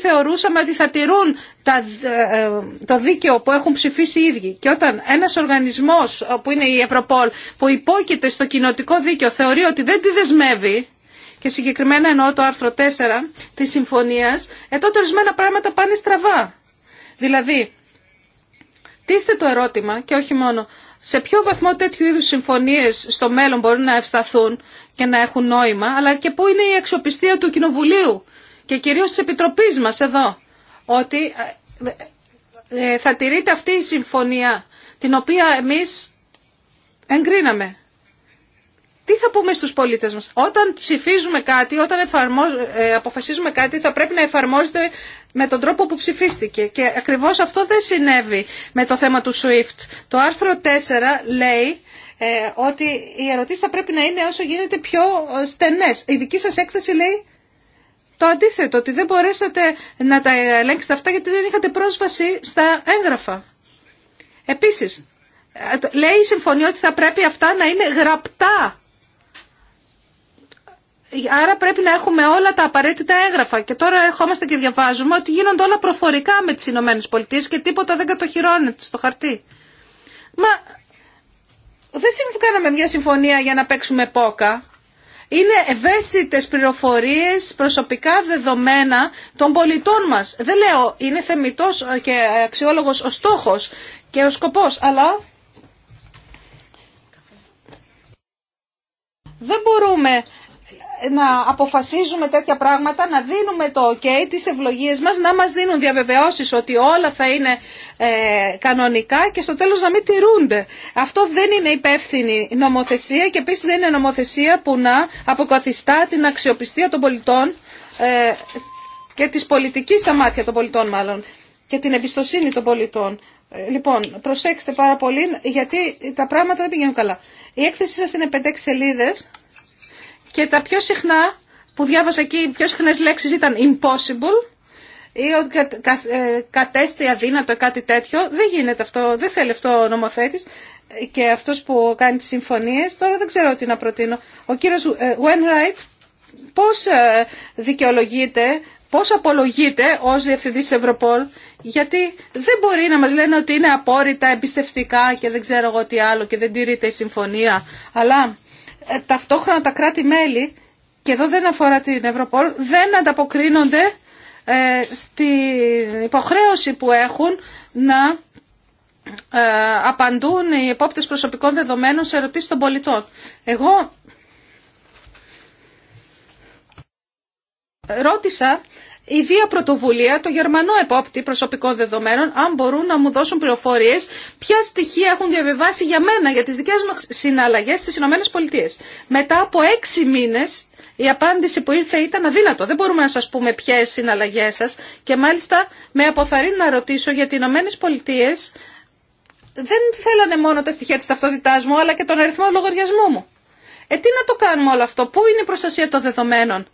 θεωρούσαμε ότι θα τηρούν τα, ε, το δίκαιο που έχουν ψηφίσει οι ίδιοι. Και όταν ένας οργανισμός που είναι η Ευρωπόλ που υπόκειται στο κοινοτικό δίκαιο θεωρεί ότι δεν τη δεσμεύει και συγκεκριμένα εννοώ το άρθρο 4 της συμφωνίας, ε, τότε ορισμένα πράγματα πάνε στραβά. Δηλαδή, τίθεται το ερώτημα και όχι μόνο σε ποιο βαθμό τέτοιου είδους συμφωνίες στο μέλλον μπορούν να ευσταθούν και να έχουν νόημα, αλλά και πού είναι η αξιοπιστία του Κοινοβουλίου και κυρίως της Επιτροπής μας εδώ, ότι ε, ε, θα τηρείται αυτή η συμφωνία, την οποία εμείς εγκρίναμε. Τι θα πούμε στους πολίτες μας. Όταν ψηφίζουμε κάτι, όταν ε, αποφασίζουμε κάτι, θα πρέπει να εφαρμόζεται με τον τρόπο που ψηφίστηκε. Και ακριβώς αυτό δεν συνέβη με το θέμα του SWIFT. Το άρθρο 4 λέει ότι οι ερωτήσεις θα πρέπει να είναι όσο γίνεται πιο στενές. Η δική σας έκθεση λέει το αντίθετο, ότι δεν μπορέσατε να τα ελέγξετε αυτά γιατί δεν είχατε πρόσβαση στα έγγραφα. Επίσης, λέει η συμφωνία ότι θα πρέπει αυτά να είναι γραπτά. Άρα πρέπει να έχουμε όλα τα απαραίτητα έγγραφα. Και τώρα ερχόμαστε και διαβάζουμε ότι γίνονται όλα προφορικά με τις Ηνωμένες Πολιτείες και τίποτα δεν κατοχυρώνεται στο χαρτί. Μα δεν κάναμε μια συμφωνία για να παίξουμε πόκα είναι ευαίσθητες πληροφορίες, προσωπικά δεδομένα των πολιτών μας. Δεν λέω, είναι θεμητός και αξιόλογος ο στόχος και ο σκοπός, αλλά δεν μπορούμε να αποφασίζουμε τέτοια πράγματα, να δίνουμε το ok, τις ευλογίες μας, να μας δίνουν διαβεβαιώσεις ότι όλα θα είναι ε, κανονικά και στο τέλος να μην τηρούνται. Αυτό δεν είναι υπεύθυνη νομοθεσία και επίσης δεν είναι νομοθεσία που να αποκαθιστά την αξιοπιστία των πολιτών ε, και της πολιτικής στα μάτια των πολιτών μάλλον και την εμπιστοσύνη των πολιτών. Ε, λοιπόν, προσέξτε πάρα πολύ γιατί τα πράγματα δεν πηγαίνουν καλά. Η έκθεση σας είναι 5-6 σελίδες και τα πιο συχνά που διάβασα εκεί, οι πιο συχνές λέξεις ήταν impossible ή ότι ε, κατέστη αδύνατο κάτι τέτοιο. Δεν γίνεται αυτό, δεν θέλει αυτό ο νομοθέτης και αυτός που κάνει τις συμφωνίες. Τώρα δεν ξέρω τι να προτείνω. Ο κύριος ε, Wainwright πώς ε, δικαιολογείται, πώς απολογείται ως Διευθυντής Ευρωπόλ, γιατί δεν μπορεί να μας λένε ότι είναι απόρριτα, εμπιστευτικά και δεν ξέρω εγώ τι άλλο και δεν τηρείται η συμφωνία, αλλά... Ε, ταυτόχρονα τα κράτη-μέλη, και εδώ δεν αφορά την Ευρωπόλ, δεν ανταποκρίνονται ε, στην υποχρέωση που έχουν να ε, απαντούν οι επόπτες προσωπικών δεδομένων σε ερωτήσεις των πολιτών. Εγώ ρώτησα ιδία πρωτοβουλία το γερμανό επόπτη προσωπικών δεδομένων, αν μπορούν να μου δώσουν πληροφορίε ποια στοιχεία έχουν διαβεβάσει για μένα, για τι δικέ μα συναλλαγέ στι ΗΠΑ. Μετά από έξι μήνε, η απάντηση που ήρθε ήταν αδύνατο. Δεν μπορούμε να σα πούμε ποιε συναλλαγέ σα. Και μάλιστα με αποθαρρύνουν να ρωτήσω γιατί οι ΗΠΑ δεν θέλανε μόνο τα στοιχεία τη ταυτότητά μου, αλλά και τον αριθμό λογαριασμού μου. Ε, τι να το κάνουμε όλο αυτό, πού είναι η προστασία των δεδομένων.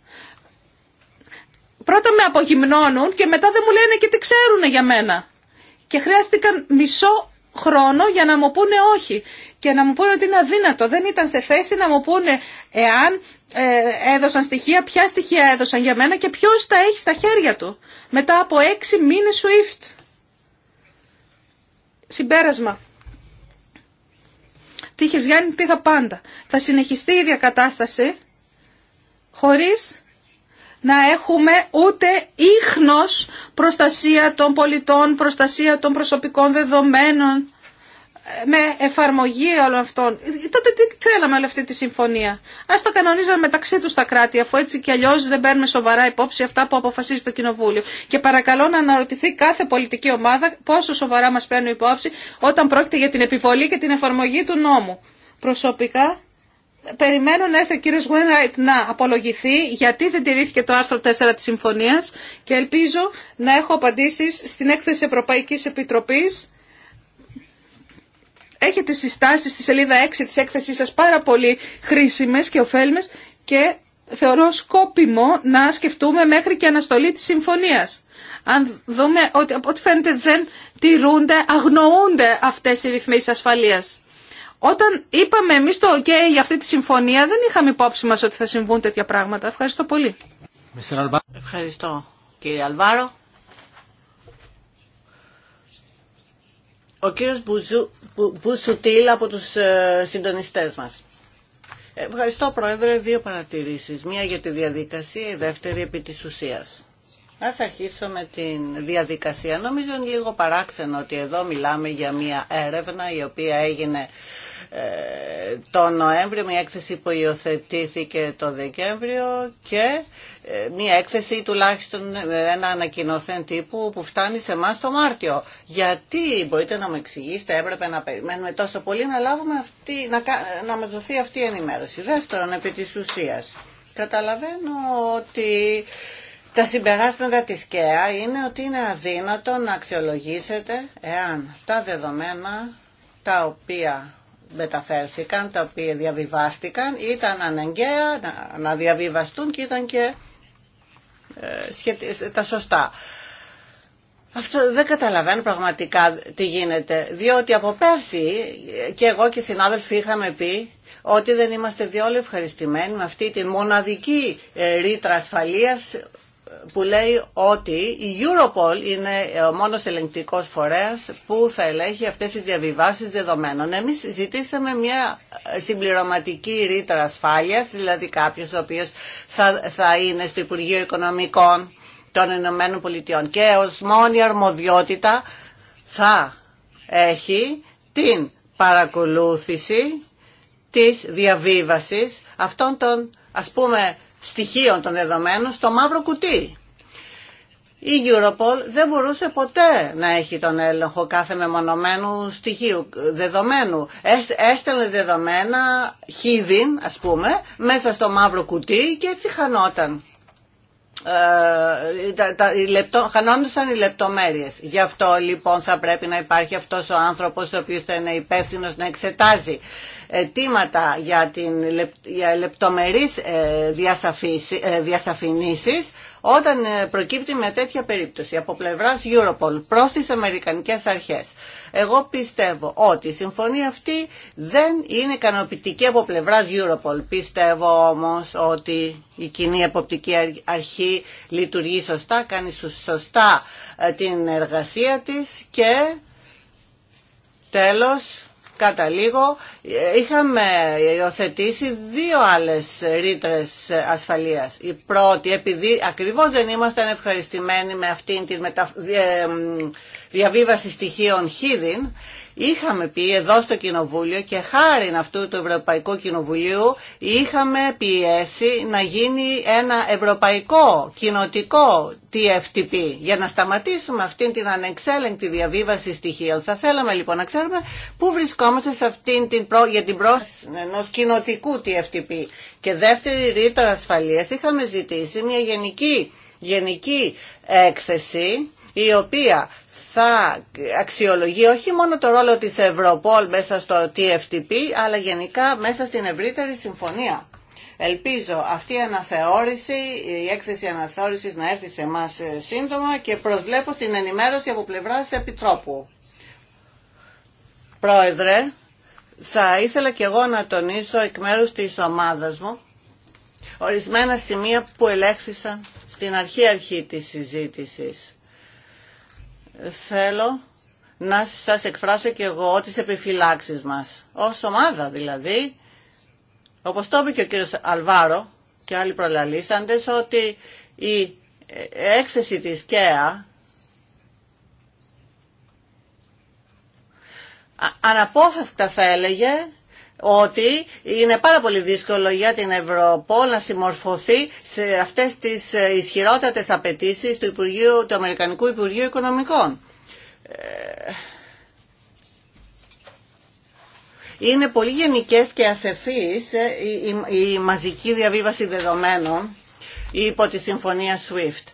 Πρώτα με απογυμνώνουν και μετά δεν μου λένε και τι ξέρουν για μένα. Και χρειάστηκαν μισό χρόνο για να μου πούνε όχι και να μου πούνε ότι είναι αδύνατο. Δεν ήταν σε θέση να μου πούνε εάν ε, έδωσαν στοιχεία, ποια στοιχεία έδωσαν για μένα και ποιος τα έχει στα χέρια του. Μετά από έξι μήνες SWIFT. Συμπέρασμα. Τι είχες Γιάννη, τι είχα πάντα. Θα συνεχιστεί η διακατάσταση χωρίς να έχουμε ούτε ίχνος προστασία των πολιτών, προστασία των προσωπικών δεδομένων ε, με εφαρμογή όλων αυτών. Τότε τι θέλαμε όλη αυτή τη συμφωνία. Α το κανονίζαμε μεταξύ του τα κράτη, αφού έτσι κι αλλιώ δεν παίρνουμε σοβαρά υπόψη αυτά που αποφασίζει το Κοινοβούλιο. Και παρακαλώ να αναρωτηθεί κάθε πολιτική ομάδα πόσο σοβαρά μα παίρνουν υπόψη όταν πρόκειται για την επιβολή και την εφαρμογή του νόμου. Προσωπικά περιμένω να έρθει ο κύριος Γουένραϊτ να απολογηθεί γιατί δεν τηρήθηκε το άρθρο 4 της συμφωνίας και ελπίζω να έχω απαντήσεις στην έκθεση Ευρωπαϊκής Επιτροπής. Έχετε συστάσεις στη σελίδα 6 της έκθεσής σας πάρα πολύ χρήσιμες και ωφέλιμες και θεωρώ σκόπιμο να σκεφτούμε μέχρι και αναστολή της συμφωνίας. Αν δούμε ότι από ό,τι φαίνεται δεν τηρούνται, αγνοούνται αυτές οι ρυθμίσεις ασφαλείας. Όταν είπαμε εμεί το OK για αυτή τη συμφωνία, δεν είχαμε υπόψη μα ότι θα συμβούν τέτοια πράγματα. Ευχαριστώ πολύ. Ευχαριστώ κύριε Αλβάρο. Ο κύριος Μπουσουτήλ από τους ε, συντονιστές μας. Ευχαριστώ Πρόεδρε. Δύο παρατηρήσεις. Μία για τη διαδικασία, η δεύτερη επί της ουσίας. Ας με την διαδικασία. Νομίζω είναι λίγο παράξενο ότι εδώ μιλάμε για μια έρευνα η οποία έγινε ε, το Νοέμβριο, μια έκθεση που υιοθετήθηκε το Δεκέμβριο και ε, μια έκθεση τουλάχιστον ε, ένα ανακοινωθέν τύπου που φτάνει σε εμά το Μάρτιο. Γιατί μπορείτε να μου εξηγήσετε, έπρεπε να περιμένουμε τόσο πολύ να λάβουμε να, να μας δοθεί αυτή η ενημέρωση. Δεύτερον, επί της ουσίας. Καταλαβαίνω ότι τα συμπεράσματα της ΚΕΑ είναι ότι είναι αζύνατο να αξιολογήσετε εάν τα δεδομένα τα οποία μεταφέρθηκαν, τα οποία διαβιβάστηκαν, ήταν αναγκαία να διαβιβαστούν και ήταν και ε, τα σωστά. Αυτό δεν καταλαβαίνω πραγματικά τι γίνεται, διότι από πέρσι ε, και εγώ και οι συνάδελφοι είχαμε πει ότι δεν είμαστε διόλου ευχαριστημένοι με αυτή τη μοναδική ε, ρήτρα ασφαλείας που λέει ότι η Europol είναι ο μόνος ελεγκτικός φορέας που θα ελέγχει αυτές τις διαβιβάσεις δεδομένων. Εμείς ζητήσαμε μια συμπληρωματική ρήτρα ασφάλειας, δηλαδή κάποιος ο οποίος θα, θα είναι στο Υπουργείο Οικονομικών των Ηνωμένων Πολιτειών και ως μόνη αρμοδιότητα θα έχει την παρακολούθηση της διαβίβασης αυτών των ας πούμε στοιχείων των δεδομένων στο μαύρο κουτί. Η Europol δεν μπορούσε ποτέ να έχει τον έλεγχο κάθε μεμονωμένου στοιχείου, δεδομένου. Έστελνε δεδομένα χίδιν, ας πούμε, μέσα στο μαύρο κουτί και έτσι χανόταν. Ε, τα, τα, οι λεπτο, χανόντουσαν οι λεπτομέρειες. Γι' αυτό λοιπόν θα πρέπει να υπάρχει αυτός ο άνθρωπος ο οποίος θα είναι υπεύθυνο να εξετάζει αιτήματα για, την, για λεπτομερείς ε, ε, όταν ε, προκύπτει με τέτοια περίπτωση από πλευράς Europol προς τις Αμερικανικές Αρχές. Εγώ πιστεύω ότι η συμφωνία αυτή δεν είναι ικανοποιητική από πλευράς Europol. Πιστεύω όμως ότι η κοινή εποπτική αρχή λειτουργεί σωστά, κάνει σωστά την εργασία της και τέλος Κατά λίγο είχαμε υιοθετήσει δύο άλλες ρήτρε ασφαλείας. Η πρώτη, επειδή ακριβώς δεν ήμασταν ευχαριστημένοι με αυτήν την μετα... Ε, διαβίβαση στοιχείων χίδιν, είχαμε πει εδώ στο Κοινοβούλιο και χάρη αυτού του Ευρωπαϊκού Κοινοβουλίου είχαμε πιέσει να γίνει ένα ευρωπαϊκό κοινοτικό TFTP για να σταματήσουμε αυτήν την ανεξέλεγκτη διαβίβαση στοιχείων. Σας θέλαμε λοιπόν να ξέρουμε πού βρισκόμαστε σε αυτήν την προ... για την πρόσφαση ενό κοινοτικού TFTP. Και δεύτερη ρήτρα ασφαλείας είχαμε ζητήσει μια γενική, γενική ε, έκθεση η οποία θα αξιολογεί όχι μόνο το ρόλο της Ευρωπόλ μέσα στο TFTP, αλλά γενικά μέσα στην ευρύτερη συμφωνία. Ελπίζω αυτή η αναθεώρηση, η έκθεση αναθεώρησης να έρθει σε εμά ε, σύντομα και προσβλέπω στην ενημέρωση από πλευράς Επιτρόπου. Πρόεδρε, θα ήθελα και εγώ να τονίσω εκ μέρους της ομάδας μου ορισμένα σημεία που ελέξησαν στην αρχή-αρχή της συζήτησης θέλω να σας εκφράσω και εγώ τις επιφυλάξεις μας, ως ομάδα δηλαδή, όπως το είπε και ο κύριος Αλβάρο και άλλοι προλαλήσαντες, ότι η έξεση της ΚΕΑ αναπόφευκτα θα έλεγε ότι είναι πάρα πολύ δύσκολο για την Ευρωπόλ να συμμορφωθεί σε αυτές τις ε, ισχυρότατες απαιτήσει του, Υπουργείου, του Αμερικανικού Υπουργείου Οικονομικών. Ε, είναι πολύ γενικές και ασεφείς ε, η, μαζική διαβίβαση δεδομένων υπό τη συμφωνία SWIFT.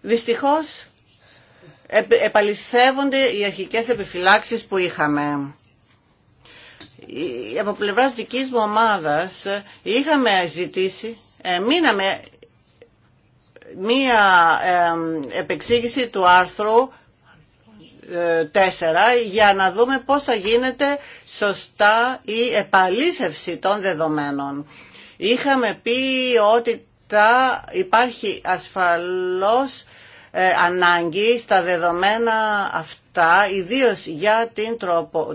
δυστυχώς επαλυσσεύονται οι αρχικές επιφυλάξεις που είχαμε. Από πλευράς δικής μου ομάδας είχαμε ζητήσει, ε, μείναμε μία ε, επεξήγηση του άρθρου 4 ε, για να δούμε πώς θα γίνεται σωστά η επαλήθευση των δεδομένων. Είχαμε πει ότι τα υπάρχει ασφαλώς ε, ανάγκη στα δεδομένα αυτά, ιδίως για την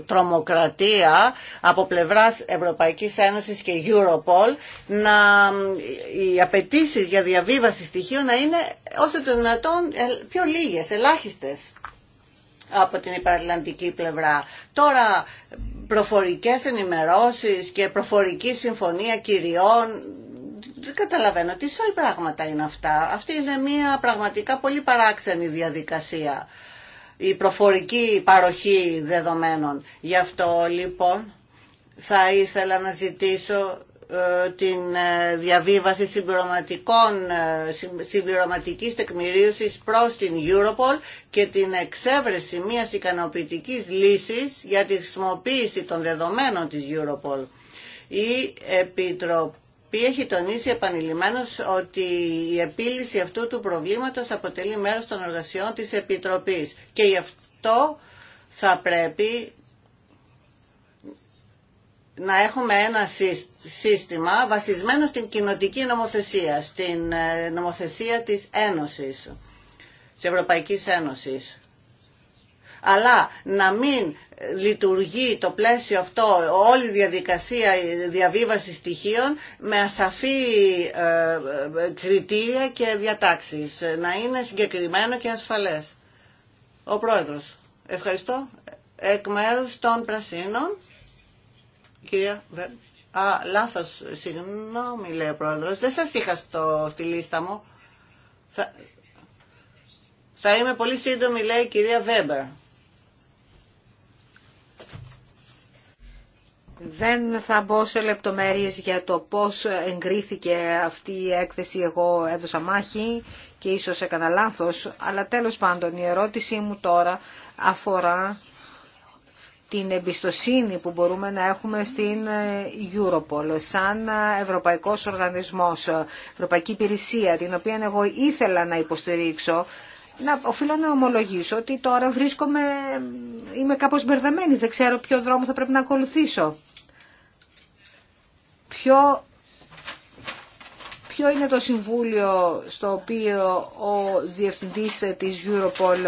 τρομοκρατία από πλευράς Ευρωπαϊκής Ένωσης και Europol, να οι απαιτήσει για διαβίβαση στοιχείων να είναι όσο το δυνατόν ε, πιο λίγες, ελάχιστες από την υπεραλληλαντική πλευρά. Τώρα προφορικές ενημερώσεις και προφορική συμφωνία κυριών δεν καταλαβαίνω τι σοϊ πράγματα είναι αυτά. Αυτή είναι μια πραγματικά πολύ παράξενη διαδικασία. Η προφορική παροχή δεδομένων. Γι' αυτό λοιπόν θα ήθελα να ζητήσω ε, την ε, διαβίβαση συμπληρωματικών, ε, συμπληρωματικής τεκμηρίωσης προς την Europol και την εξέβρεση μιας ικανοποιητικής λύσης για τη χρησιμοποίηση των δεδομένων της Europol. Η Επιτροπή οποία έχει τονίσει επανειλημμένως ότι η επίλυση αυτού του προβλήματος αποτελεί μέρος των εργασιών της Επιτροπής και γι' αυτό θα πρέπει να έχουμε ένα σύστημα βασισμένο στην κοινοτική νομοθεσία, στην ε, νομοθεσία της Ένωσης, της Ευρωπαϊκής Ένωσης αλλά να μην λειτουργεί το πλαίσιο αυτό, όλη η διαδικασία διαβίβαση στοιχείων με ασαφή ε, ε, κριτήρια και διατάξεις, να είναι συγκεκριμένο και ασφαλές. Ο Πρόεδρος, ευχαριστώ. Εκ μέρους των Πρασίνων, κυρία Α, λάθος, συγγνώμη λέει ο Πρόεδρος, δεν σας είχα στο, στη λίστα μου. Θα, θα είμαι πολύ σύντομη λέει η κυρία Βέμπερ. Δεν θα μπω σε λεπτομέρειες για το πώς εγκρίθηκε αυτή η έκθεση. Εγώ έδωσα μάχη και ίσως έκανα λάθος, αλλά τέλος πάντων η ερώτησή μου τώρα αφορά την εμπιστοσύνη που μπορούμε να έχουμε στην Europol σαν ευρωπαϊκός οργανισμός, ευρωπαϊκή υπηρεσία, την οποία εγώ ήθελα να υποστηρίξω, να οφείλω να ομολογήσω ότι τώρα βρίσκομαι, είμαι κάπως μπερδεμένη, δεν ξέρω ποιο δρόμο θα πρέπει να ακολουθήσω. Ποιο, ποιο είναι το συμβούλιο στο οποίο ο διευθυντής της Europol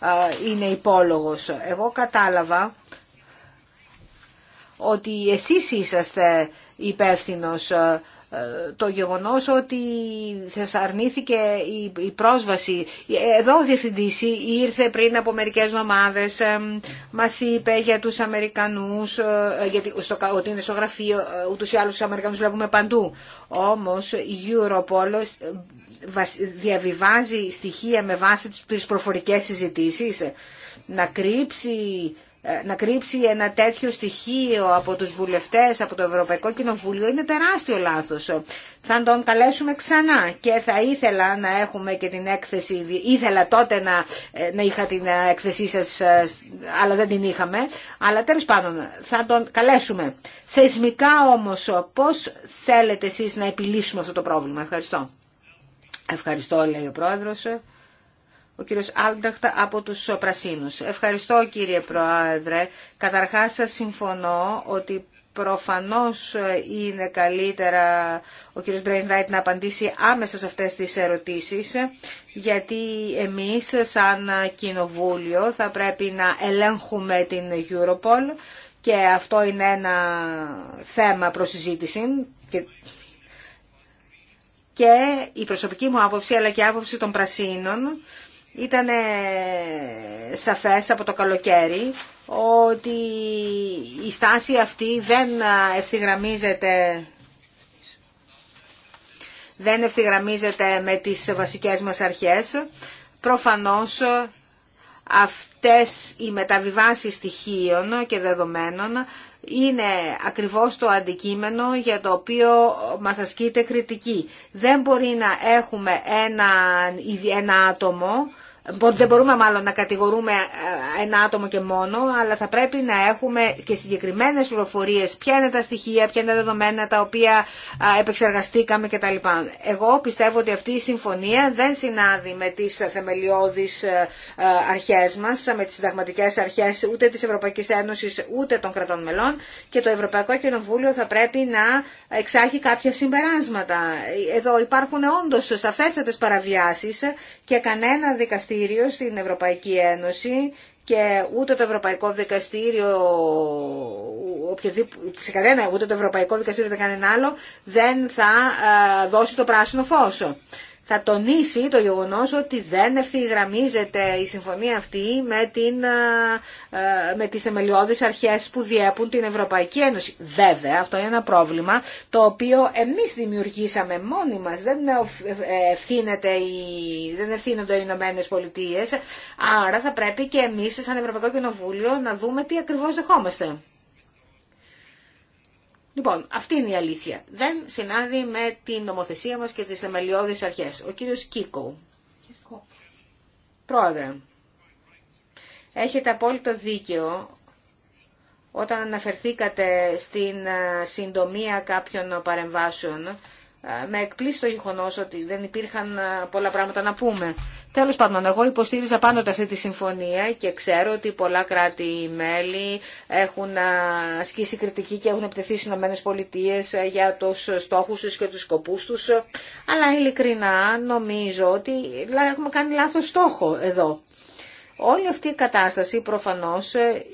ε, είναι υπόλογος. Εγώ κατάλαβα ότι εσείς είσαστε υπεύθυνος ε, το γεγονός ότι θα αρνήθηκε η πρόσβαση. Εδώ ο Διευθυντής ήρθε πριν από μερικές εβδομάδες, ε, μας είπε για τους Αμερικανούς, ε, γιατί ότι είναι στο γραφείο, ε, ούτως ή άλλως τους Αμερικανούς βλέπουμε παντού. Όμως η Europol διαβιβάζει στοιχεία με βάση τις προφορικές συζητήσεις, να κρύψει ε, να κρύψει ένα τέτοιο στοιχείο από τους βουλευτές, από το Ευρωπαϊκό Κοινοβούλιο, είναι τεράστιο λάθος. Θα τον καλέσουμε ξανά και θα ήθελα να έχουμε και την έκθεση, ήθελα τότε να, ε, να είχα την έκθεσή σας, ε, αλλά δεν την είχαμε, αλλά τέλος πάντων θα τον καλέσουμε. Θεσμικά όμως, πώς θέλετε εσείς να επιλύσουμε αυτό το πρόβλημα. Ευχαριστώ. Ευχαριστώ, λέει ο Πρόεδρος ο κύριος Άλμπραχτα από τους Πρασίνους. Ευχαριστώ κύριε Πρόεδρε. Καταρχάς σας συμφωνώ ότι προφανώς είναι καλύτερα ο κύριος Μπρέινράιτ να απαντήσει άμεσα σε αυτές τις ερωτήσεις, γιατί εμείς σαν κοινοβούλιο θα πρέπει να ελέγχουμε την Europol και αυτό είναι ένα θέμα προς συζήτηση και η προσωπική μου άποψη αλλά και η άποψη των πρασίνων ήταν σαφές από το καλοκαίρι ότι η στάση αυτή δεν ευθυγραμμίζεται δεν ευθυγραμμίζεται με τις βασικές μας αρχές. Προφανώς αυτές οι μεταβιβάσεις στοιχείων και δεδομένων είναι ακριβώς το αντικείμενο για το οποίο μας ασκείται κριτική. Δεν μπορεί να έχουμε ένα, ένα άτομο δεν μπορούμε μάλλον να κατηγορούμε ε, ένα άτομο και μόνο, αλλά θα πρέπει να έχουμε και συγκεκριμένες πληροφορίες, ποια είναι τα στοιχεία, ποια είναι τα δεδομένα τα οποία επεξεργαστήκαμε κτλ. Εγώ πιστεύω ότι αυτή η συμφωνία δεν συνάδει με τις θεμελιώδεις ε, ε, αρχές μας, με τις συνταγματικές αρχές ούτε της Ευρωπαϊκής Ένωσης ούτε των κρατών μελών και το Ευρωπαϊκό Κοινοβούλιο θα πρέπει να εξάγει κάποια συμπεράσματα. Εδώ υπάρχουν όντως σαφέστατες παραβιάσεις και κανένα δικαστήριο δικαστήριο στην Ευρωπαϊκή Ένωση και ούτε το Ευρωπαϊκό Δικαστήριο, σε κανένα, ούτε το Ευρωπαϊκό Δικαστήριο ούτε κανένα άλλο, δεν θα ε, δώσει το πράσινο φως θα τονίσει το γεγονός ότι δεν ευθυγραμμίζεται η συμφωνία αυτή με, την, ε, ε, με τις θεμελιώδεις αρχές που διέπουν την Ευρωπαϊκή Ένωση. Βέβαια, αυτό είναι ένα πρόβλημα το οποίο εμείς δημιουργήσαμε μόνοι μας. Δεν, ευθύνεται η δεν ευθύνονται οι Ηνωμένε Πολιτείε. άρα θα πρέπει και εμείς σαν Ευρωπαϊκό Κοινοβούλιο να δούμε τι ακριβώς δεχόμαστε. Λοιπόν, αυτή είναι η αλήθεια. Δεν συνάδει με την νομοθεσία μας και τις θεμελιώδεις αρχές. Ο κύριος Κίκο. Πρόεδρε, έχετε απόλυτο δίκαιο όταν αναφερθήκατε στην ε, συντομία κάποιων παρεμβάσεων. Ε, με εκπλήστο γεγονό ότι δεν υπήρχαν ε, πολλά πράγματα να πούμε. Τέλος πάντων, εγώ υποστήριζα πάντοτε αυτή τη συμφωνία και ξέρω ότι πολλά κράτη-μέλη έχουν ασκήσει κριτική και έχουν επιτεθεί στις Ηνωμένες ε, για τους στόχους τους και τους σκοπούς τους. Αλλά ειλικρινά νομίζω ότι έχουμε κάνει λάθος στόχο εδώ. Όλη αυτή η κατάσταση προφανώς ε,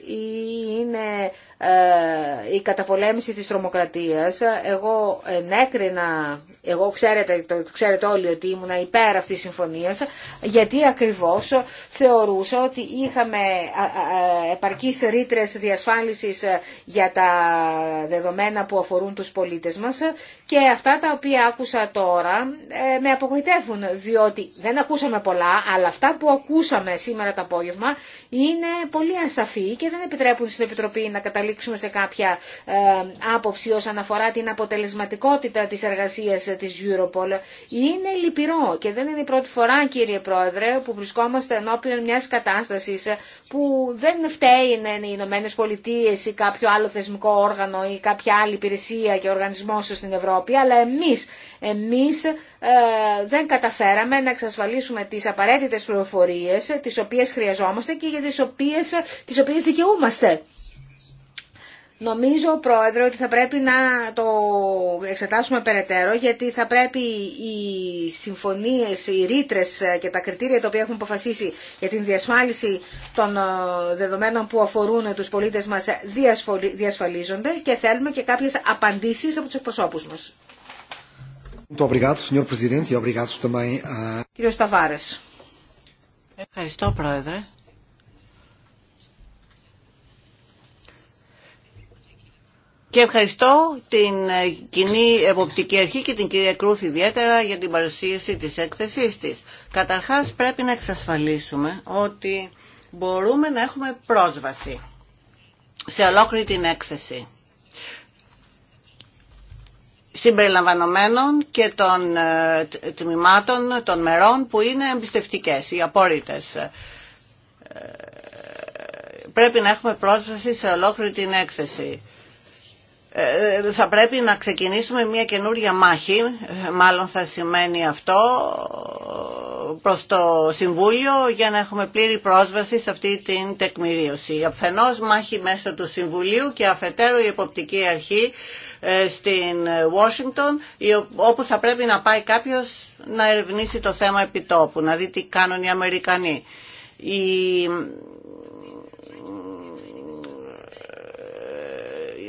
είναι ε, η καταπολέμηση της τρομοκρατίας. Εγώ ενέκρινα, εγώ ξέρετε, το ξέρετε όλοι ότι ήμουνα υπέρ αυτής της συμφωνίας, γιατί ακριβώς θεωρούσα ότι είχαμε επαρκείς ρήτρε διασφάλισης ε, για τα δεδομένα που αφορούν τους πολίτες μας και αυτά τα οποία άκουσα τώρα ε, με απογοητεύουν, διότι δεν ακούσαμε πολλά, αλλά αυτά που ακούσαμε σήμερα το απόγευμα είναι πολύ ασαφή και δεν επιτρέπουν στην Επιτροπή να καταλήξουμε σε κάποια ε, άποψη όσον αφορά την αποτελεσματικότητα της εργασίας της Europol. Είναι λυπηρό και δεν είναι η πρώτη φορά κύριε Πρόεδρε που βρισκόμαστε ενώπιον μιας κατάστασης που δεν φταίει είναι οι Ηνωμένε Πολιτείε ή κάποιο άλλο θεσμικό όργανο ή κάποια άλλη υπηρεσία και οργανισμό στην Ευρώπη, αλλά εμείς, εμείς ε, δεν καταφέραμε να εξασφαλίσουμε τις απαραίτητες πληροφορίες τις οποίες χρειαζόμαστε και για τις οποίες, τις οποίες δικαιούμαστε. Νομίζω, Πρόεδρε, ότι θα πρέπει να το εξετάσουμε περαιτέρω, γιατί θα πρέπει οι συμφωνίες, οι ρήτρε και τα κριτήρια τα οποία έχουν αποφασίσει για την διασφάλιση των ε, δεδομένων που αφορούν τους πολίτες μας διασφαλίζονται και θέλουμε και κάποιες απαντήσεις από τους εκπροσώπους μας. E Κύριο Σταβάρες. Ευχαριστώ, Πρόεδρε. Και ευχαριστώ την ε, κοινή εποπτική αρχή και την κυρία Κρούθ ιδιαίτερα για την παρουσίαση της έκθεσής της. Καταρχάς πρέπει να εξασφαλίσουμε ότι μπορούμε να έχουμε πρόσβαση σε ολόκληρη την έκθεση συμπεριλαμβανομένων και των ε, τμήματων των μερών που είναι εμπιστευτικές, οι απόρριτες. Ε, πρέπει να έχουμε πρόσβαση σε ολόκληρη την έκθεση. Ε, θα πρέπει να ξεκινήσουμε μια καινούρια μάχη, μάλλον θα σημαίνει αυτό, προς το Συμβούλιο για να έχουμε πλήρη πρόσβαση σε αυτή την τεκμηρίωση. Αφενός μάχη μέσα του Συμβουλίου και αφετέρου η εποπτική αρχή ε, στην Ουάσιγκτον, όπου θα πρέπει να πάει κάποιος να ερευνήσει το θέμα επιτόπου, να δει τι κάνουν οι Αμερικανοί.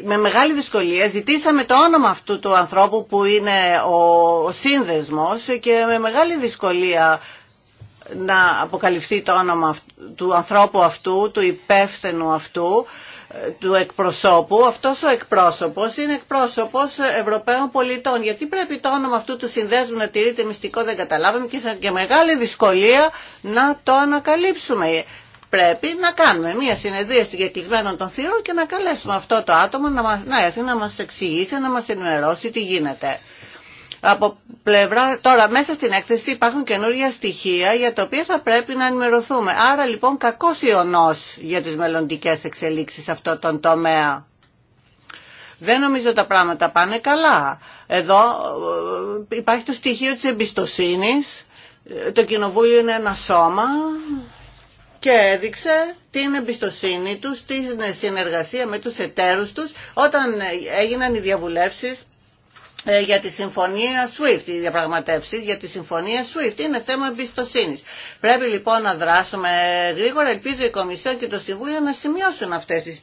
με μεγάλη δυσκολία ζητήσαμε το όνομα αυτού του ανθρώπου που είναι ο σύνδεσμος και με μεγάλη δυσκολία να αποκαλυφθεί το όνομα του ανθρώπου αυτού, του υπεύθυνου αυτού, του εκπροσώπου. Αυτός ο εκπρόσωπος είναι εκπρόσωπος Ευρωπαίων πολιτών. Γιατί πρέπει το όνομα αυτού του συνδέσμου να τηρείται μυστικό δεν καταλάβαμε και είχαμε και μεγάλη δυσκολία να το ανακαλύψουμε πρέπει να κάνουμε μία συνεδρία διακλεισμένων των θύρων και να καλέσουμε αυτό το άτομο να, μας, να έρθει να μας εξηγήσει, να μας ενημερώσει τι γίνεται. Από πλευρά, τώρα μέσα στην έκθεση υπάρχουν καινούργια στοιχεία για τα οποία θα πρέπει να ενημερωθούμε. Άρα λοιπόν κακός ιονός για τις μελλοντικέ εξελίξεις σε αυτό τον τομέα. Δεν νομίζω τα πράγματα πάνε καλά. Εδώ ε, υπάρχει το στοιχείο της εμπιστοσύνης. Ε, το κοινοβούλιο είναι ένα σώμα και έδειξε την εμπιστοσύνη του την συνεργασία με τους εταίρους τους όταν έγιναν οι διαβουλεύσεις ε, για τη συμφωνία SWIFT, οι διαπραγματεύσει για τη συμφωνία SWIFT είναι θέμα εμπιστοσύνη. Πρέπει λοιπόν να δράσουμε γρήγορα. Ελπίζω η Κομισιόν και το Συμβούλιο να σημειώσουν αυτέ τι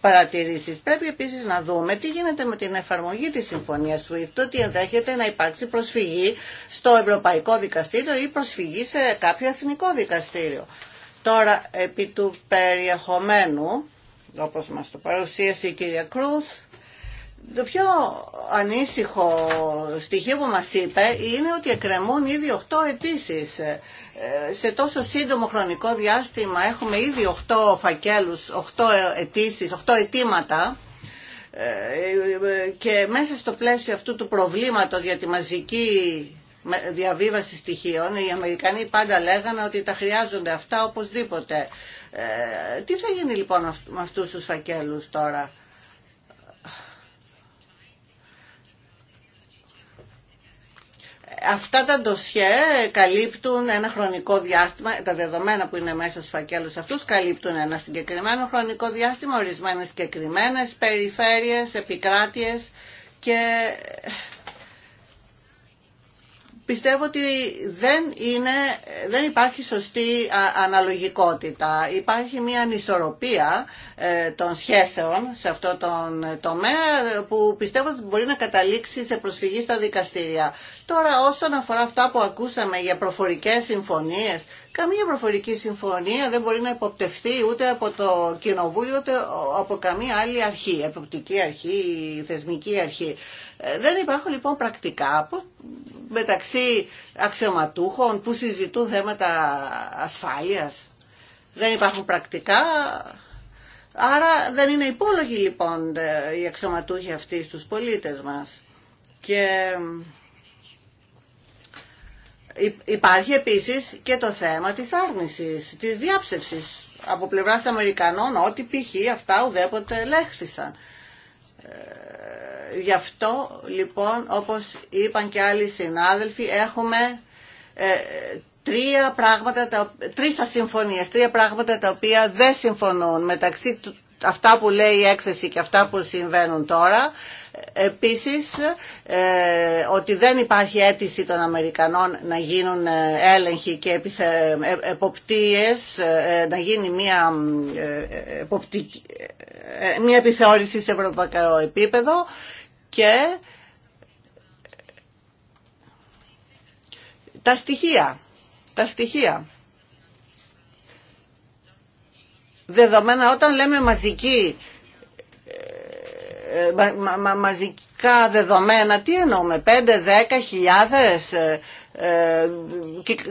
παρατηρήσει. Πρέπει επίση να δούμε τι γίνεται με την εφαρμογή τη συμφωνία SWIFT, ότι ενδέχεται να υπάρξει προσφυγή στο Ευρωπαϊκό Δικαστήριο ή προσφυγή σε κάποιο εθνικό δικαστήριο. Τώρα επί του περιεχομένου, όπως μας το παρουσίασε η κυρία Κρούθ, το πιο ανήσυχο στοιχείο που μας είπε είναι ότι εκκρεμούν ήδη 8 αιτήσει. Ε, σε τόσο σύντομο χρονικό διάστημα έχουμε ήδη 8 φακέλους, 8 αιτήσει, 8 αιτήματα ε, ε, και μέσα στο πλαίσιο αυτού του προβλήματος για τη μαζική διαβίβαση στοιχείων, οι Αμερικανοί πάντα λέγανε ότι τα χρειάζονται αυτά οπωσδήποτε. Ε, τι θα γίνει λοιπόν με αυτούς τους φακέλους τώρα. Αυτά τα ντοσιέ καλύπτουν ένα χρονικό διάστημα, τα δεδομένα που είναι μέσα στους φακέλους αυτούς καλύπτουν ένα συγκεκριμένο χρονικό διάστημα, ορισμένες συγκεκριμένες περιφέρειες, επικράτειες και πιστεύω ότι δεν, είναι, δεν υπάρχει σωστή αναλογικότητα. Υπάρχει μια ανισορροπία ε, των σχέσεων σε αυτό το τομέα που πιστεύω ότι μπορεί να καταλήξει σε προσφυγή στα δικαστήρια. Τώρα όσον αφορά αυτά που ακούσαμε για προφορικές συμφωνίες, Καμία προφορική συμφωνία δεν μπορεί να υποπτευθεί ούτε από το Κοινοβούλιο ούτε από καμία άλλη αρχή, εποπτική αρχή, θεσμική αρχή. Ε, δεν υπάρχουν λοιπόν πρακτικά μεταξύ αξιωματούχων που συζητούν θέματα ασφάλειας. Δεν υπάρχουν πρακτικά, άρα δεν είναι υπόλογοι λοιπόν ε, οι αξιωματούχοι αυτοί στους πολίτες μας. Και Υπάρχει επίσης και το θέμα της άρνησης, της διάψευσης από πλευράς Αμερικανών ότι π.χ. αυτά ουδέποτε ελέγχθησαν. Ε, γι' αυτό λοιπόν όπως είπαν και άλλοι συνάδελφοι έχουμε ε, τρία πράγματα, τρεις ασυμφωνίες, τρία πράγματα τα οποία δεν συμφωνούν μεταξύ αυτά που λέει η έκθεση και αυτά που συμβαίνουν τώρα επίσης ε, ότι δεν υπάρχει αίτηση των Αμερικανών να γίνουν ε, έλεγχοι και ε, εποπτείες, να γίνει μια, εποπτική, μια επιθεώρηση σε ευρωπαϊκό επίπεδο και τα στοιχεία, τα στοιχεία. Δεδομένα όταν λέμε μαζική ε, μαζικά δεδομένα. Τι εννοούμε, 5-10 χιλιάδες ε, ε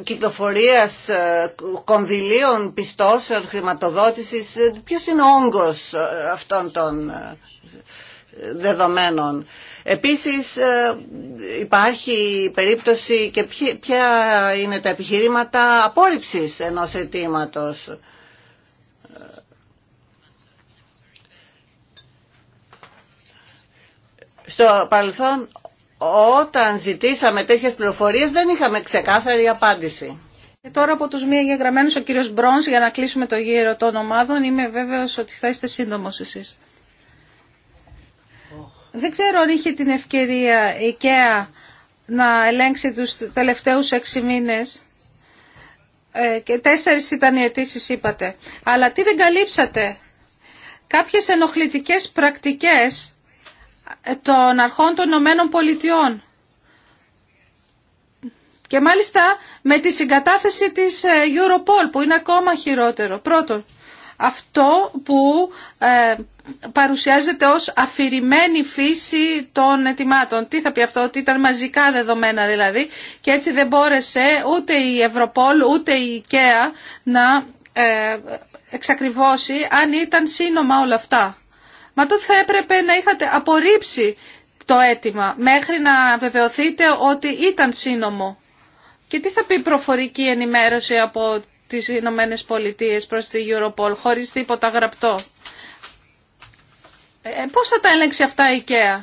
κυκλοφορίας ε, κονδυλίων πιστώσεων χρηματοδότησης. Ποιος είναι ο όγκος αυτών των δεδομένων. Επίσης υπάρχει περίπτωση και ποια είναι τα επιχειρήματα απόρριψης ενός αιτήματος. Στο παρελθόν όταν ζητήσαμε τέτοιες πληροφορίες δεν είχαμε ξεκάθαρη απάντηση. Και τώρα από τους μία γεγραμμένους ο κύριος Μπρόνς για να κλείσουμε το γύρο των ομάδων είμαι βέβαιος ότι θα είστε σύντομος εσείς. Δεν ξέρω αν είχε την ευκαιρία η ΚΕΑ να ελέγξει τους τελευταίους έξι μήνες ε, και τέσσερις ήταν οι αιτήσει είπατε. Αλλά τι δεν καλύψατε. Κάποιες ενοχλητικές πρακτικές ε, των αρχών των Ηνωμένων Πολιτειών. Και μάλιστα με τη συγκατάθεση της ε, Europol που είναι ακόμα χειρότερο. Πρώτον, αυτό που ε, παρουσιάζεται ως αφηρημένη φύση των ετοιμάτων. Τι θα πει αυτό, ότι ήταν μαζικά δεδομένα δηλαδή και έτσι δεν μπόρεσε ούτε η Ευρωπόλ ούτε η ΚΕΑ να εξακριβώσει αν ήταν σύνομα όλα αυτά. Μα τότε θα έπρεπε να είχατε απορρίψει το αίτημα μέχρι να βεβαιωθείτε ότι ήταν σύνομο. Και τι θα πει προφορική ενημέρωση από τις Ηνωμένε Πολιτείες προς τη Europol χωρίς τίποτα γραπτό. Ε, πώς θα τα έλεγξει αυτά η IKEA.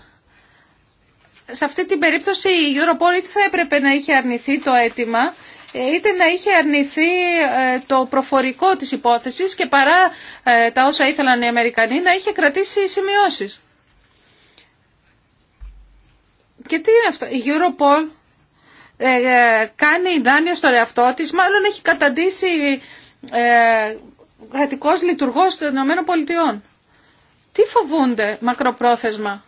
Σε αυτή την περίπτωση η Europol θα έπρεπε να είχε αρνηθεί το αίτημα είτε να είχε αρνηθεί ε, το προφορικό της υπόθεσης και παρά ε, τα όσα ήθελαν οι Αμερικανοί να είχε κρατήσει σημειώσεις. Και τι είναι αυτό, η Europol ε, κάνει δάνειο στο εαυτό της, μάλλον έχει καταντήσει ε, κρατικός λειτουργός των ΗΠΑ. Τι φοβούνται μακροπρόθεσμα.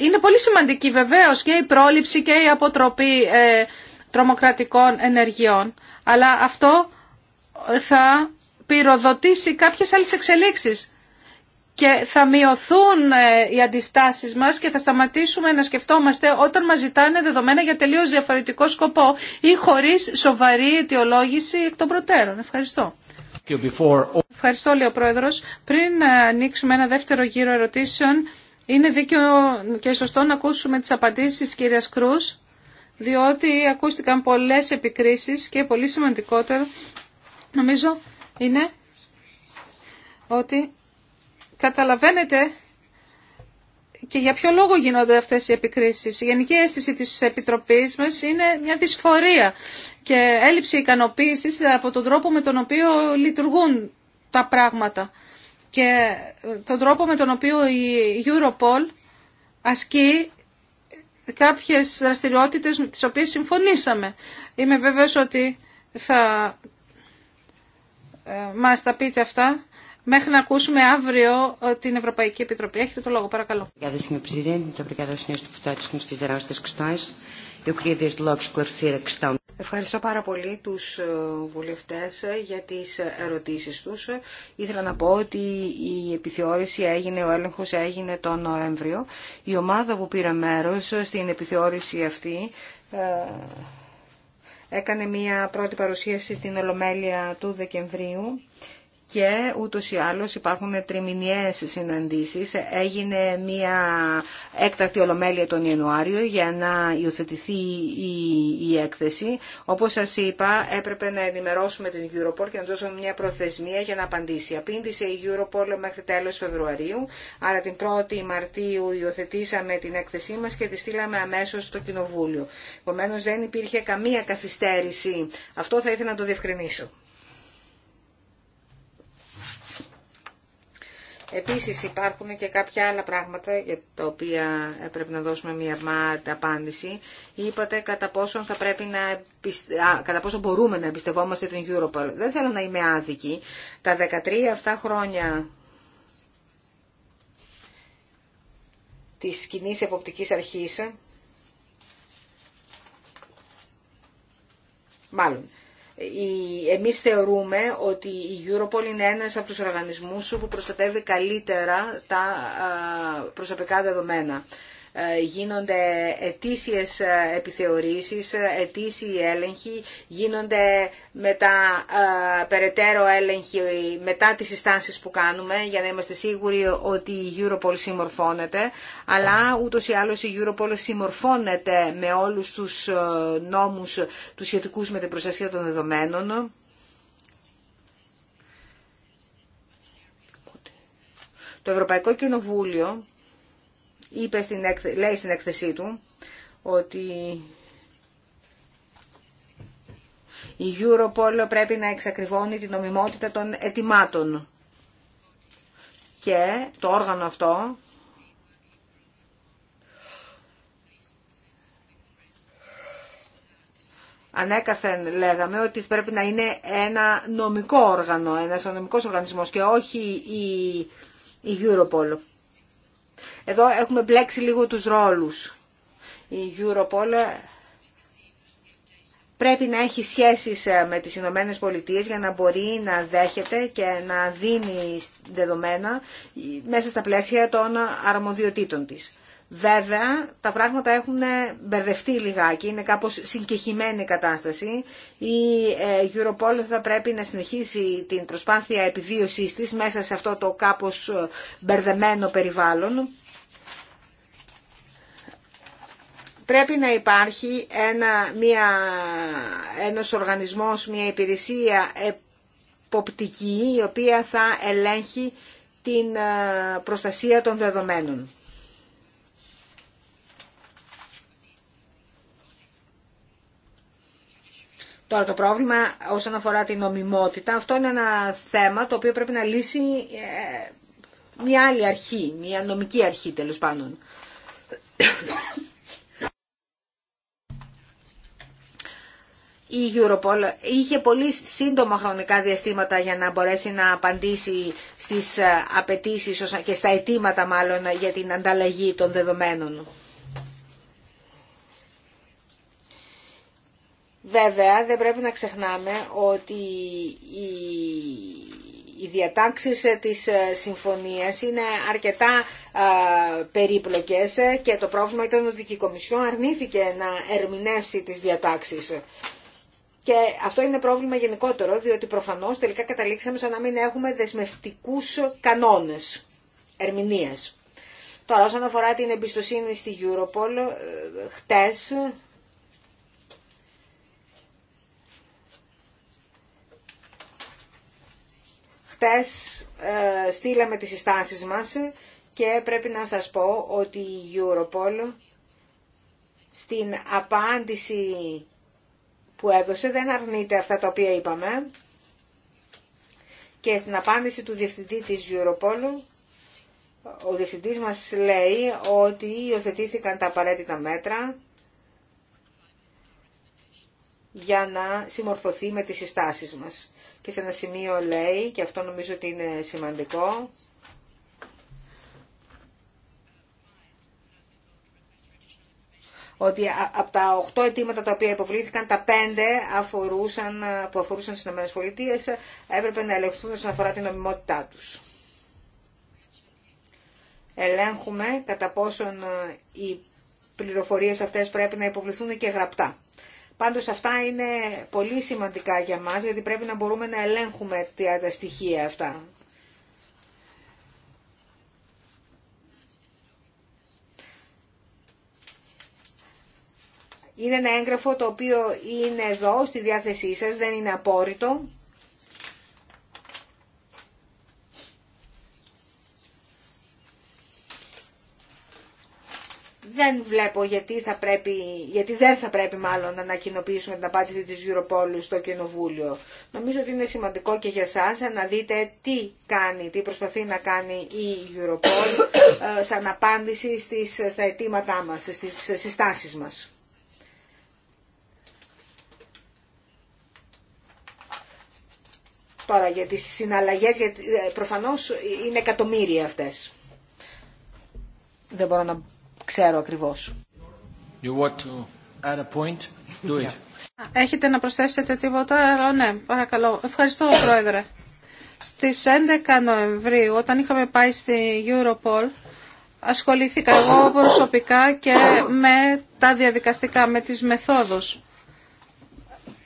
Είναι πολύ σημαντική βεβαίως και η πρόληψη και η αποτροπή ε, τρομοκρατικών ενεργειών. Αλλά αυτό θα πυροδοτήσει κάποιες άλλες εξελίξεις και θα μειωθούν ε, οι αντιστάσεις μας και θα σταματήσουμε να σκεφτόμαστε όταν μας ζητάνε δεδομένα για τελείως διαφορετικό σκοπό ή χωρίς σοβαρή αιτιολόγηση εκ των προτέρων. Ευχαριστώ. Ευχαριστώ, λέει Πρόεδρος. Πριν ε, ανοίξουμε ένα δεύτερο γύρο ερωτήσεων, είναι δίκαιο και σωστό να ακούσουμε τις απαντήσεις κυρίας Κρούς, διότι ακούστηκαν πολλές επικρίσεις και πολύ σημαντικότερο νομίζω είναι ότι καταλαβαίνετε και για ποιο λόγο γίνονται αυτές οι επικρίσεις. Η γενική αίσθηση της Επιτροπής μας είναι μια δυσφορία και έλλειψη ικανοποίησης από τον τρόπο με τον οποίο λειτουργούν τα πράγματα και τον τρόπο με τον οποίο η Europol ασκεί κάποιες δραστηριότητες με τις οποίες συμφωνήσαμε. Είμαι βέβαιος ότι θα ε, μας τα πείτε αυτά μέχρι να ακούσουμε αύριο ε, την Ευρωπαϊκή Επιτροπή. Έχετε το λόγο, παρακαλώ. Ευχαριστώ πάρα πολύ τους ε, βουλευτές ε, για τις ερωτήσεις τους. Ήθελα να πω ότι η επιθεώρηση έγινε, ο έλεγχος έγινε τον Νοέμβριο. Η ομάδα που πήρε μέρος στην επιθεώρηση αυτή ε, έκανε μια πρώτη παρουσίαση στην Ολομέλεια του Δεκεμβρίου και ούτως ή άλλως υπάρχουν τριμηνιές συναντήσεις. Έγινε μια έκτακτη ολομέλεια τον Ιανουάριο για να υιοθετηθεί η, έκθεση. Όπως σας είπα έπρεπε να ενημερώσουμε την Europol και να δώσουμε μια προθεσμία για να απαντήσει. Απήντησε η Europol μέχρι τέλος Φεβρουαρίου, άρα την 1η Μαρτίου υιοθετήσαμε την έκθεσή μας και τη στείλαμε αμέσως στο Κοινοβούλιο. Επομένω δεν υπήρχε καμία καθυστέρηση. Αυτό θα ήθελα να το διευκρινίσω. Επίσης υπάρχουν και κάποια άλλα πράγματα για τα οποία πρέπει να δώσουμε μια απάντηση. Είπατε κατά πόσο, θα πρέπει να κατά πόσο μπορούμε να εμπιστευόμαστε την Europol. Δεν θέλω να είμαι άδικη. Τα 13 αυτά χρόνια της κοινή εποπτικής αρχής, μάλλον εμείς θεωρούμε ότι η Europol είναι ένας από τους οργανισμούς που προστατεύει καλύτερα τα προσωπικά δεδομένα. Ε, γίνονται ετήσιες ε, επιθεωρήσεις, ετήσιοι έλεγχοι, γίνονται μετά ε, περαιτέρω έλεγχοι μετά τις συστάσεις που κάνουμε για να είμαστε σίγουροι ότι η Europol συμμορφώνεται, αλλά ούτως ή άλλως η Europol συμμορφώνεται με όλους τους νόμους του σχετικού με την προστασία των δεδομένων. Το Ευρωπαϊκό Κοινοβούλιο είπε στην, λέει στην έκθεσή του ότι η Europol πρέπει να εξακριβώνει την νομιμότητα των ετοιμάτων και το όργανο αυτό ανέκαθεν λέγαμε ότι πρέπει να είναι ένα νομικό όργανο, ένας νομικός οργανισμός και όχι η, η Europol. Εδώ έχουμε μπλέξει λίγο τους ρόλους. Η Europol ε, πρέπει να έχει σχέσεις ε, με τις Ηνωμένε Πολιτείες για να μπορεί να δέχεται και να δίνει δεδομένα ε, μέσα στα πλαίσια των αρμοδιοτήτων της. Βέβαια, τα πράγματα έχουν μπερδευτεί λιγάκι, είναι κάπως συγκεχημένη η κατάσταση. Η Europol θα πρέπει να συνεχίσει την προσπάθεια επιβίωσής της μέσα σε αυτό το κάπως μπερδεμένο περιβάλλον. πρέπει να υπάρχει ένα, μια, ένας οργανισμός, μια υπηρεσία εποπτική η οποία θα ελέγχει την ε, προστασία των δεδομένων. Τώρα το πρόβλημα όσον αφορά την νομιμότητα, αυτό είναι ένα θέμα το οποίο πρέπει να λύσει ε, μια άλλη αρχή, μια νομική αρχή τέλος πάντων. η Europol είχε πολύ σύντομα χρονικά διαστήματα για να μπορέσει να απαντήσει στις ε, απαιτήσεις και στα αιτήματα μάλλον για την ανταλλαγή των δεδομένων. Βέβαια, δεν πρέπει να ξεχνάμε ότι οι διατάξεις της ε, συμφωνίας είναι αρκετά ε, περίπλοκες και το πρόβλημα ήταν ότι η Κομισιόν αρνήθηκε να ερμηνεύσει τις διατάξεις. Και αυτό είναι πρόβλημα γενικότερο, διότι προφανώς τελικά καταλήξαμε στο να μην έχουμε δεσμευτικούς κανόνες ερμηνείας. Τώρα, όσον αφορά την εμπιστοσύνη στη Europol, ε, χτες χτες ε, στείλαμε τις συστάσεις μας και πρέπει να σας πω ότι η Europol στην απάντηση που έδωσε δεν αρνείται αυτά τα οποία είπαμε και στην απάντηση του διευθυντή της Europol ο διευθυντής μας λέει ότι υιοθετήθηκαν τα απαραίτητα μέτρα για να συμμορφωθεί με τις συστάσεις μας. Και σε ένα σημείο λέει, και αυτό νομίζω ότι είναι σημαντικό, ότι από τα 8 αιτήματα τα οποία υποβλήθηκαν, τα 5 αφορούσαν, που αφορούσαν στις ΗΠΑ έπρεπε να ελεγχθούν όσον αφορά την νομιμότητά τους. Ελέγχουμε κατά πόσον ε, οι πληροφορίες αυτές πρέπει να υποβληθούν και γραπτά. Πάντως αυτά είναι πολύ σημαντικά για μας, γιατί πρέπει να μπορούμε να ελέγχουμε τα στοιχεία αυτά. Είναι ένα έγγραφο το οποίο είναι εδώ στη διάθεσή σας, δεν είναι απόρριτο. Δεν βλέπω γιατί, θα πρέπει, γιατί δεν θα πρέπει μάλλον να ανακοινοποιήσουμε την απάντηση της Europol στο Κοινοβούλιο. Νομίζω ότι είναι σημαντικό και για σας να δείτε τι κάνει, τι προσπαθεί να κάνει η Europol ε, σαν απάντηση στις, στα αιτήματά μας, στις συστάσεις μας. τώρα για τις συναλλαγές, γιατί ε, προφανώς είναι εκατομμύρια αυτές. Δεν μπορώ να ξέρω ακριβώς. You want to add a point? Do it. Έχετε να προσθέσετε τίποτα άλλο, ναι, παρακαλώ. Ευχαριστώ, Πρόεδρε. Στις 11 Νοεμβρίου, όταν είχαμε πάει στη Europol, ασχολήθηκα εγώ προσωπικά και με τα διαδικαστικά, με τις μεθόδους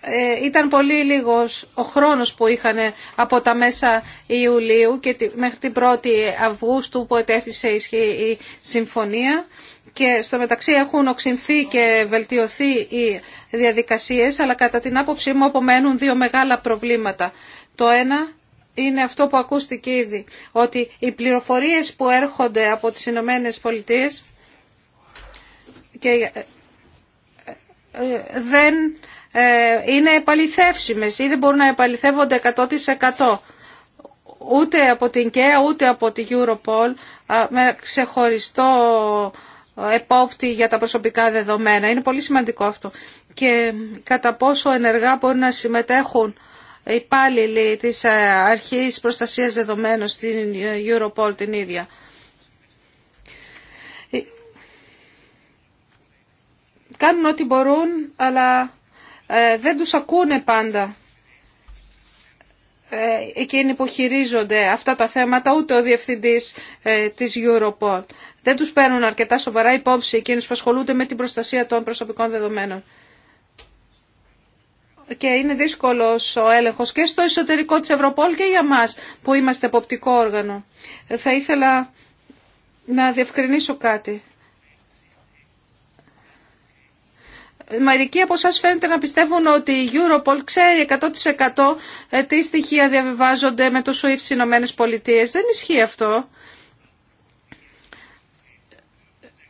ε, ήταν πολύ λίγος ο χρόνος που είχαν από τα μέσα Ιουλίου και μέχρι την 1η Αυγούστου που ετέθησε η συμφωνία και στο μεταξύ έχουν οξυνθεί και βελτιωθεί οι διαδικασίες αλλά κατά την άποψή μου απομένουν δύο μεγάλα προβλήματα. Το ένα είναι αυτό που ακούστηκε ήδη, ότι οι πληροφορίες που έρχονται από τις Ηνωμένε Πολιτείε. και ε, ε, δεν ε, είναι επαληθεύσιμες ή δεν μπορούν να επαληθεύονται 100% ούτε από την ΚΕΑ ούτε από την Europol με ξεχωριστό ε, επόπτη για τα προσωπικά δεδομένα. Είναι πολύ σημαντικό αυτό. Και κατά πόσο ενεργά μπορούν να συμμετέχουν οι υπάλληλοι της ε, Αρχής Προστασίας Δεδομένων στην Europol την ίδια. Κάνουν ό,τι μπορούν, αλλά ε, δεν τους ακούνε πάντα ε, εκείνοι που χειρίζονται αυτά τα θέματα, ούτε ο διευθυντής ε, της Europol. Δεν τους παίρνουν αρκετά σοβαρά υπόψη εκείνους που ασχολούνται με την προστασία των προσωπικών δεδομένων. Και είναι δύσκολος ο έλεγχος και στο εσωτερικό της Ευρωπόλ και για μας που είμαστε εποπτικό όργανο. Θα ήθελα να διευκρινίσω κάτι. Μερικοί από εσά φαίνεται να πιστεύουν ότι η Europol ξέρει 100% ε, τι στοιχεία διαβιβάζονται με το SWIFT στι Ηνωμένε Πολιτείε. Δεν ισχύει αυτό.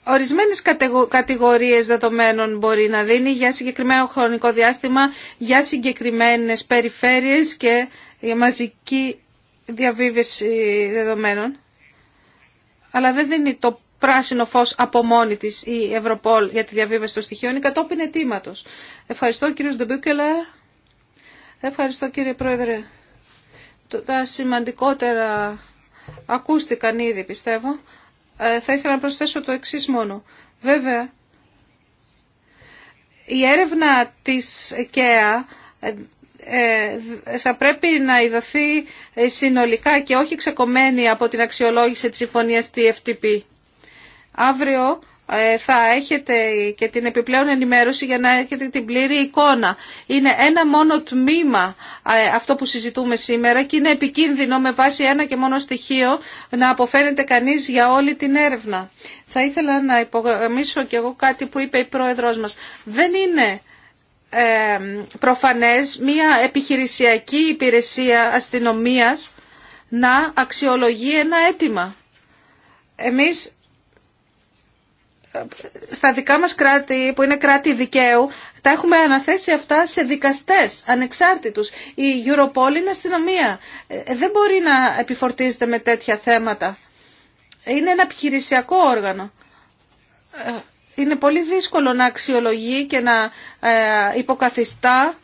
Ορισμένες κατηγορίες δεδομένων μπορεί να δίνει για συγκεκριμένο χρονικό διάστημα, για συγκεκριμένες περιφέρειες και για μαζική διαβίβεση δεδομένων. Αλλά δεν δίνει το πράσινο φως από μόνη της η Ευρωπόλ για τη διαβίβαση των στοιχείων κατόπιν αιτήματος. Ευχαριστώ κύριε Ντομπίκελε. Ευχαριστώ κύριε Πρόεδρε. Τα σημαντικότερα ακούστηκαν ήδη πιστεύω. Ε, θα ήθελα να προσθέσω το εξή μόνο. Βέβαια, η έρευνα της ΚΕΑ ε, ε, θα πρέπει να ειδωθεί συνολικά και όχι ξεκομμένη από την αξιολόγηση της συμφωνίας TFTP. Αύριο ε, θα έχετε και την επιπλέον ενημέρωση για να έχετε την πλήρη εικόνα. Είναι ένα μόνο τμήμα ε, αυτό που συζητούμε σήμερα και είναι επικίνδυνο με βάση ένα και μόνο στοιχείο να αποφαίνεται κανείς για όλη την έρευνα. Θα ήθελα να υπογραμμίσω και εγώ κάτι που είπε η πρόεδρός μας. Δεν είναι ε, προφανές μια επιχειρησιακή υπηρεσία αστυνομίας να αξιολογεί ένα αίτημα. Εμείς στα δικά μας κράτη που είναι κράτη δικαίου τα έχουμε αναθέσει αυτά σε δικαστές ανεξάρτητους. Η Europol είναι αστυνομία. Ε, δεν μπορεί να επιφορτίζεται με τέτοια θέματα. Είναι ένα επιχειρησιακό όργανο. Ε, είναι πολύ δύσκολο να αξιολογεί και να ε, υποκαθιστά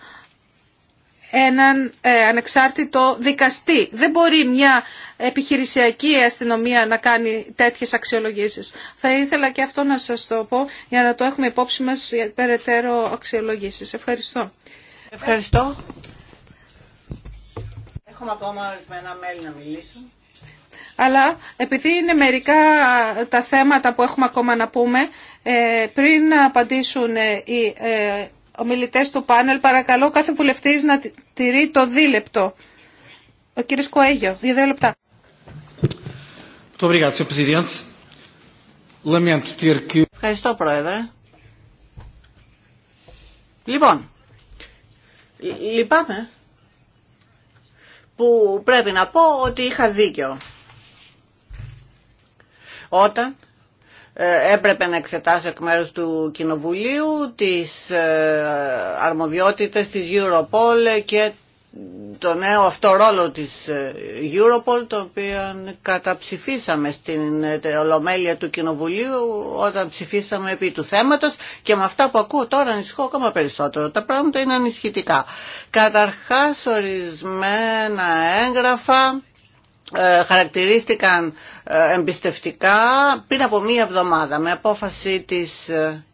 έναν ε, ανεξάρτητο δικαστή. Δεν μπορεί μια επιχειρησιακή αστυνομία να κάνει τέτοιες αξιολογήσεις. Θα ήθελα και αυτό να σας το πω για να το έχουμε υπόψη μας για περαιτέρω αξιολογήσεις. Ευχαριστώ. Ευχαριστώ. Έχουμε ακόμα ορισμένα μέλη να μιλήσουν. Αλλά επειδή είναι μερικά τα θέματα που έχουμε ακόμα να πούμε, ε, πριν απαντήσουν ε, οι Ομιλητέ του πάνελ. Παρακαλώ κάθε βουλευτή να τηρεί το δίλεπτο. Ο κύριο Κοέγιο, για δύο λεπτά. Ευχαριστώ, Πρόεδρε. Λοιπόν, λυπάμαι που πρέπει να πω ότι είχα δίκιο. Όταν ε, έπρεπε να εξετάσω εκ μέρους του Κοινοβουλίου τις ε, αρμοδιότητες της Europol και το νέο αυτό ρόλο της ε, Europol το οποίο καταψηφίσαμε στην Ολομέλεια του Κοινοβουλίου όταν ψηφίσαμε επί του θέματος και με αυτά που ακούω τώρα ανησυχώ ακόμα περισσότερο. Τα πράγματα είναι ανησυχητικά. Καταρχάς ορισμένα έγγραφα ε, χαρακτηρίστηκαν ε, εμπιστευτικά πριν από μία εβδομάδα με απόφαση της ε,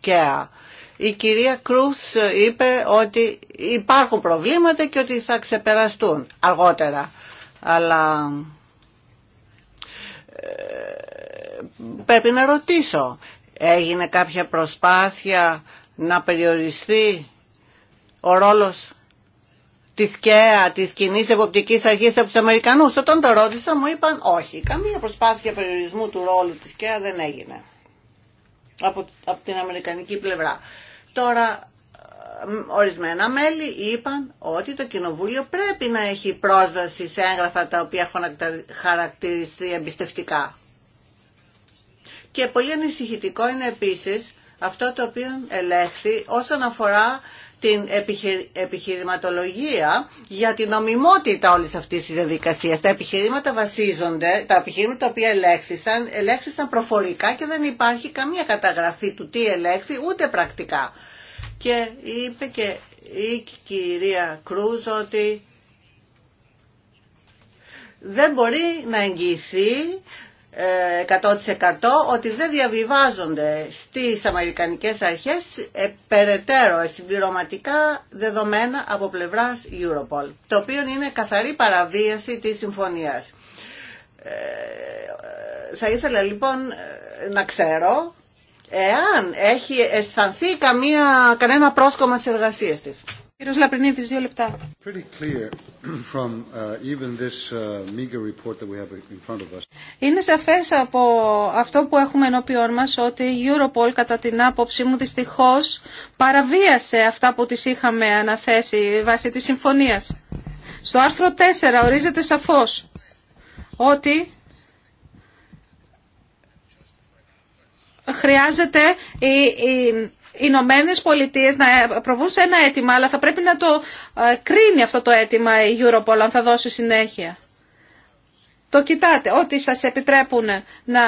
ΚΕΑ. Η κυρία Κρούς είπε ότι υπάρχουν προβλήματα και ότι θα ξεπεραστούν αργότερα. Αλλά πρέπει να ρωτήσω, έγινε κάποια προσπάθεια να περιοριστεί ο ρόλος Τη ΚΕΑ, τη κοινή εποπτική αρχή από του Αμερικανού. Όταν το ρώτησα μου είπαν όχι, καμία προσπάθεια περιορισμού του ρόλου της ΚΕΑ δεν έγινε από, από την Αμερικανική πλευρά. Τώρα ε, ορισμένα μέλη είπαν ότι το Κοινοβούλιο πρέπει να έχει πρόσβαση σε έγγραφα τα οποία έχουν χαρακτηριστεί εμπιστευτικά. Και πολύ ανησυχητικό είναι επίσης αυτό το οποίο ελέγχθη όσον αφορά την επιχειρηματολογία για την νομιμότητα όλης αυτής της διαδικασίας. Τα επιχειρήματα βασίζονται, τα επιχειρήματα τα οποία ελέγχθησαν, ελέγχθησαν προφορικά και δεν υπάρχει καμία καταγραφή του τι ελέγχθη ούτε πρακτικά. Και είπε και η κυρία Κρούζ ότι δεν μπορεί να εγγυηθεί 100% ότι δεν διαβιβάζονται στις Αμερικανικές αρχές ε, περαιτέρω ε, συμπληρωματικά δεδομένα από πλευράς Europol, το οποίο είναι καθαρή παραβίαση της συμφωνίας. Ε, θα ήθελα λοιπόν να ξέρω εάν έχει αισθανθεί καμία, κανένα πρόσκομα σε εργασίες της. Κύριος Λαπρινίδης, δύο λεπτά. Uh, uh, Είναι σαφές από αυτό που έχουμε ενώπιόν μας ότι η Europol κατά την άποψή μου δυστυχώς παραβίασε αυτά που τις είχαμε αναθέσει βάσει της συμφωνίας. Στο άρθρο 4 ορίζεται σαφώς ότι χρειάζεται η Ηνωμένε Πολιτείε να προβούν σε ένα αίτημα, αλλά θα πρέπει να το ε, κρίνει αυτό το αίτημα η Europol, αν θα δώσει συνέχεια. Το κοιτάτε, ό,τι σας επιτρέπουν να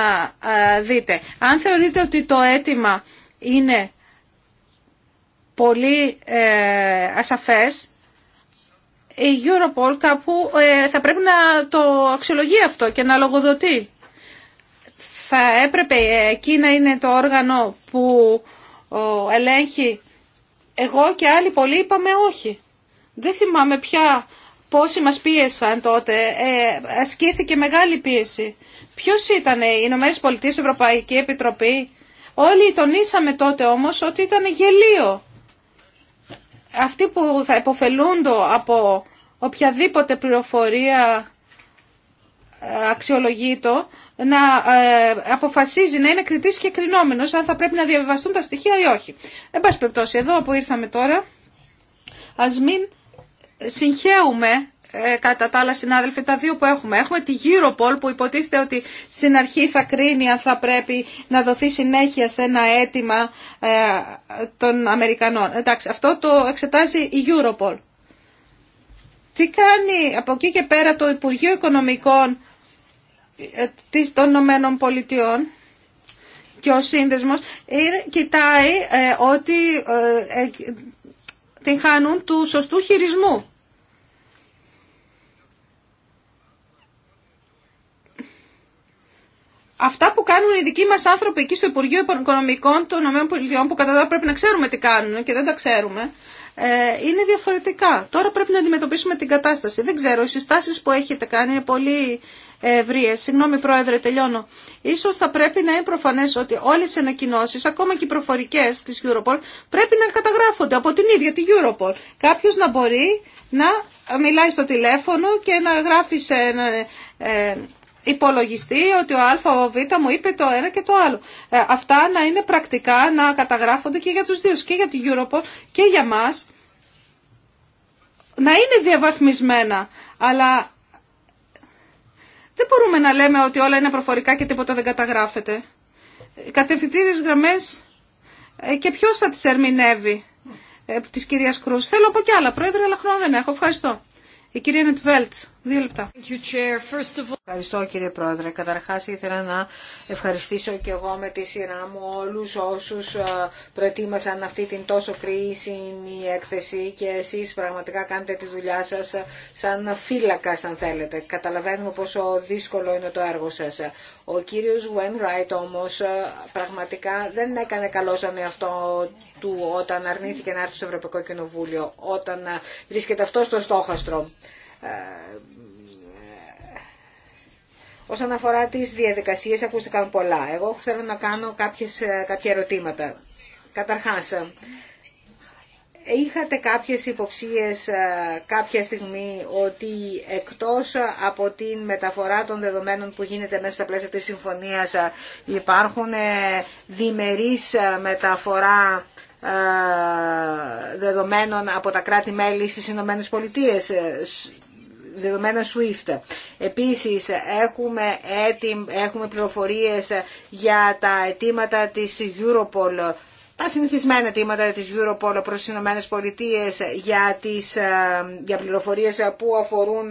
ε, δείτε. Αν θεωρείτε ότι το αίτημα είναι πολύ ε, ασαφές, η Europol κάπου θα πρέπει να το αξιολογεί αυτό και να λογοδοτεί. Θα έπρεπε εκεί να είναι το όργανο που ελέγχει. Εγώ και άλλοι πολλοί είπαμε όχι. Δεν θυμάμαι πια πόσοι μας πίεσαν τότε. Ε, ασκήθηκε μεγάλη πίεση. Ποιος ήταν ε, οι Ηνωμένες Πολιτείες Ευρωπαϊκή Επιτροπή. Όλοι τονίσαμε τότε όμως ότι ήταν γελίο. Αυτοί που θα υποφελούνται από οποιαδήποτε πληροφορία ε, αξιολογήτω να ε, αποφασίζει να είναι κριτής και κρινόμενος αν θα πρέπει να διαβιβαστούν τα στοιχεία ή όχι. Εν πάση περιπτώσει, εδώ που ήρθαμε τώρα, ας μην συγχαίουμε ε, κατά τα άλλα συνάδελφοι τα δύο που έχουμε. Έχουμε τη Europol που υποτίθεται ότι στην αρχή θα κρίνει αν θα πρέπει να δοθεί συνέχεια σε ένα αίτημα ε, των Αμερικανών. Εντάξει, αυτό το εξετάζει η Europol. Τι κάνει από εκεί και πέρα το Υπουργείο Οικονομικών ε, των Ηνωμένων Πολιτειών και ο σύνδεσμος κοιτάει ε, ότι ε, την χάνουν του σωστού χειρισμού. Αυτά που κάνουν οι δικοί μας άνθρωποι εκεί στο Υπουργείο Οικονομικών των ΗΠΑ που κατά τα πρέπει να ξέρουμε τι κάνουν και δεν τα ξέρουμε, ε, είναι διαφορετικά. Τώρα πρέπει να αντιμετωπίσουμε την κατάσταση. Δεν ξέρω, οι συστάσεις που έχετε κάνει είναι πολύ ευρείε. Συγγνώμη, Πρόεδρε, τελειώνω. Ίσως θα πρέπει να είναι προφανέ ότι όλε οι ανακοινώσει, ακόμα και οι προφορικέ τη Europol, πρέπει να καταγράφονται από την ίδια τη Europol. Κάποιο να μπορεί να μιλάει στο τηλέφωνο και να γράφει σε ένα ε, υπολογιστεί ότι ο α, ο β μου είπε το ένα και το άλλο. Ε, αυτά να είναι πρακτικά, να καταγράφονται και για τους δύο, και για την Europol και για μας. Να είναι διαβαθμισμένα, αλλά δεν μπορούμε να λέμε ότι όλα είναι προφορικά και τίποτα δεν καταγράφεται. Κατευθυντήριες γραμμές ε, και ποιος θα τις ερμηνεύει ε, της κυρίας Κρούς. Θέλω από κι άλλα, πρόεδρε, αλλά χρόνο δεν έχω. Ευχαριστώ. Η κυρία Νετβέλτ. Δύο λεπτά. Ευχαριστώ κύριε Πρόεδρε. Καταρχάς ήθελα να ευχαριστήσω και εγώ με τη σειρά μου όλους όσους ε, προετοίμασαν αυτή την τόσο κρίσιμη έκθεση και εσείς πραγματικά κάνετε τη δουλειά σας ε, σαν φύλακα αν θέλετε. Καταλαβαίνουμε πόσο δύσκολο είναι το έργο σας. Ο κύριος Ράιτ όμως ε, πραγματικά δεν έκανε καλό σαν εαυτό του όταν αρνήθηκε να έρθει στο Ευρωπαϊκό Κοινοβούλιο, όταν βρίσκεται αυτό στο στόχαστρο. Ε, ε, όσον αφορά τις διαδικασίες, ακούστηκαν πολλά. Εγώ θέλω να κάνω κάποιες, ε, κάποια ερωτήματα. Καταρχάς, είχατε κάποιες υποψίες κάποια στιγμή ότι εκτός από την μεταφορά των δεδομένων που γίνεται μέσα στα πλαίσια της συμφωνίας υπάρχουν διμερείς μεταφορά δεδομένων από τα κράτη-μέλη στις Ηνωμένες Πολιτείες δεδομένα SWIFT. Επίσης έχουμε, έτοιμ, έχουμε πληροφορίες για τα αιτήματα της Europol τα συνηθισμένα αιτήματα της Europol προς τις Ηνωμένες Πολιτείες για, τις, ε, για πληροφορίες που αφορούν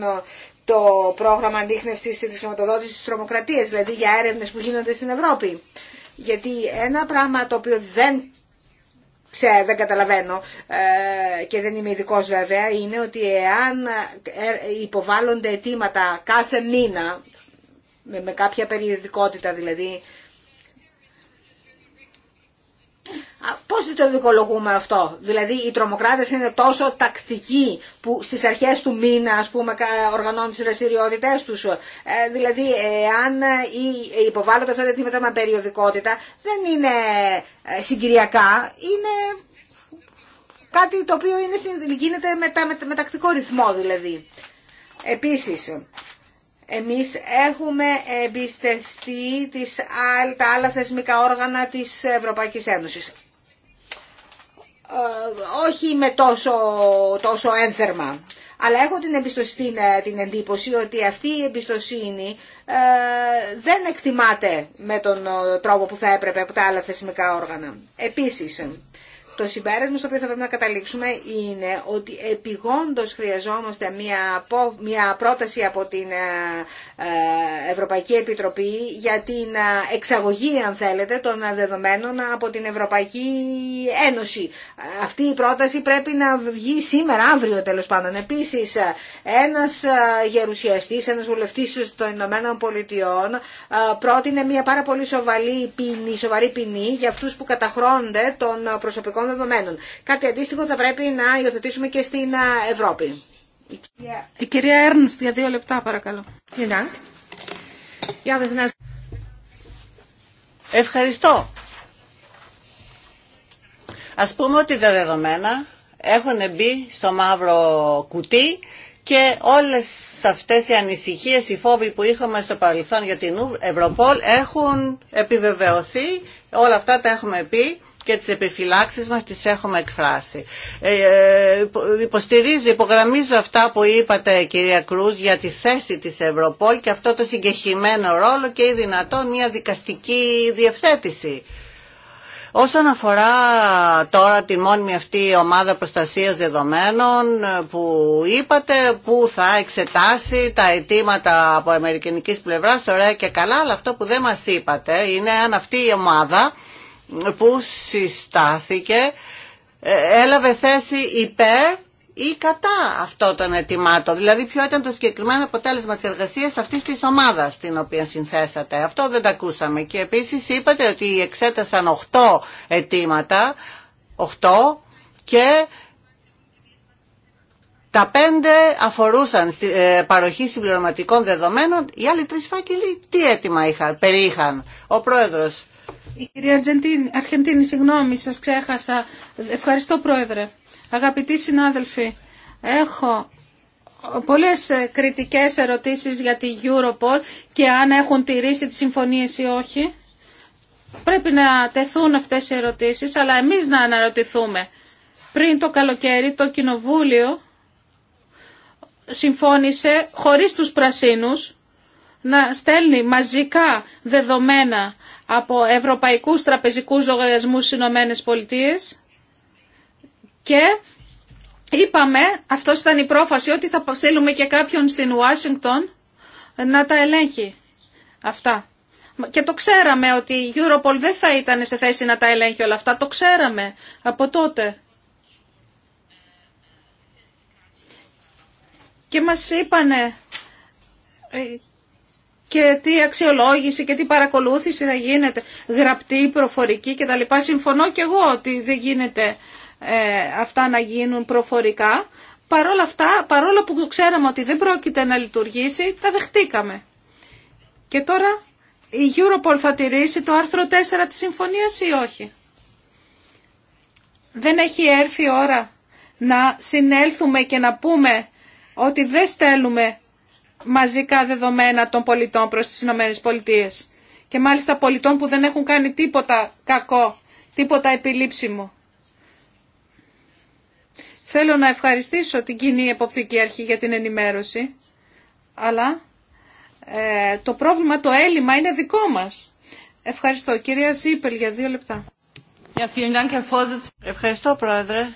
το πρόγραμμα αντίχνευσης της χρηματοδότηση τη τρομοκρατίας, δηλαδή για έρευνες που γίνονται στην Ευρώπη. Γιατί ένα πράγμα το οποίο δεν ξέρω, δεν καταλαβαίνω ε, και δεν είμαι ειδικό βέβαια, είναι ότι εάν ε, υποβάλλονται αιτήματα κάθε μήνα, με κάποια περιοδικότητα δηλαδή, Πώς δεν το δικολογούμε αυτό. Δηλαδή οι τρομοκράτες είναι τόσο τακτικοί που στις αρχές του μήνα ας πούμε οργανώνουν τις δραστηριότητε τους. Ε, δηλαδή αν υποβάλλονται αυτά τα αιτήματα με περιοδικότητα δεν είναι ε, συγκυριακά, είναι κάτι το οποίο είναι, γίνεται με, με τακτικό ρυθμό δηλαδή. Επίσης, εμείς έχουμε εμπιστευτεί τις, τα άλλα θεσμικά όργανα της Ευρωπαϊκής Ένωσης. Ε, όχι με τόσο, τόσο ένθερμα. Αλλά έχω την, εμπιστοσύνη, την ε, εντύπωση ότι αυτή η εμπιστοσύνη ε, δεν εκτιμάται με τον τρόπο που θα έπρεπε από τα άλλα θεσμικά όργανα. Επίσης, το συμπέρασμα στο οποίο θα πρέπει να καταλήξουμε είναι ότι επιγόντως χρειαζόμαστε μια, μια πρόταση από την ε, ε, Ευρωπαϊκή Επιτροπή για την ε, εξαγωγή, αν θέλετε, των δεδομένων από την Ευρωπαϊκή Ένωση. Αυτή η πρόταση πρέπει να βγει σήμερα, αύριο τέλος πάντων. Επίσης, ένας γερουσιαστής, ένας βουλευτής των Ηνωμένων Πολιτειών πρότεινε μια πάρα πολύ σοβαρή ποινή, σοβαρή ποινή για αυτούς που καταχρώνονται των προσωπικών Κάτι αντίστοιχο θα πρέπει να υιοθετήσουμε και στην Ευρώπη. Η κυρία Έρνστ, για δύο λεπτά παρακαλώ. Ευχαριστώ. Ας πούμε ότι τα δεδομένα έχουν μπει στο μαύρο κουτί και όλες αυτές οι ανησυχίες, οι φόβοι που είχαμε στο παρελθόν για την Ευρωπόλ έχουν επιβεβαιωθεί, όλα αυτά τα έχουμε πει και τις επιφυλάξεις μας τις έχουμε εκφράσει. Ε, ε, Υποστηρίζει, υπογραμμίζω αυτά που είπατε κυρία Κρούς για τη θέση της Ευρωπόλ και αυτό το συγκεχημένο ρόλο και ή δυνατόν μια δικαστική διευθέτηση. Όσον αφορά τώρα τη μόνιμη αυτή ομάδα προστασίας δεδομένων που είπατε που θα εξετάσει τα αιτήματα από αμερικανικής πλευράς, ωραία και καλά, αλλά αυτό που δεν μας είπατε είναι αν αυτή η ομάδα που συστάθηκε ε, έλαβε θέση υπέρ ή κατά αυτό των ετοιμάτων Δηλαδή ποιο ήταν το συγκεκριμένο αποτέλεσμα της εργασίας αυτής της ομάδας την οποία συνθέσατε. Αυτό δεν τα ακούσαμε. Και επίσης είπατε ότι εξέτασαν 8 αιτήματα, 8 και τα πέντε αφορούσαν στη, ε, παροχή συμπληρωματικών δεδομένων, οι άλλοι τρεις φάκελοι τι έτοιμα είχαν, περίχαν. Ο πρόεδρος η κυρία Αργεντίνη, Αρχεντίνη, συγγνώμη, σας ξέχασα. Ευχαριστώ, Πρόεδρε. Αγαπητοί συνάδελφοι, έχω πολλές ε, κριτικές ερωτήσεις για τη Europol και αν έχουν τηρήσει τις συμφωνίες ή όχι. Πρέπει να τεθούν αυτές οι ερωτήσεις, αλλά εμείς να αναρωτηθούμε. Πριν το καλοκαίρι το Κοινοβούλιο συμφώνησε χωρίς τους πρασίνους να στέλνει μαζικά δεδομένα από ευρωπαϊκούς τραπεζικούς λογαριασμούς στις Ηνωμένες Πολιτείες και είπαμε, αυτό ήταν η πρόφαση, ότι θα στείλουμε και κάποιον στην Ουάσιγκτον να τα ελέγχει αυτά. Και το ξέραμε ότι η Europol δεν θα ήταν σε θέση να τα ελέγχει όλα αυτά. Το ξέραμε από τότε. Και μας είπανε ε, και τι αξιολόγηση και τι παρακολούθηση θα γίνεται, γραπτή, προφορική κτλ. Συμφωνώ και εγώ ότι δεν γίνεται ε, αυτά να γίνουν προφορικά. Παρόλα αυτά, παρόλο που ξέραμε ότι δεν πρόκειται να λειτουργήσει, τα δεχτήκαμε. Και τώρα η Europol θα τηρήσει το άρθρο 4 της συμφωνίας ή όχι. Δεν έχει έρθει η ώρα να συνέλθουμε και να πούμε ότι δεν στέλνουμε μαζικά δεδομένα των πολιτών προς τις Ηνωμένες Πολιτείες. Και μάλιστα πολιτών που δεν έχουν κάνει τίποτα κακό, τίποτα επιλήψιμο. Θέλω να ευχαριστήσω την κοινή εποπτική αρχή για την ενημέρωση, αλλά ε, το πρόβλημα, το έλλειμμα είναι δικό μας. Ευχαριστώ. Κυρία Σίπελ για δύο λεπτά. Ευχαριστώ Πρόεδρε.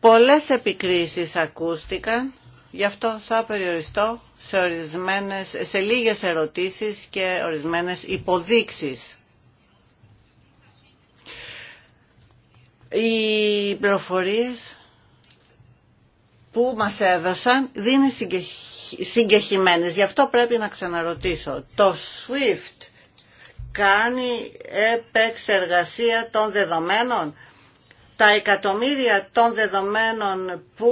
Πολλές επικρίσεις ακούστηκαν Γι' αυτό θα περιοριστώ σε, ορισμένες, σε λίγες ερωτήσεις και ορισμένες υποδείξεις. Οι πληροφορίες που μας έδωσαν δεν είναι συγκεχημένες. Γι' αυτό πρέπει να ξαναρωτήσω. Το SWIFT κάνει επεξεργασία των δεδομένων τα εκατομμύρια των δεδομένων που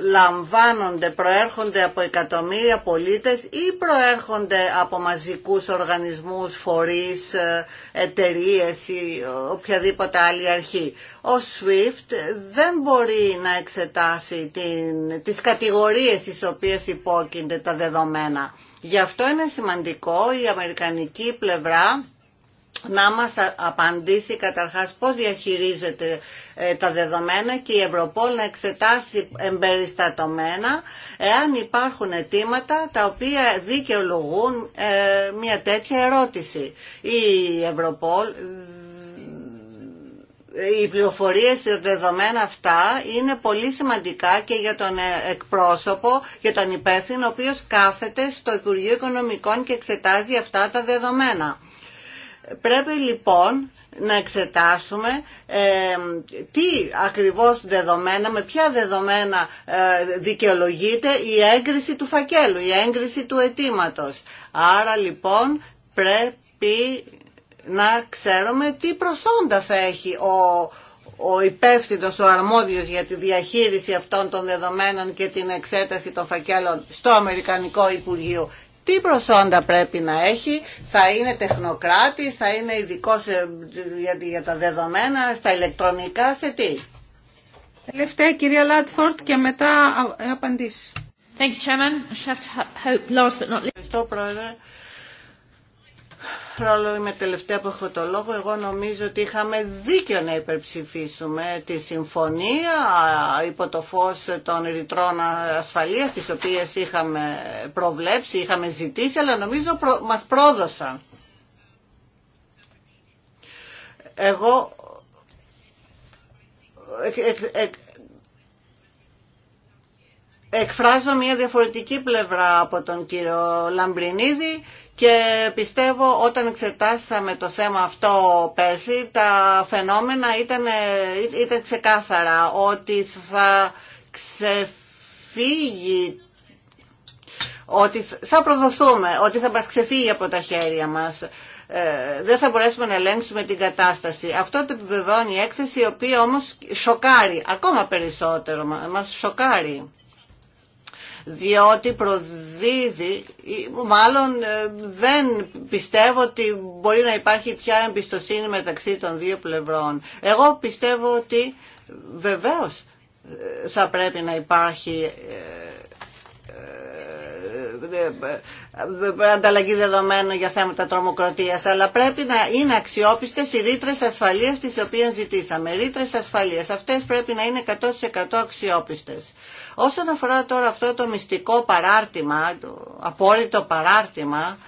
λαμβάνονται προέρχονται από εκατομμύρια πολίτες ή προέρχονται από μαζικούς οργανισμούς, φορείς, ε, εταιρείες ή οποιαδήποτε άλλη αρχή. Ο SWIFT δεν μπορεί να εξετάσει την, τις κατηγορίες στις οποίες υπόκεινται τα δεδομένα. Γι' αυτό είναι σημαντικό η αμερικανική πλευρά να μας απαντήσει καταρχάς πώς διαχειρίζεται ε, τα δεδομένα και η Ευρωπόλ να εξετάσει εμπεριστατωμένα εάν υπάρχουν αιτήματα τα οποία δικαιολογούν ε, μια τέτοια ερώτηση. Η Ευρωπόλ οι πληροφορίες ε, δεδομένα αυτά είναι πολύ σημαντικά και για τον εκπρόσωπο, και τον υπεύθυνο, ο οποίος κάθεται στο Υπουργείο Οικονομικών και εξετάζει αυτά τα δεδομένα. Πρέπει λοιπόν να εξετάσουμε ε, τι ακριβώς δεδομένα, με ποια δεδομένα ε, δικαιολογείται η έγκριση του φακέλου, η έγκριση του αιτήματο. Άρα λοιπόν πρέπει να ξέρουμε τι προσόντα θα έχει ο, ο υπεύθυνος, ο αρμόδιος για τη διαχείριση αυτών των δεδομένων και την εξέταση των φακέλων στο Αμερικανικό Υπουργείο τι προσόντα πρέπει να έχει, θα είναι τεχνοκράτης, θα είναι ειδικό ε, για, τα δεδομένα, στα ηλεκτρονικά, σε τι. Τελευταία κυρία Λάτφορτ και μετά απαντήσεις. Thank you, Chairman. I hope last but not least. Ευχαριστώ, Πρόεδρε είμαι τελευταία που έχω το λόγο. Εγώ νομίζω ότι είχαμε δίκιο να υπερψηφίσουμε τη συμφωνία υπό το φως των ρητρών ασφαλείας τις οποίες είχαμε προβλέψει, είχαμε ζητήσει, αλλά νομίζω μας πρόδωσαν. Εγώ εκφράζω μια διαφορετική πλευρά από τον κύριο Λαμπρινίδη και πιστεύω όταν εξετάσαμε το θέμα αυτό πέρσι, τα φαινόμενα ήταν, ήταν ξεκάθαρα ότι θα ξεφύγει ότι θα προδοθούμε, ότι θα μας ξεφύγει από τα χέρια μας. Ε, δεν θα μπορέσουμε να ελέγξουμε την κατάσταση. Αυτό το επιβεβαιώνει η έκθεση, η οποία όμως σοκάρει, ακόμα περισσότερο, μας σοκάρει διότι προδίδει, μάλλον ε, δεν πιστεύω ότι μπορεί να υπάρχει πια εμπιστοσύνη μεταξύ των δύο πλευρών. Εγώ πιστεύω ότι βεβαίως ε, θα πρέπει να υπάρχει ε, ανταλλαγή δεδομένων για θέματα τρομοκρατία, αλλά πρέπει να είναι αξιόπιστες οι ρήτρε ασφαλείας τι οποίε ζητήσαμε. Ρήτρες ασφαλείας, αυτές πρέπει να είναι 100% αξιόπιστες. Όσον αφορά τώρα αυτό το μυστικό παράρτημα, το απόλυτο παράρτημα,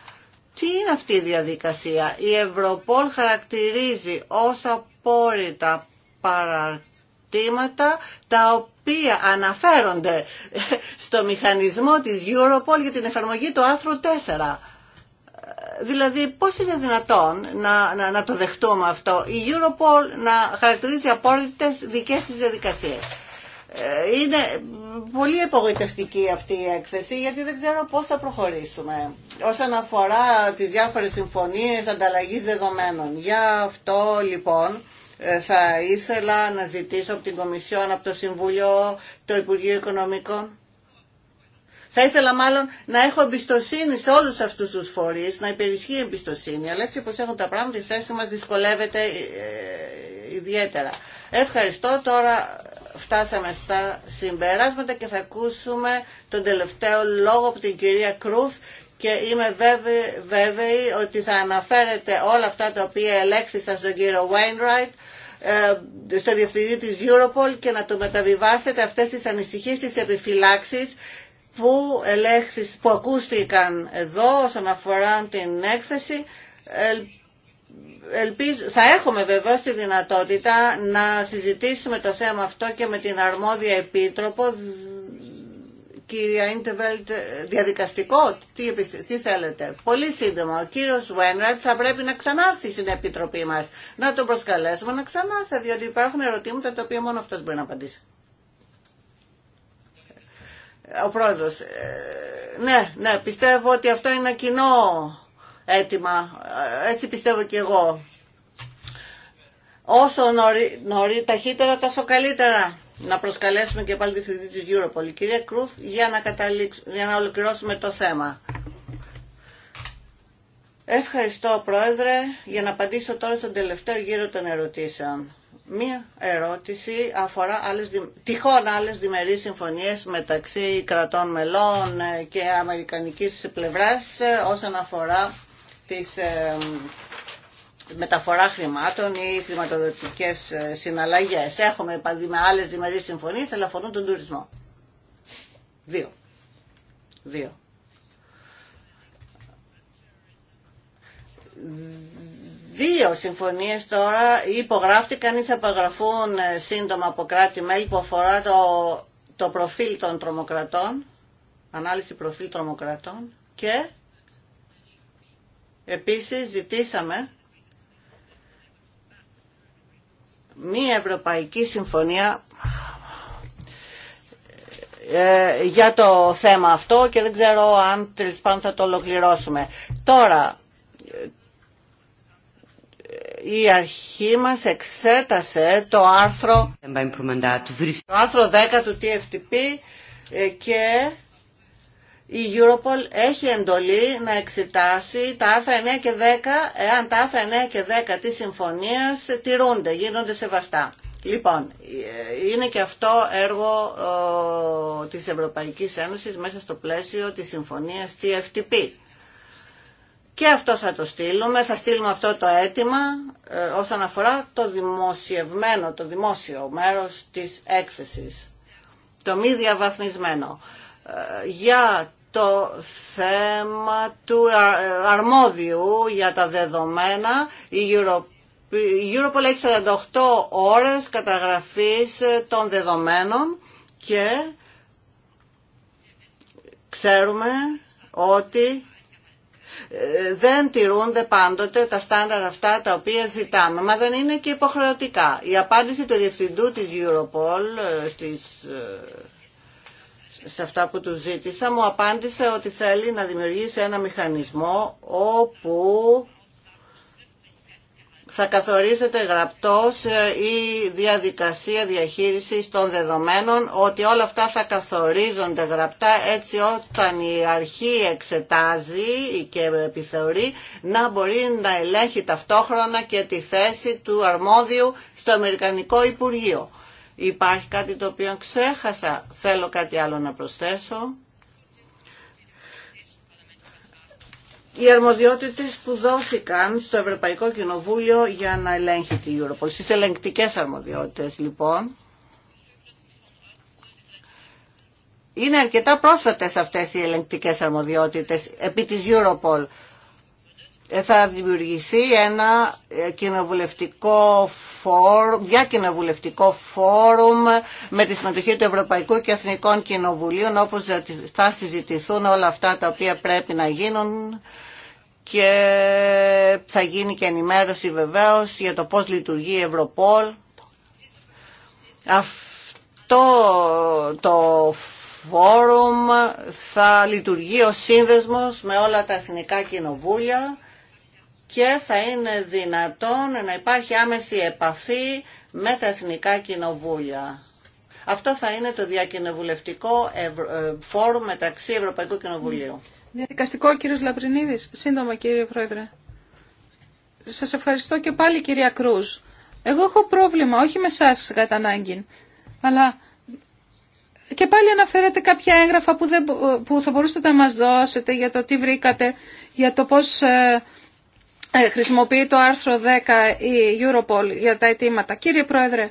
τι είναι αυτή η διαδικασία. Η Ευρωπόλ χαρακτηρίζει ω απόρριτα παραρτήματα τα οποία οποία αναφέρονται στο μηχανισμό της Europol για την εφαρμογή του άρθρου 4. Δηλαδή πώς είναι δυνατόν να, το δεχτούμε αυτό. Η Europol να χαρακτηρίζει απόρριτες δικές της διαδικασίες. Ε, είναι πολύ απογοητευτική αυτή η έκθεση γιατί δεν ξέρω πώς θα προχωρήσουμε. Όσον αφορά τις διάφορες συμφωνίες ανταλλαγής δεδομένων. Για αυτό λοιπόν ε, θα ήθελα να ζητήσω από την Κομισιόν, από το Συμβουλίο, το Υπουργείο Οικονομικών. Θα ήθελα μάλλον να έχω εμπιστοσύνη σε όλους αυτούς τους φορείς, να υπερισχύει η εμπιστοσύνη, αλλά έτσι όπως έχουν τα πράγματα η θέση μας δυσκολεύεται ε, ιδιαίτερα. Ευχαριστώ. Τώρα φτάσαμε στα συμπεράσματα και θα ακούσουμε τον τελευταίο λόγο από την κυρία Κρούθ, και είμαι βέβαιη ότι θα αναφέρετε όλα αυτά τα οποία ελέγξησαν στον κύριο Wainwright ε, στο διευθυντή της Europol και να το μεταβιβάσετε αυτές τις ανησυχίες, τις επιφυλάξης που, που ακούστηκαν εδώ όσον αφορά την έξεση. Ελπίζω, θα έχουμε βεβαίω τη δυνατότητα να συζητήσουμε το θέμα αυτό και με την αρμόδια επίτροπο Κυρία Ιντεβέλτ, διαδικαστικό, τι, τι θέλετε. Πολύ σύντομα, ο κύριος Βένρετ θα πρέπει να ξανάρθει στην Επιτροπή μας. Να τον προσκαλέσουμε να ξανάρθει, διότι υπάρχουν ερωτήματα τα οποία μόνο αυτός μπορεί να απαντήσει. Ο πρόεδρος, ε, ναι, ναι, πιστεύω ότι αυτό είναι κοινό αίτημα. Ε, έτσι πιστεύω και εγώ. Όσο νωρί, νωρί ταχύτερα, τόσο καλύτερα να προσκαλέσουμε και πάλι τη θητή της Europol. Κυρία Κρούθ, για να, για να ολοκληρώσουμε το θέμα. Ευχαριστώ Πρόεδρε για να απαντήσω τώρα στον τελευταίο γύρο των ερωτήσεων. Μία ερώτηση αφορά άλλες, τυχόν άλλες διμερείς συμφωνίες μεταξύ κρατών μελών ε, και αμερικανικής πλευράς ε, όσον αφορά τις ε, μεταφορά χρημάτων ή χρηματοδοτικέ ε, συναλλαγές. Έχουμε με άλλε διμερεί συμφωνίε αλλά αφορούν τον τουρισμό. Δύο. Δύο. Δύο συμφωνίε τώρα υπογράφτηκαν ή θα υπογραφούν ε, σύντομα από κράτη-μέλη που αφορά το, το προφίλ των τρομοκρατών, ανάλυση προφίλ τρομοκρατών και επίσης ζητήσαμε μία Ευρωπαϊκή Συμφωνία ε, για το θέμα αυτό και δεν ξέρω αν θα το ολοκληρώσουμε. Τώρα, ε, η αρχή μας εξέτασε το άρθρο, το άρθρο 10 του TFTP ε, και η Europol έχει εντολή να εξετάσει τα άρθρα 9 και 10, εάν τα άρθρα 9 και 10 της συμφωνίας τηρούνται, γίνονται σεβαστά. Λοιπόν, είναι και αυτό έργο ε, της Ευρωπαϊκής Ένωσης μέσα στο πλαίσιο της συμφωνίας TFTP. Και αυτό θα το στείλουμε, θα στείλουμε αυτό το αίτημα ε, όσον αφορά το δημοσιευμένο, το δημόσιο μέρος της έξεσης. Το μη διαβαθμισμένο ε, για το θέμα του αρμόδιου για τα δεδομένα. Η Europol έχει 48 ώρες καταγραφής των δεδομένων και ξέρουμε ότι ε, δεν τηρούνται πάντοτε τα στάνταρ αυτά τα οποία ζητάμε, μα δεν είναι και υποχρεωτικά. Η απάντηση του διευθυντού της Europol ε, στις ε, σε αυτά που του ζήτησα μου απάντησε ότι θέλει να δημιουργήσει ένα μηχανισμό όπου θα καθορίζεται γραπτός ε, η διαδικασία διαχείρισης των δεδομένων, ότι όλα αυτά θα καθορίζονται γραπτά έτσι όταν η αρχή εξετάζει και επιθεωρεί να μπορεί να ελέγχει ταυτόχρονα και τη θέση του αρμόδιου στο Αμερικανικό Υπουργείο. Υπάρχει κάτι το οποίο ξέχασα. Θέλω κάτι άλλο να προσθέσω. Οι αρμοδιότητες που δόθηκαν στο Ευρωπαϊκό Κοινοβούλιο για να ελέγχει τη Europol. Στις ελεγκτικές αρμοδιότητες λοιπόν. Είναι αρκετά πρόσφατες αυτές οι ελεγκτικές αρμοδιότητες επί της Europol θα δημιουργηθεί ένα κοινοβουλευτικό φόρουμ, διακοινοβουλευτικό φόρουμ με τη συμμετοχή του Ευρωπαϊκού και Εθνικών Κοινοβουλίων όπως θα συζητηθούν όλα αυτά τα οποία πρέπει να γίνουν και θα γίνει και ενημέρωση βεβαίως για το πώς λειτουργεί η Ευρωπόλ. Αυτό το φόρουμ θα λειτουργεί ο σύνδεσμος με όλα τα εθνικά κοινοβούλια και θα είναι δυνατόν να υπάρχει άμεση επαφή με τα εθνικά κοινοβούλια. Αυτό θα είναι το διακοινοβουλευτικό ε, φόρουμ μεταξύ Ευρωπαϊκού Κοινοβουλίου. Ναι. Διαδικαστικό, κύριο Λαπρινίδη. Σύντομα, κύριε Πρόεδρε. Σα ευχαριστώ και πάλι, κυρία Κρούζ. Εγώ έχω πρόβλημα, όχι με εσά κατά ανάγκη, αλλά και πάλι αναφέρετε κάποια έγγραφα που, δεν, που θα μπορούσατε να μας δώσετε για το τι βρήκατε, για το πώς ε, ε, χρησιμοποιεί το άρθρο 10 η Europol για τα αιτήματα. Κύριε Πρόεδρε,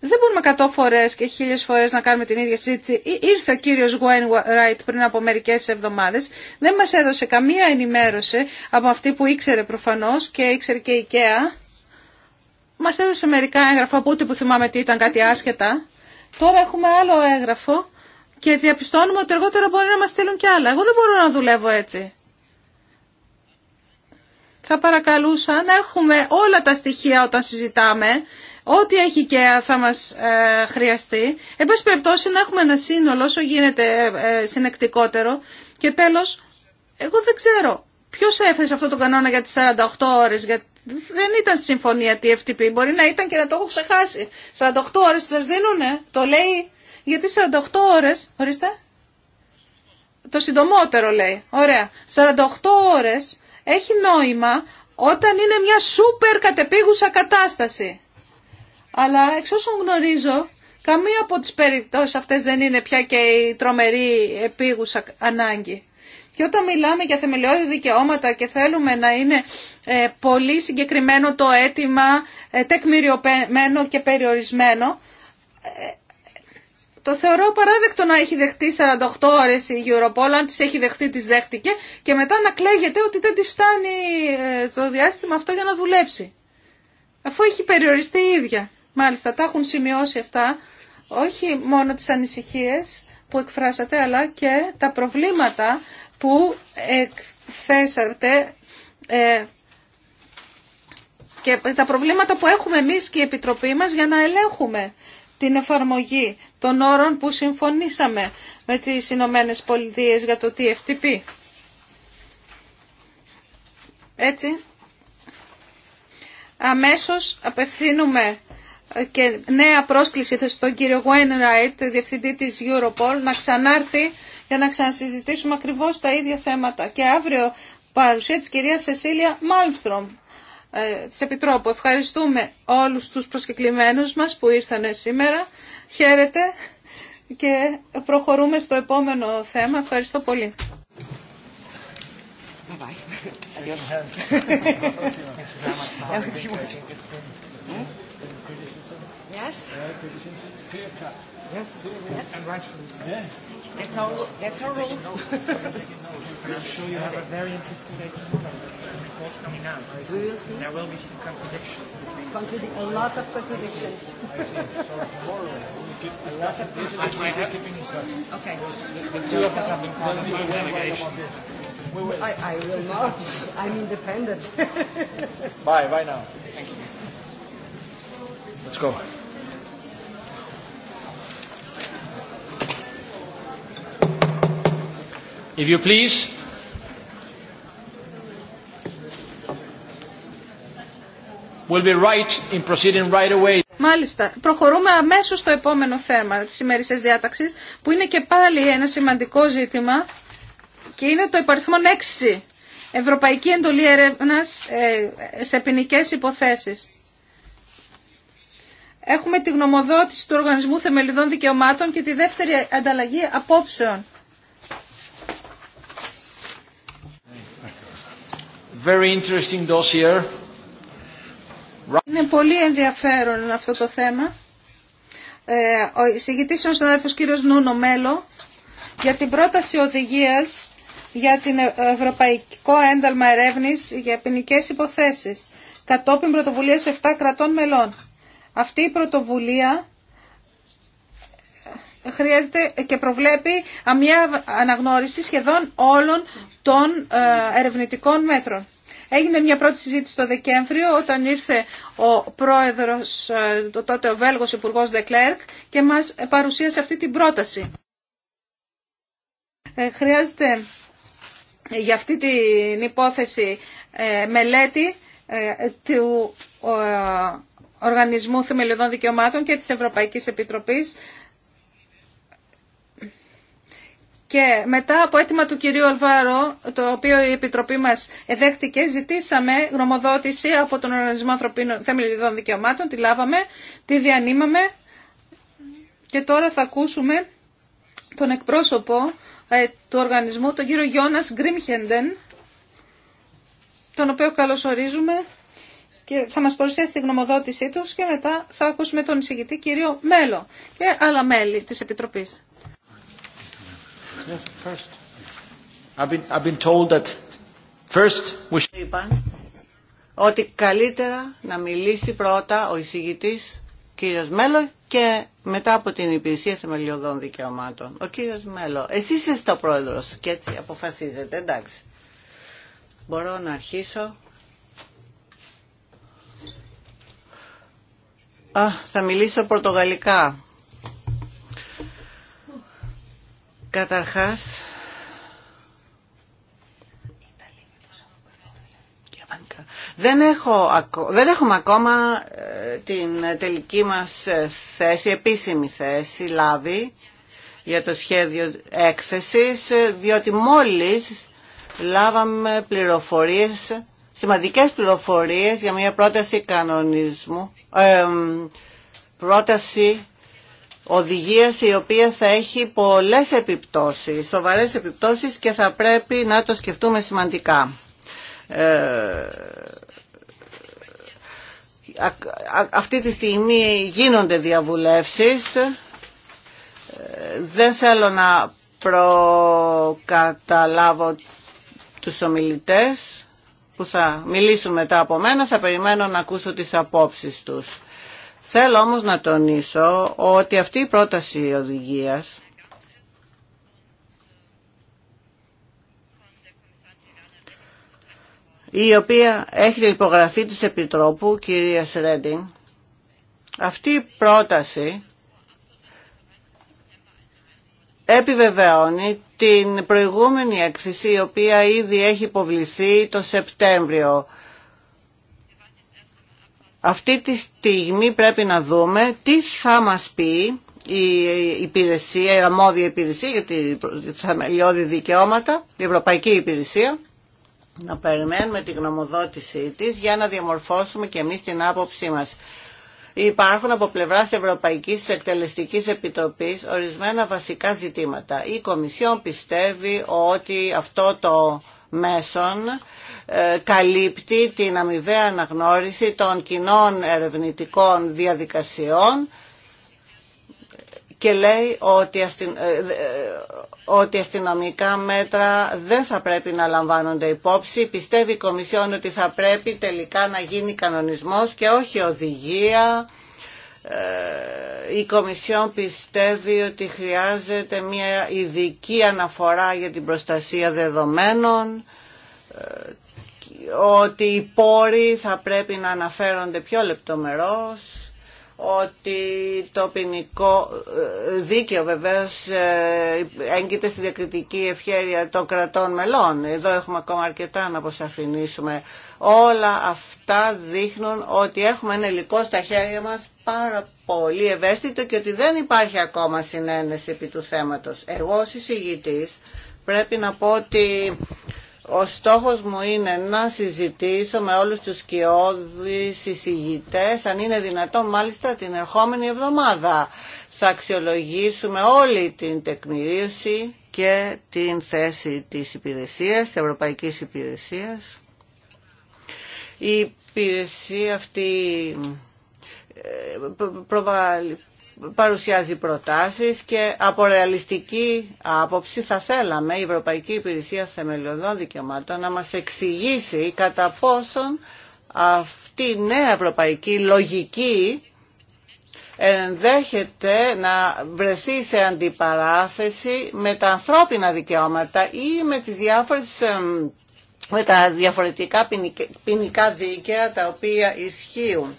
δεν μπορούμε εκατό φορέ και χίλιε φορέ να κάνουμε την ίδια συζήτηση. Ήρθε ο κύριο Γουέν Ράιτ πριν από μερικέ εβδομάδε. Δεν μα έδωσε καμία ενημέρωση από αυτή που ήξερε προφανώ και ήξερε και η ΚΕΑ. Μα έδωσε μερικά έγγραφα από ό,τι που θυμάμαι τι ήταν κάτι άσχετα. Τώρα έχουμε άλλο έγγραφο και διαπιστώνουμε ότι αργότερα μπορεί να μα στείλουν κι άλλα. Εγώ δεν μπορώ να δουλεύω έτσι θα παρακαλούσα να έχουμε όλα τα στοιχεία όταν συζητάμε, ό,τι έχει και θα μας ε, χρειαστεί. Εν πάση να έχουμε ένα σύνολο όσο γίνεται ε, ε, συνεκτικότερο. Και τέλος, εγώ δεν ξέρω ποιος σε αυτό το κανόνα για τις 48 ώρες, Για δεν ήταν στη συμφωνία TFTP, μπορεί να ήταν και να το έχω ξεχάσει. 48 ώρες σας δίνουνε, το λέει, γιατί 48 ώρες, ορίστε, το συντομότερο λέει, ωραία, 48 ώρες έχει νόημα όταν είναι μια σούπερ κατεπίγουσα κατάσταση. Αλλά εξ όσων γνωρίζω, καμία από τις περιπτώσεις αυτές δεν είναι πια και η τρομερή επίγουσα ανάγκη. Και όταν μιλάμε για θεμελιώδη δικαιώματα και θέλουμε να είναι ε, πολύ συγκεκριμένο το αίτημα, ε, τεκμηριωμένο και περιορισμένο, ε, το θεωρώ παράδεκτο να έχει δεχτεί 48 ώρες η Europol, αν τι έχει δεχτεί τις δέχτηκε και μετά να κλαίγεται ότι δεν τη φτάνει ε, το διάστημα αυτό για να δουλέψει. Αφού έχει περιοριστεί η ίδια. Μάλιστα, τα έχουν σημειώσει αυτά, όχι μόνο τις ανησυχίες που εκφράσατε, αλλά και τα προβλήματα που εκθέσατε ε, και τα προβλήματα που έχουμε εμείς και η Επιτροπή μας για να ελέγχουμε την εφαρμογή των όρων που συμφωνήσαμε με τις Ηνωμένε Πολιτείε για το TFTP. Έτσι, αμέσως απευθύνουμε και νέα πρόσκληση στον κύριο Wainwright, διευθυντή της Europol, να ξανάρθει για να ξανασυζητήσουμε ακριβώς τα ίδια θέματα. Και αύριο παρουσία της κυρίας Σεσίλια Μάλμστρομ ε, της Επιτρόπου. Ευχαριστούμε όλους τους προσκεκλημένους μας που ήρθαν σήμερα. Χαίρετε και προχωρούμε στο επόμενο θέμα. Ευχαριστώ πολύ. Yes. Yes report coming out. I see. There will be some contradictions. Contradic- a lot of contradictions. I see. So tomorrow we'll keep discussing this. I have be in touch. Okay. The two of us have been part of the delegation. We will. I, I will not. I'm independent. bye. Bye now. Thank you. Let's go. If you please. will be right in proceeding right away. Μάλιστα. Προχωρούμε αμέσως στο επόμενο θέμα της ημερησίας διάταξης, που είναι και πάλι ένα σημαντικό ζήτημα και είναι το υπαριθμό 6. Ευρωπαϊκή Εντολή Ερεύνας ε, σε ποινικέ υποθέσεις. Έχουμε τη γνωμοδότηση του Οργανισμού Θεμελιδών Δικαιωμάτων και τη δεύτερη ανταλλαγή απόψεων. Very interesting dossier. Είναι πολύ ενδιαφέρον αυτό το θέμα. Ε, ο εισηγητής είναι ο συνάδελφος κύριος Νούνο Μέλο για την πρόταση οδηγίας για την ε, Ευρωπαϊκό Ένταλμα Ερεύνης για ποινικέ υποθέσεις κατόπιν πρωτοβουλίας 7 κρατών μελών. Αυτή η πρωτοβουλία ε, χρειάζεται και προβλέπει μια αναγνώριση σχεδόν όλων των ερευνητικών μέτρων. Έγινε μια πρώτη συζήτηση το Δεκέμβριο όταν ήρθε ο πρόεδρος, ε, το τότε ο Βέλγος Υπουργός Δεκλέρκ και μας παρουσίασε αυτή την πρόταση. Ε, χρειάζεται για αυτή την υπόθεση ε, μελέτη του Οργανισμού Θεμελιωδών Δικαιωμάτων και της Ευρωπαϊκής Επιτροπής Και μετά από αίτημα του κυρίου Αλβάρο, το οποίο η Επιτροπή μας εδέχτηκε, ζητήσαμε γνωμοδότηση από τον Οργανισμό Ανθρωπίνων Θεμελιδών Δικαιωμάτων, τη λάβαμε, τη διανύμαμε και τώρα θα ακούσουμε τον εκπρόσωπο ε, του οργανισμού, τον κύριο Γιώνας Γκρίμχεντεν, τον οποίο καλωσορίζουμε και θα μας παρουσιάσει τη γνωμοδότησή του και μετά θα ακούσουμε τον εισηγητή κύριο Μέλο και άλλα μέλη της Επιτροπής. Είπα ότι καλύτερα να μιλήσει πρώτα ο εισηγητής κύριος Μέλλο και μετά από την υπηρεσία θεμελιωδών δικαιωμάτων. Ο κύριος Μέλλο, εσείς είστε ο πρόεδρος και έτσι αποφασίζετε, εντάξει. Μπορώ να αρχίσω. Α, θα μιλήσω πορτογαλικά. Καταρχάς, Δεν, έχω, δεν έχουμε ακόμα ε, την τελική μας ε, θέση, επίσημη θέση, λάβει για το σχέδιο έκθεσης, ε, διότι μόλις λάβαμε πληροφορίες, σημαντικές πληροφορίες για μια πρόταση κανονισμού, πρόταση Οδηγία η οποία θα έχει πολλές επιπτώσεις, σοβαρές επιπτώσεις και θα πρέπει να το σκεφτούμε σημαντικά. Ε, αυτή τη στιγμή γίνονται διαβουλεύσεις. Ε, δεν θέλω να προκαταλάβω τους ομιλητές που θα μιλήσουν μετά από μένα. Θα περιμένω να ακούσω τις απόψεις τους. Θέλω όμως να τονίσω ότι αυτή η πρόταση οδηγίας η οποία έχει την υπογραφή της Επιτρόπου, κυρία Ρέντινγκ, αυτή η πρόταση επιβεβαιώνει την προηγούμενη έκθεση η οποία ήδη έχει υποβληθεί το Σεπτέμβριο αυτή τη στιγμή πρέπει να δούμε τι θα μας πει η υπηρεσία, η αρμόδια υπηρεσία για τις θεμελιώδη δικαιώματα, η Ευρωπαϊκή Υπηρεσία, να περιμένουμε τη γνωμοδότησή της για να διαμορφώσουμε και εμείς την άποψή μας. Υπάρχουν από πλευράς ευρωπαϊκής Ευρωπαϊκή Εκτελεστική ορισμένα βασικά ζητήματα. Η Κομισιόν πιστεύει ότι αυτό το μέσον ε, καλύπτει την αμοιβαία αναγνώριση των κοινών ερευνητικών διαδικασιών και λέει ε, ε, ότι, αστυνομικά μέτρα δεν θα πρέπει να λαμβάνονται υπόψη. Πιστεύει η Κομισιόν ότι θα πρέπει τελικά να γίνει κανονισμός και όχι οδηγία. Η Κομισιόν πιστεύει ότι χρειάζεται μια ειδική αναφορά για την προστασία δεδομένων ότι οι πόροι θα πρέπει να αναφέρονται πιο λεπτομερώς, ότι το ποινικό ε, δίκαιο βεβαίως ε, έγκυται στη διακριτική ευχέρεια των κρατών μελών. Εδώ έχουμε ακόμα αρκετά να αποσαφηνίσουμε. Όλα αυτά δείχνουν ότι έχουμε ένα υλικό στα χέρια μας πάρα πολύ ευαίσθητο και ότι δεν υπάρχει ακόμα συνένεση επί του θέματος. Εγώ ως πρέπει να πω ότι ο στόχος μου είναι να συζητήσω με όλους τους σκιώδεις συζητητές, αν είναι δυνατόν μάλιστα την ερχόμενη εβδομάδα. Θα αξιολογήσουμε όλη την τεκμηρίωση και την θέση της υπηρεσίας, της Ευρωπαϊκής Υπηρεσίας. Η υπηρεσία αυτή ε, προβάλλει παρουσιάζει προτάσεις και από ρεαλιστική άποψη θα θέλαμε η Ευρωπαϊκή Υπηρεσία Σεμελιωδών Δικαιωμάτων να μας εξηγήσει κατά πόσον αυτή η νέα ευρωπαϊκή λογική ενδέχεται να βρεθεί σε αντιπαράθεση με τα ανθρώπινα δικαιώματα ή με τις διάφορες ε, με τα διαφορετικά ποινικά δίκαια τα οποία ισχύουν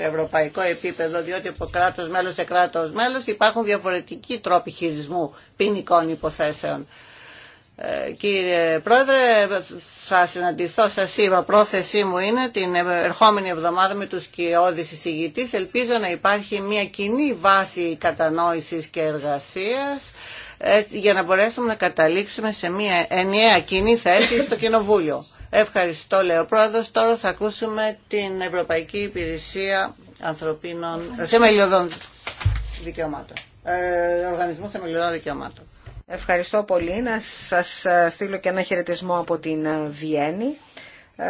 σε ευρωπαϊκό επίπεδο, διότι από κράτο μέλο σε κράτο μέλο υπάρχουν διαφορετικοί τρόποι χειρισμού ποινικών υποθέσεων. Ε, κύριε Πρόεδρε, θα συναντηθώ, σα είπα, πρόθεσή μου είναι την ερχόμενη εβδομάδα με τους κοιόδη εισηγητής. Ελπίζω να υπάρχει μια κοινή βάση κατανόησης και εργασίας ε, για να μπορέσουμε να καταλήξουμε σε μια ενιαία κοινή θέση στο Κοινοβούλιο. Ευχαριστώ, λέει ο πρόεδρος. Τώρα θα ακούσουμε την Ευρωπαϊκή Υπηρεσία Ανθρωπίνων ε, Θεμελιωδών Δικαιωμάτων. Ε, Οργανισμού Θεμελιωδών Δικαιωμάτων. Ευχαριστώ πολύ. Να σας ε, στείλω και ένα χαιρετισμό από την ε, Βιέννη. Ε,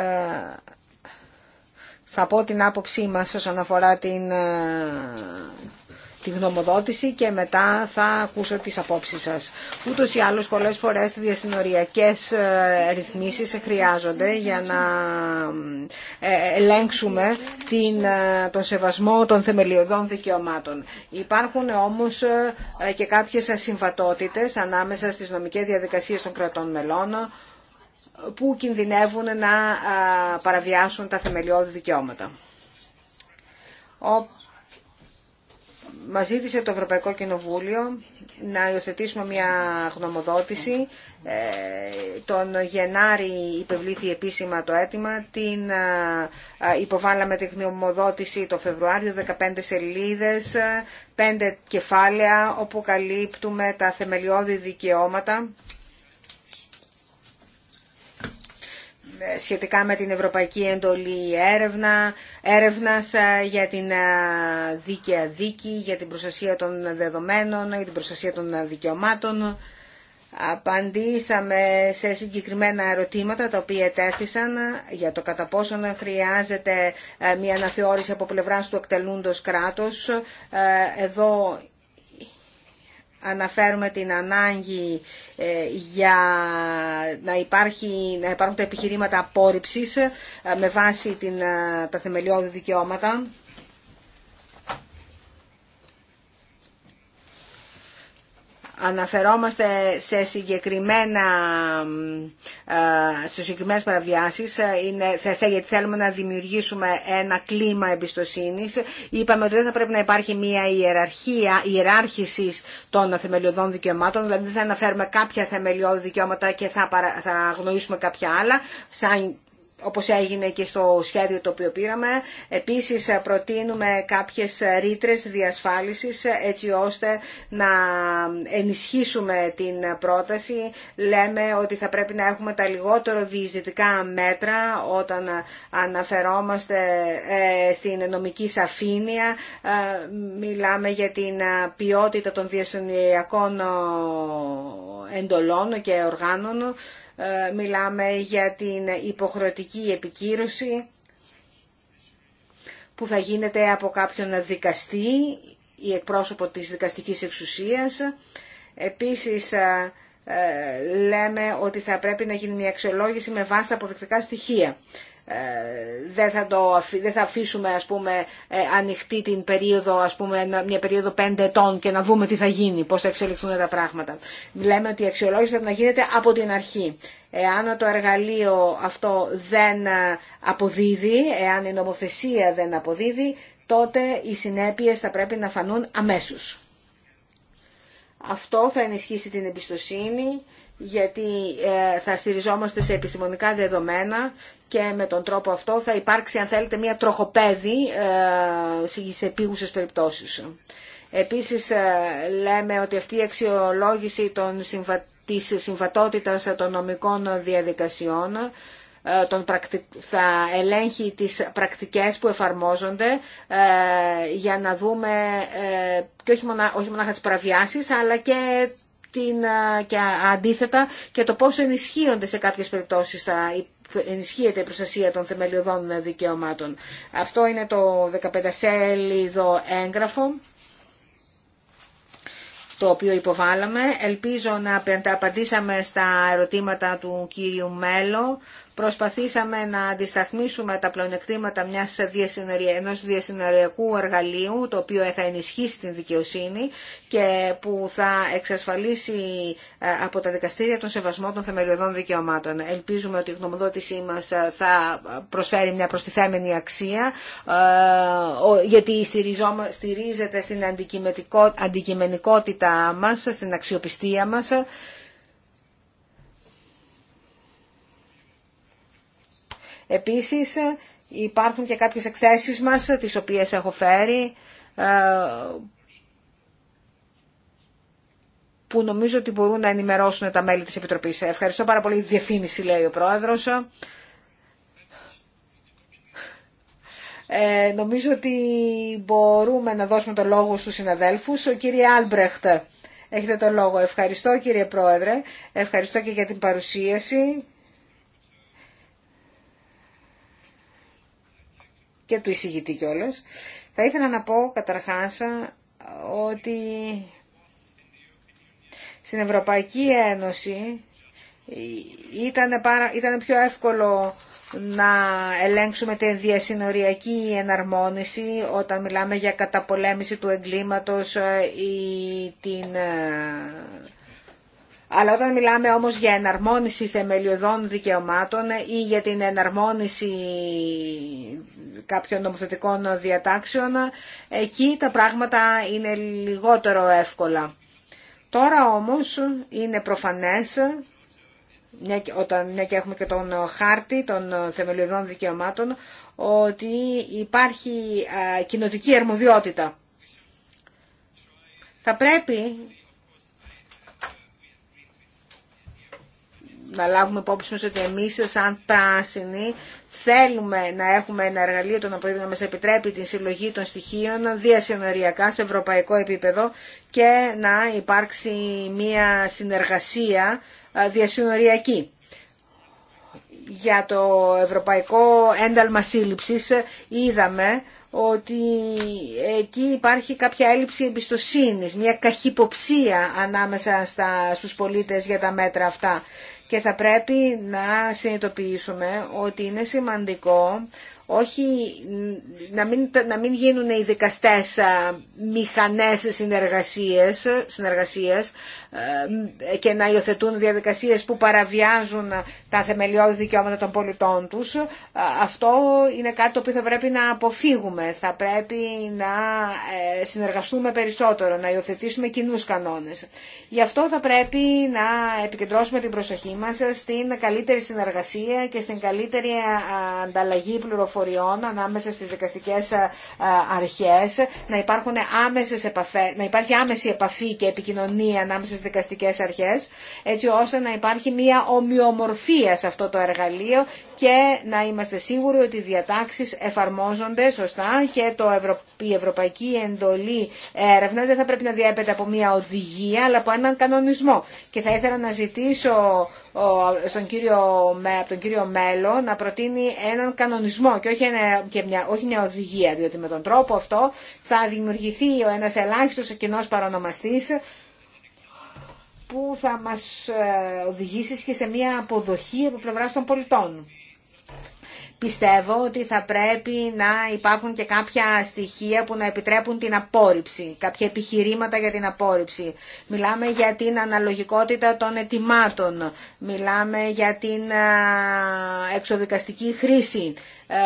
θα πω την άποψή μας όσον αφορά την τη γνωμοδότηση και μετά θα ακούσω τις απόψεις σας. Ούτως ή άλλως πολλές φορές διασυνοριακές ε, ρυθμίσεις χρειάζονται για να ε, ελέγξουμε την, ε, τον σεβασμό των θεμελιωδών δικαιωμάτων. Υπάρχουν όμως και κάποιες ασυμβατότητες ανάμεσα στις νομικές διαδικασίες των κρατών μελών που κινδυνεύουν να παραβιάσουν τα θεμελιώδη δικαιώματα μας ζήτησε το Ευρωπαϊκό Κοινοβούλιο να υιοθετήσουμε μια γνωμοδότηση. Ε, τον Γενάρη υπευλήθη επίσημα το αίτημα, την ε, υποβάλαμε τη γνωμοδότηση το Φεβρουάριο, 15 σελίδες, 5 κεφάλαια όπου καλύπτουμε τα θεμελιώδη δικαιώματα Ε, σχετικά με την Ευρωπαϊκή Εντολή έρευνα, Έρευνας ε, για την ε, δίκαια δίκη, για την προστασία των δεδομένων, για την προστασία των δικαιωμάτων. Απαντήσαμε σε συγκεκριμένα ερωτήματα τα οποία τέθησαν για το κατά πόσον χρειάζεται μια αναθεώρηση από πλευράς του εκτελούντος κράτος. Εδώ αναφέρουμε την ανάγκη ε, για να, υπάρχει, να υπάρχουν τα επιχειρήματα απόρριψης ε, με βάση την, ε, τα θεμελιώδη δικαιώματα αναφερόμαστε σε, συγκεκριμένα, ε, σε συγκεκριμένες παραβιάσεις ε, είναι, γιατί θέλουμε να δημιουργήσουμε ένα κλίμα εμπιστοσύνης. Είπαμε ότι δεν θα πρέπει να υπάρχει μια ιεραρχία, ιεράρχηση των θεμελιωδών δικαιωμάτων, δηλαδή δεν θα αναφέρουμε κάποια θεμελιώδη δικαιώματα και θα, θα αγνοήσουμε κάποια άλλα, σαν όπως έγινε και στο σχέδιο το οποίο πήραμε. Επίσης προτείνουμε κάποιες ρήτρε διασφάλισης έτσι ώστε να ενισχύσουμε την πρόταση. Λέμε ότι θα πρέπει να έχουμε τα λιγότερο διεισδυτικά μέτρα όταν αναφερόμαστε ε, στην νομική σαφήνεια. Ε, μιλάμε για την ποιότητα των διασυνοριακών ε, εντολών και οργάνων μιλάμε για την υποχρεωτική επικύρωση που θα γίνεται από κάποιον δικαστή ή εκπρόσωπο της δικαστικής εξουσίας. Επίσης, ε, ε, λέμε ότι θα πρέπει να γίνει μια αξιολόγηση με βάση τα αποδεκτικά στοιχεία. Ε, δεν θα, το, θα αφήσουμε ας πούμε ε, ανοιχτή την περίοδο ας πούμε μια περίοδο πέντε ετών και να δούμε τι θα γίνει, πώς θα εξελιχθούν τα πράγματα. Λέμε ότι η αξιολόγηση πρέπει να γίνεται από την αρχή. Εάν το εργαλείο αυτό δεν ε, αποδίδει, εάν η νομοθεσία δεν αποδίδει, τότε οι συνέπειες θα πρέπει να φανούν αμέσως. Αυτό θα ενισχύσει την εμπιστοσύνη γιατί ε, θα στηριζόμαστε σε επιστημονικά δεδομένα και με τον τρόπο αυτό θα υπάρξει αν θέλετε μια τροχοπέδη σε επίγουσες περιπτώσεις. Επίσης ε, λέμε ότι αυτή η αξιολόγηση των συμβα... της συμβατότητας των νομικών διαδικασιών ε, θα ελέγχει τις πρακτικές που εφαρμόζονται για να δούμε και όχι μόνο τις παραβιάσεις αλλά και την, και αντίθετα και το πόσο ενισχύονται σε κάποιες περιπτώσεις τα ενισχύεται η προστασία των θεμελιωδών δικαιωμάτων. Αυτό είναι το 15 σέλιδο έγγραφο το οποίο υποβάλαμε. Ελπίζω να απαντήσαμε στα ερωτήματα του κύριου Μέλο προσπαθήσαμε να αντισταθμίσουμε τα πλεονεκτήματα μιας ενός διασυνοριακού εργαλείου, το οποίο θα ενισχύσει την δικαιοσύνη και που θα εξασφαλίσει ε, από τα δικαστήρια τον σεβασμό των θεμελιωδών δικαιωμάτων. Ελπίζουμε ότι η γνωμοδότησή μας ε, θα προσφέρει μια προστιθέμενη αξία, ε, γιατί στηρίζεται στην αντικειμενικότητά μας, στην αξιοπιστία μας, Επίσης υπάρχουν και κάποιες εκθέσεις μας, τις οποίες έχω φέρει, ε, που νομίζω ότι μπορούν να ενημερώσουν τα μέλη της Επιτροπής. Ευχαριστώ πάρα πολύ. Διεφήμιση λέει ο Πρόεδρος. Ε, νομίζω ότι μπορούμε να δώσουμε το λόγο στους συναδέλφους. Ο κύριε Άλμπρεχτ, έχετε το λόγο. Ευχαριστώ κύριε Πρόεδρε. Ευχαριστώ και για την παρουσίαση και του εισηγητή κιόλα. Θα ήθελα να πω καταρχάς ότι στην Ευρωπαϊκή Ένωση ήταν, πάρα, ήταν πιο εύκολο να ελέγξουμε τη διασυνοριακή εναρμόνιση όταν μιλάμε για καταπολέμηση του εγκλήματος ή την αλλά όταν μιλάμε όμως για εναρμόνιση θεμελιωδών δικαιωμάτων ή για την εναρμόνιση κάποιων νομοθετικών διατάξεων, εκεί τα πράγματα είναι λιγότερο εύκολα. Τώρα όμως είναι προφανές, μια και, όταν, και έχουμε και τον χάρτη των θεμελιωδών δικαιωμάτων, ότι υπάρχει κοινοτική αρμοδιότητα. Θα πρέπει να λάβουμε υπόψη μας ότι εμείς σαν πράσινοι θέλουμε να έχουμε ένα εργαλείο το οποίο να μας επιτρέπει την συλλογή των στοιχείων διασυνοριακά σε ευρωπαϊκό επίπεδο και να υπάρξει μια συνεργασία διασυνοριακή για το Ευρωπαϊκό Ένταλμα Σύλληψης είδαμε ότι εκεί υπάρχει κάποια έλλειψη εμπιστοσύνης, μια καχυποψία ανάμεσα στα, στους πολίτες για τα μέτρα αυτά και θα πρέπει να συνειδητοποιήσουμε ότι είναι σημαντικό όχι να μην, γίνουν οι δικαστές μηχανές συνεργασίες, συνεργασίες ε, και να υιοθετούν διαδικασίες που παραβιάζουν τα θεμελιώδη δικαιώματα των πολιτών τους. Αυτό είναι κάτι το οποίο θα πρέπει να αποφύγουμε. Θα πρέπει να ε, συνεργαστούμε περισσότερο, να υιοθετήσουμε κοινούς κανόνες. Γι' αυτό θα πρέπει να επικεντρώσουμε την προσοχή μας στην καλύτερη συνεργασία και στην καλύτερη ανταλλαγή πληροφοριών ανάμεσα στις δικαστικές ε, ε, αρχές, να, υπάρχουν άμεσες επαφέ, να υπάρχει άμεση επαφή και επικοινωνία ανάμεσα στις δικαστικές αρχές, έτσι ώστε να υπάρχει μια ομοιομορφία σε αυτό το εργαλείο και να είμαστε σίγουροι ότι οι διατάξεις εφαρμόζονται σωστά και το η Ευρωπαϊκή Εντολή Έρευνα δεν θα πρέπει να διέπεται από μια οδηγία αλλά από έναν κανονισμό. Και θα ήθελα να ζητήσω στον κύριο, από τον κύριο Μέλο να προτείνει έναν κανονισμό και όχι, ένα... μια... όχι μια οδηγία, διότι με τον τρόπο αυτό θα δημιουργηθεί ο ένας ελάχιστος κοινό παρονομαστής που θα μας ε, οδηγήσει και σε μια αποδοχή από πλευρά των πολιτών πιστεύω ότι θα πρέπει να υπάρχουν και κάποια στοιχεία που να επιτρέπουν την απόρριψη, κάποια επιχειρήματα για την απόρριψη. Μιλάμε για την αναλογικότητα των ετοιμάτων, μιλάμε για την εξοδικαστική χρήση. Ε,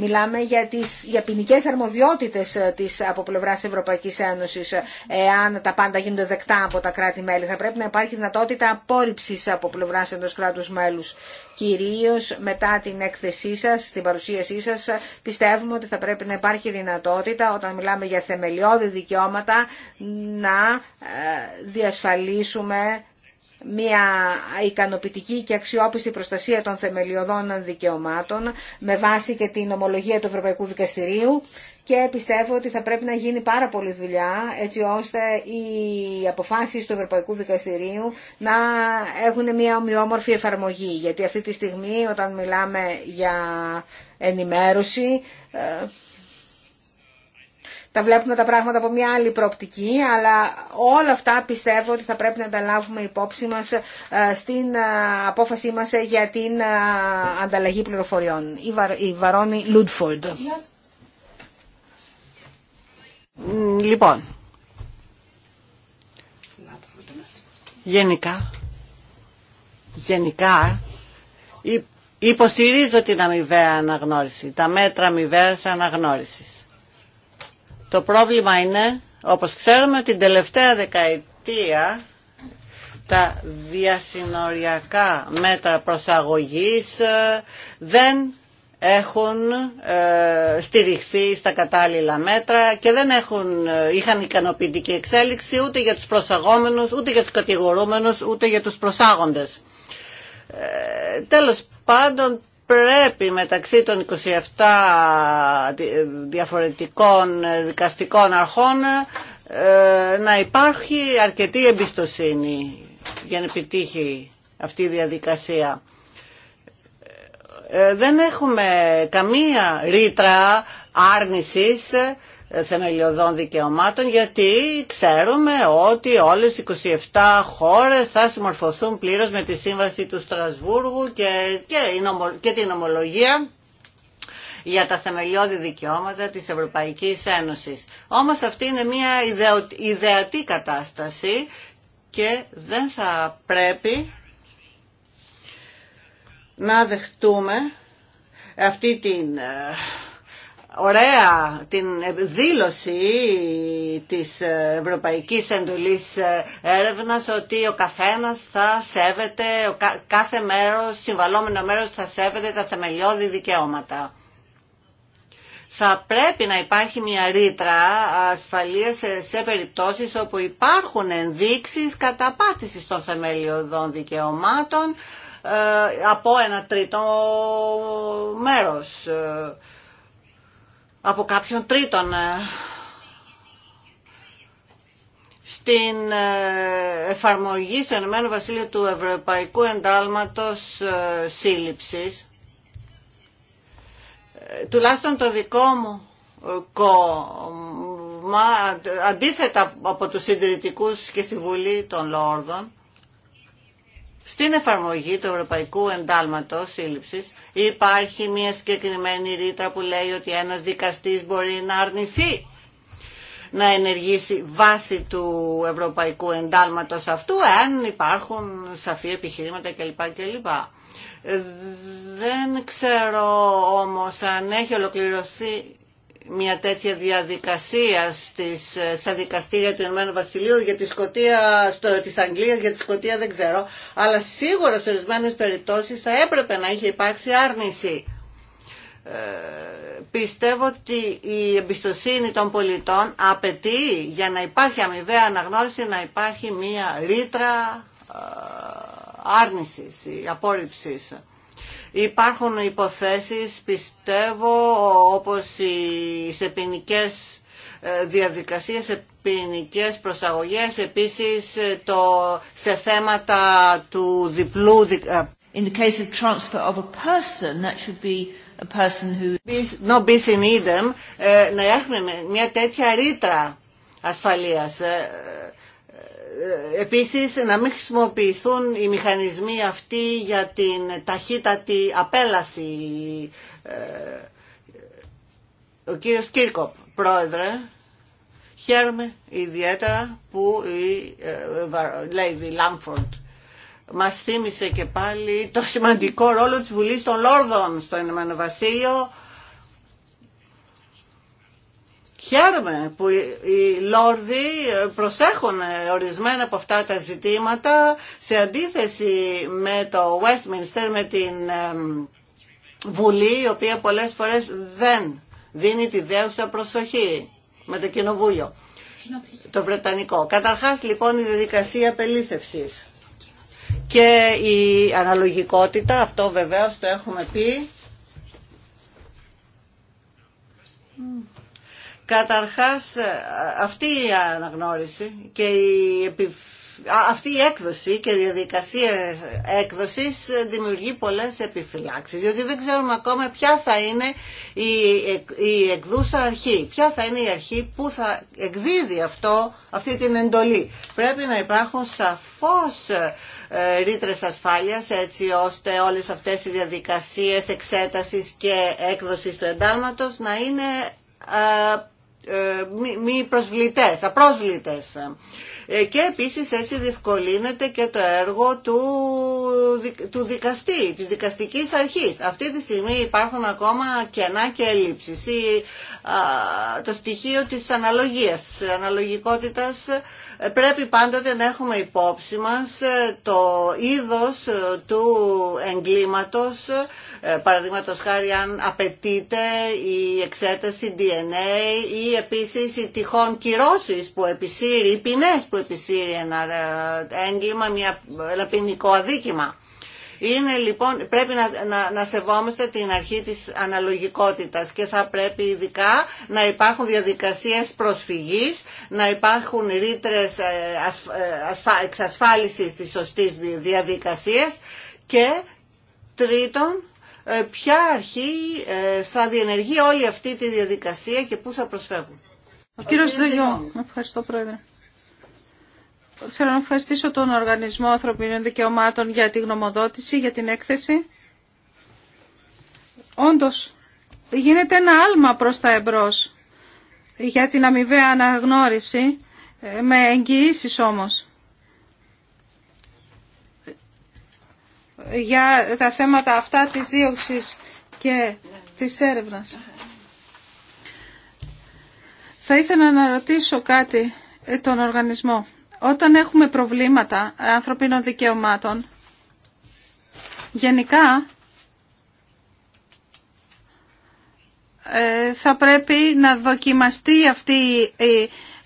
Μιλάμε για, τις, για ποινικέ αρμοδιότητες ε, της, από πλευράς Ευρωπαϊκής Ένωσης, ε, εάν τα πάντα γίνονται δεκτά από τα κράτη-μέλη. Θα πρέπει να υπάρχει δυνατότητα απόρριψης από πλευράς ενός κράτους μέλους. Κυρίως μετά την έκθεσή σας, την παρουσίασή σας, πιστεύουμε ότι θα πρέπει να υπάρχει δυνατότητα, όταν μιλάμε για θεμελιώδη δικαιώματα, να ε, διασφαλίσουμε μια ικανοποιητική και αξιόπιστη προστασία των θεμελιωδών δικαιωμάτων με βάση και την ομολογία του Ευρωπαϊκού Δικαστηρίου και πιστεύω ότι θα πρέπει να γίνει πάρα πολλή δουλειά έτσι ώστε οι αποφάσεις του Ευρωπαϊκού Δικαστηρίου να έχουν μια ομοιόμορφη εφαρμογή γιατί αυτή τη στιγμή όταν μιλάμε για ενημέρωση ε, τα βλέπουμε τα πράγματα από μια άλλη προοπτική, αλλά όλα αυτά πιστεύω ότι θα πρέπει να τα λάβουμε υπόψη μας ε, στην ε, απόφασή μας για την ε, ανταλλαγή πληροφοριών. Η, Βαρόνι η Λούντφορντ. Λοιπόν, γενικά, γενικά υποστηρίζω την αμοιβαία αναγνώριση, τα μέτρα αμοιβαίας αναγνώρισης. Το πρόβλημα είναι, όπως ξέρουμε, την τελευταία δεκαετία τα διασυνοριακά μέτρα προσαγωγής ε, δεν έχουν ε, στηριχθεί στα κατάλληλα μέτρα και δεν έχουν, ε, είχαν ικανοποιητική εξέλιξη ούτε για τους προσαγόμενους, ούτε για τους κατηγορούμενους, ούτε για τους προσάγοντες. Τέλος πάντων, πρέπει μεταξύ των 27 διαφορετικών δικαστικών αρχών ε, να υπάρχει αρκετή εμπιστοσύνη για να επιτύχει αυτή η διαδικασία. Ε, δεν έχουμε καμία ρήτρα σε θεμελιωδών δικαιωμάτων γιατί ξέρουμε ότι όλες οι 27 χώρες θα συμμορφωθούν πλήρως με τη σύμβαση του Στρασβούργου και, και, και την ομολογία για τα θεμελιώδη δικαιώματα της Ευρωπαϊκής Ένωσης. Όμως αυτή είναι μια ιδεατή κατάσταση και δεν θα πρέπει να δεχτούμε αυτή την ε, ωραία την δήλωση της Ευρωπαϊκής Εντολής Έρευνας ότι ο καθένας θα σέβεται, κάθε μέρος, συμβαλόμενο μέρος θα σέβεται τα θεμελιώδη δικαιώματα. Θα πρέπει να υπάρχει μια ρήτρα ασφαλείας σε περιπτώσεις όπου υπάρχουν ενδείξεις καταπάτησης των θεμελιωδών δικαιωμάτων ε, από ένα τρίτο μέρος. Ε, από κάποιον τρίτον. Ε, στην ε, εφαρμογή στο Ηνωμένο Βασίλειο του Ευρωπαϊκού Εντάλματος ε, Σύλληψης, τουλάχιστον το δικό μου κόμμα, αντίθετα από τους συντηρητικούς και στη Βουλή των Λόρδων, στην εφαρμογή του Ευρωπαϊκού Εντάλματος Σύλληψης υπάρχει μια συγκεκριμένη ρήτρα που λέει ότι ένας δικαστής μπορεί να αρνηθεί να ενεργήσει βάση του ευρωπαϊκού εντάλματος αυτού αν υπάρχουν σαφή επιχειρήματα κλπ. κλπ. Δεν ξέρω όμως αν έχει ολοκληρωθεί μια τέτοια διαδικασία στις, στα δικαστήρια του Ηνωμένου Βασιλείου για τη σκοτία, στο, της Αγγλίας για τη σκοτία δεν ξέρω αλλά σίγουρα σε ορισμένε περιπτώσεις θα έπρεπε να είχε υπάρξει άρνηση ε, πιστεύω ότι η εμπιστοσύνη των πολιτών απαιτεί για να υπάρχει αμοιβαία αναγνώριση να υπάρχει μια ρήτρα ε, άρνησης, απόρριψης. Υπάρχουν υποθέσεις, πιστεύω, όπως οι σε ε, διαδικασίες, σε ποινικές προσαγωγές, επίσης ε, το, σε θέματα του διπλού... Ε, in the case of transfer of a person, that should be a person who... in να έχουμε μια τέτοια ρήτρα ασφαλείας Επίσης να μην χρησιμοποιηθούν οι μηχανισμοί αυτοί για την ταχύτατη απέλαση. Ε, ο κύριος Κίρκοπ, πρόεδρε, χαίρομαι ιδιαίτερα που η Lady ε, Λάμφορντ μας θύμισε και πάλι το σημαντικό ρόλο της Βουλής των Λόρδων στο Ηνωμένο Βασίλειο Χαίρομαι που οι Λόρδοι προσέχουν ορισμένα από αυτά τα ζητήματα σε αντίθεση με το Westminster, με την Βουλή, η οποία πολλές φορές δεν δίνει τη δέουσα προσοχή με το Κοινοβούλιο, το Βρετανικό. Καταρχάς λοιπόν η διαδικασία απελήθευσης και η αναλογικότητα, αυτό βεβαίως το έχουμε πει, Καταρχάς ε, αυτή η αναγνώριση και η αυτή η έκδοση και η διαδικασία έκδοσης δημιουργεί πολλές επιφυλάξεις διότι δεν ξέρουμε ακόμα ποια θα είναι η, η εκδούσα αρχή ποια θα είναι η αρχή που θα εκδίδει αυτό, αυτή την εντολή πρέπει να υπάρχουν σαφώς ε, ρήτρε ασφάλειας έτσι ώστε όλες αυτές οι διαδικασίες εξέτασης και έκδοσης του εντάλματος να είναι ε, ε, μη προσβλητές, απρόσβλητες. Ε, και επίσης έτσι διευκολύνεται και το έργο του, του δικαστή, της δικαστικής αρχής. Αυτή τη στιγμή υπάρχουν ακόμα κενά και έλλειψεις. Η, το στοιχείο της αναλογίας, αναλογικότητας ε, πρέπει πάντοτε να έχουμε υπόψη μας ε, το είδος του εγκλήματος, παραδείγματο χάρη αν απαιτείται η εξέταση DNA ή επίσης οι τυχόν κυρώσεις που επισύρει, οι επισύρει ένα ε, έγκλημα, μια, ένα ποινικό αδίκημα. Είναι λοιπόν, πρέπει να, να, να, σεβόμαστε την αρχή της αναλογικότητας και θα πρέπει ειδικά να υπάρχουν διαδικασίες προσφυγής, να υπάρχουν ρήτρες ε, ε, ασφα, εξασφάλισης της σωστής διαδικασίας και τρίτον, ποια αρχή θα διενεργεί όλη αυτή τη διαδικασία και πού θα προσφεύγουν. Κύριο κύριος ευχαριστώ πρόεδρε. Θέλω να ευχαριστήσω τον Οργανισμό Ανθρωπίνων Δικαιωμάτων για τη γνωμοδότηση, για την έκθεση. Όντως, γίνεται ένα άλμα προς τα εμπρός για την αμοιβαία αναγνώριση, ε, με εγγυήσεις όμως. Για τα θέματα αυτά της δίωξης και της έρευνας. Θα ήθελα να ρωτήσω κάτι ε, τον οργανισμό. Όταν έχουμε προβλήματα ανθρωπίνων δικαιωμάτων, γενικά ε, θα πρέπει να δοκιμαστεί αυτή η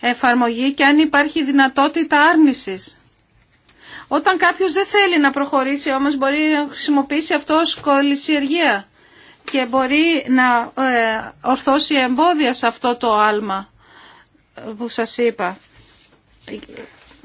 εφαρμογή και αν υπάρχει δυνατότητα άρνησης. Όταν κάποιος δεν θέλει να προχωρήσει όμως μπορεί να χρησιμοποιήσει αυτό ως κολλησιεργία και μπορεί να ε, ορθώσει εμπόδια σε αυτό το άλμα που σας είπα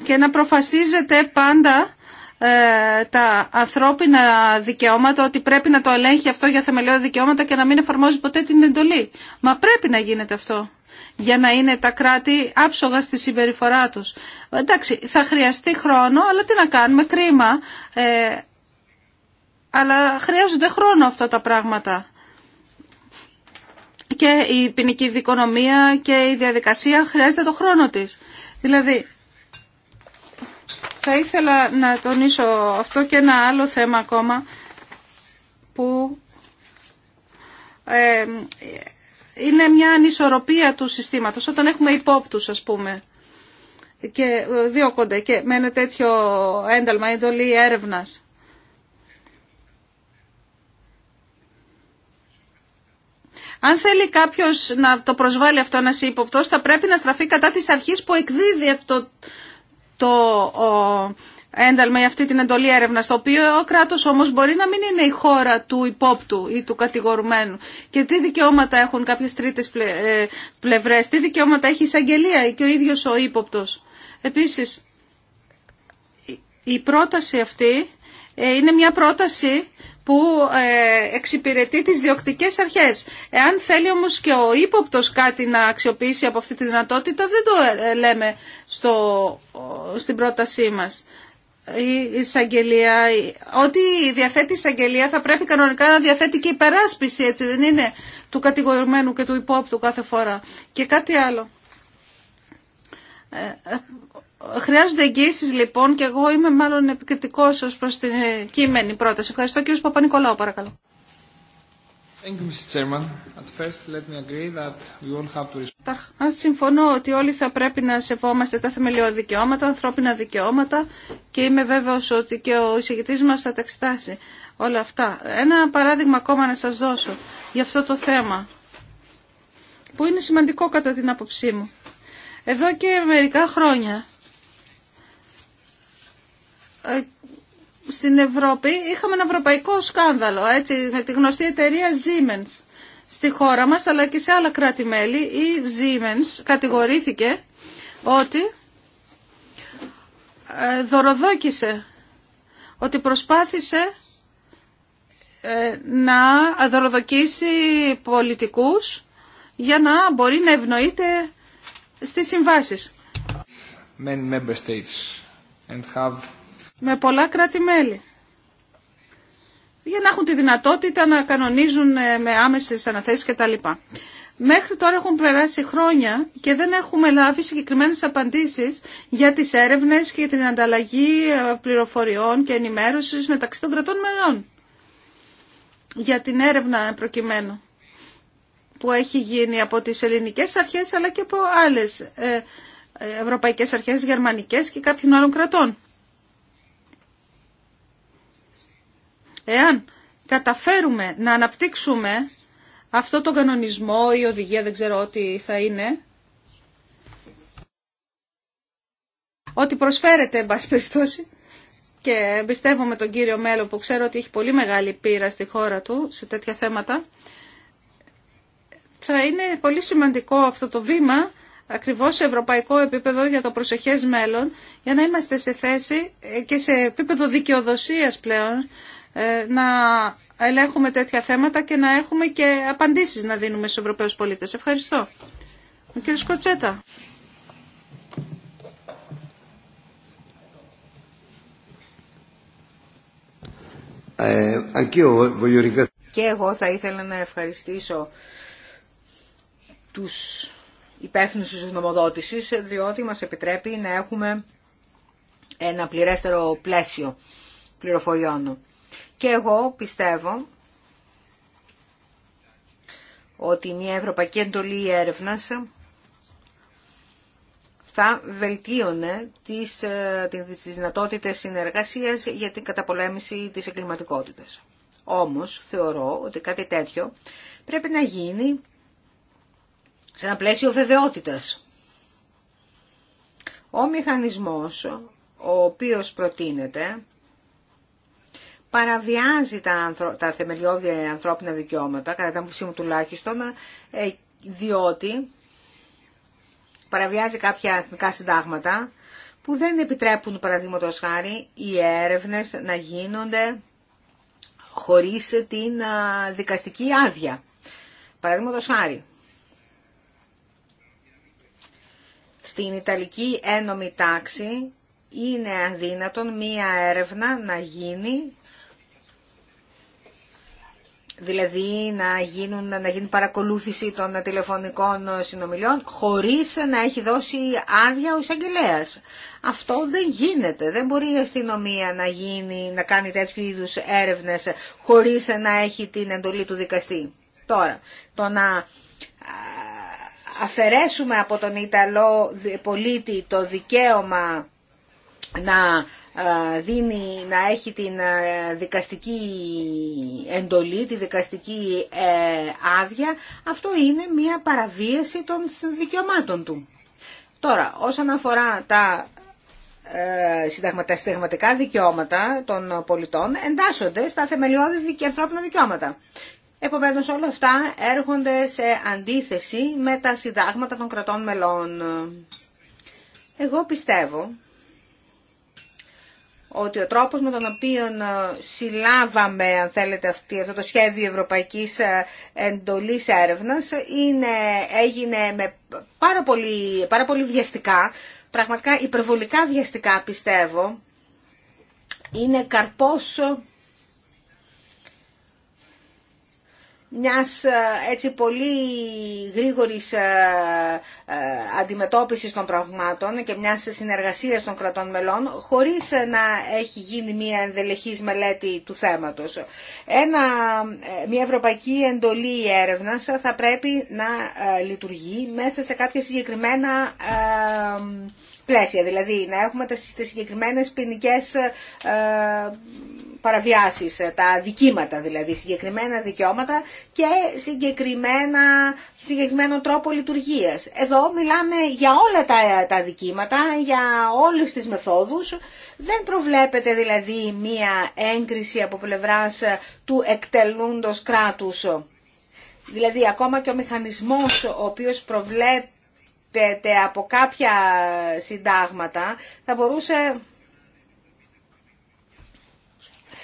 και να προφασίζεται πάντα ε, τα ανθρώπινα δικαιώματα, ότι πρέπει να το ελέγχει αυτό για θεμελιώδη δικαιώματα και να μην εφαρμόζει ποτέ την εντολή. Μα πρέπει να γίνεται αυτό για να είναι τα κράτη άψογα στη συμπεριφορά τους. Εντάξει, θα χρειαστεί χρόνο, αλλά τι να κάνουμε, κρίμα. Ε, αλλά χρειάζονται χρόνο αυτά τα πράγματα. Και η ποινική δικονομία και η διαδικασία χρειάζεται το χρόνο της. Δηλαδή, θα ήθελα να τονίσω αυτό και ένα άλλο θέμα ακόμα που ε, είναι μια ανισορροπία του συστήματος. Όταν έχουμε υπόπτους, ας πούμε, και ε, διώκονται και με ένα τέτοιο ένταλμα, εντολή έρευνας. Αν θέλει κάποιος να το προσβάλλει αυτό ένα υποπτός θα πρέπει να στραφεί κατά της αρχής που εκδίδει αυτό το ένταλμα ή αυτή την εντολή έρευνα, το οποίο ο κράτος όμως μπορεί να μην είναι η χώρα του υπόπτου ή του κατηγορουμένου. Και τι δικαιώματα έχουν κάποιες τρίτες ε, πλευρές, τι δικαιώματα έχει η εισαγγελία και ο ίδιος ο ύποπτος. Επίσης, η πρόταση αυτή ε, είναι μια πρόταση που ε, εξυπηρετεί τις διοκτικές αρχές. Εάν θέλει όμως και ο ύποπτο κάτι να αξιοποιήσει από αυτή τη δυνατότητα, δεν το ε, λέμε στο, στην πρότασή μας. Η εισαγγελία, ό,τι διαθέτει η εισαγγελία θα πρέπει κανονικά να διαθέτει και υπεράσπιση, έτσι δεν είναι, του κατηγορουμένου και του υπόπτου κάθε φορά. Και κάτι άλλο ε, Χρειάζονται εγγύσει λοιπόν και εγώ είμαι μάλλον επικριτικό ω προ την κείμενη πρόταση. Ευχαριστώ κύριος Παπα-Νικολάου παρακαλώ. Καταρχά, συμφωνώ ότι όλοι θα πρέπει να σεβόμαστε τα θεμελιώδη δικαιώματα, ανθρώπινα δικαιώματα και είμαι βέβαιο ότι και ο εισηγητή μα θα τα εξετάσει όλα αυτά. Ένα παράδειγμα ακόμα να σα δώσω για αυτό το θέμα, που είναι σημαντικό κατά την άποψή μου. Εδώ και μερικά χρόνια ε, στην Ευρώπη είχαμε ένα ευρωπαϊκό σκάνδαλο, έτσι, με τη γνωστή εταιρεία Siemens στη χώρα μας, αλλά και σε άλλα κράτη-μέλη. Η Siemens κατηγορήθηκε ότι ε, δωροδόκησε, ότι προσπάθησε ε, να δωροδοκήσει πολιτικούς για να μπορεί να ευνοείται στις συμβάσεις. member states and have με πολλά κράτη-μέλη για να έχουν τη δυνατότητα να κανονίζουν ε, με άμεσες αναθέσεις κτλ. Μέχρι τώρα έχουν περάσει χρόνια και δεν έχουμε λάβει συγκεκριμένες απαντήσεις για τις έρευνες και την ανταλλαγή ε, πληροφοριών και ενημέρωσης μεταξύ των κρατών μελών για την έρευνα προκειμένου που έχει γίνει από τις ελληνικές αρχές αλλά και από άλλες ε, ευρωπαϊκές αρχές, γερμανικές και κάποιων άλλων κρατών. Εάν καταφέρουμε να αναπτύξουμε αυτό το κανονισμό ή οδηγία, δεν ξέρω ό,τι θα είναι, ό,τι προσφέρεται, εν πάση περιπτώσει, και εμπιστεύομαι τον κύριο Μέλο που ξέρω ότι έχει πολύ μεγάλη πείρα στη χώρα του σε τέτοια θέματα, θα είναι πολύ σημαντικό αυτό το βήμα ακριβώς σε ευρωπαϊκό επίπεδο για το προσεχές μέλλον για να είμαστε σε θέση ε, και σε επίπεδο δικαιοδοσίας πλέον ε, να ελέγχουμε τέτοια θέματα και να έχουμε και απαντήσεις να δίνουμε στους Ευρωπαίους πολίτες. Ευχαριστώ. Ο κύριος Κοτσέτα. Ε, και εγώ θα ήθελα να ευχαριστήσω τους υπεύθυνους της νομοδότησης, διότι μας επιτρέπει να έχουμε ένα πληρέστερο πλαίσιο πληροφοριών. Και εγώ πιστεύω ότι μια Ευρωπαϊκή Εντολή Έρευνας θα βελτίωνε τις, ε, τις δυνατότητες συνεργασίας για την καταπολέμηση της εγκληματικότητας. Όμως θεωρώ ότι κάτι τέτοιο πρέπει να γίνει σε ένα πλαίσιο βεβαιότητας. Ο μηχανισμός ο οποίος προτείνεται παραβιάζει τα, τα θεμελιώδη ανθρώπινα δικαιώματα, κατά τα μου τουλάχιστον, ε, διότι παραβιάζει κάποια εθνικά συντάγματα που δεν επιτρέπουν, παραδείγματο χάρη, οι έρευνες να γίνονται χωρίς την δικαστική άδεια. Παραδείγματο χάρη, στην Ιταλική ένομη τάξη είναι αδύνατον μία έρευνα να γίνει δηλαδή να, γίνουν, να γίνει παρακολούθηση των τηλεφωνικών συνομιλιών χωρίς να έχει δώσει άδεια ο εισαγγελέα. Αυτό δεν γίνεται. Δεν μπορεί η αστυνομία να, γίνει, να κάνει τέτοιου είδους έρευνες χωρίς να έχει την εντολή του δικαστή. Τώρα, το να αφαιρέσουμε από τον Ιταλό πολίτη το δικαίωμα να δίνει, να έχει την δικαστική εντολή, τη δικαστική ε, άδεια, αυτό είναι μια παραβίαση των δικαιωμάτων του. Τώρα, όσον αφορά τα ε, συνταγματικά δικαιώματα των πολιτών εντάσσονται στα θεμελιώδη και ανθρώπινα δικαιώματα. Επομένως όλα αυτά έρχονται σε αντίθεση με τα συντάγματα των κρατών μελών. Εγώ πιστεύω ότι ο τρόπος με τον οποίο ε, συλλάβαμε, αν θέλετε, αυτό το σχέδιο Ευρωπαϊκής ε, Εντολής Έρευνας είναι, έγινε με πάρα πολύ, πάρα πολύ βιαστικά, πραγματικά υπερβολικά βιαστικά πιστεύω, είναι καρπός μιας ε, έτσι πολύ γρήγορης ε, ε, αντιμετώπισης των πραγμάτων και μιας συνεργασίας των κρατών μελών χωρίς να έχει γίνει μια ενδελεχής μελέτη του θέματος. Ένα, μια ευρωπαϊκή εντολή έρευνας θα πρέπει να λειτουργεί μέσα σε κάποια συγκεκριμένα πλαίσια, δηλαδή να έχουμε τις συγκεκριμένες ποινικέ ε, ε, παραβιάσεις, ε, τα δικήματα δηλαδή, συγκεκριμένα δικαιώματα και συγκεκριμένα, συγκεκριμένο τρόπο λειτουργίας. Εδώ μιλάμε για όλα τα, τα δικήματα, για όλες τις μεθόδους. Δεν προβλέπεται δηλαδή μία έγκριση από πλευράς του εκτελούντος κράτους. Δηλαδή ακόμα και ο μηχανισμός ο οποίος προβλέπει από κάποια συντάγματα, θα μπορούσε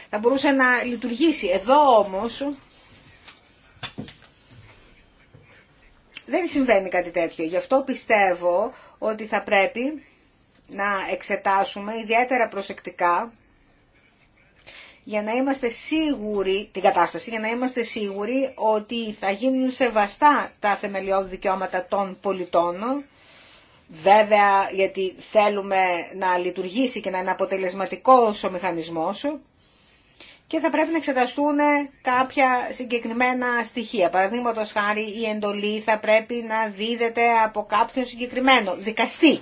θα μπορούσε να λειτουργήσει. Εδώ όμως δεν συμβαίνει κάτι τέτοιο. Γι' αυτό πιστεύω ότι θα πρέπει να εξετάσουμε ιδιαίτερα προσεκτικά για να είμαστε σίγουροι, την κατάσταση, για να είμαστε σίγουροι ότι θα γίνουν σεβαστά τα θεμελιώδη δικαιώματα των πολιτών, βέβαια γιατί θέλουμε να λειτουργήσει και να είναι αποτελεσματικός ο μηχανισμός, και θα πρέπει να εξεταστούν κάποια συγκεκριμένα στοιχεία. Παραδείγματο χάρη η εντολή θα πρέπει να δίδεται από κάποιον συγκεκριμένο δικαστή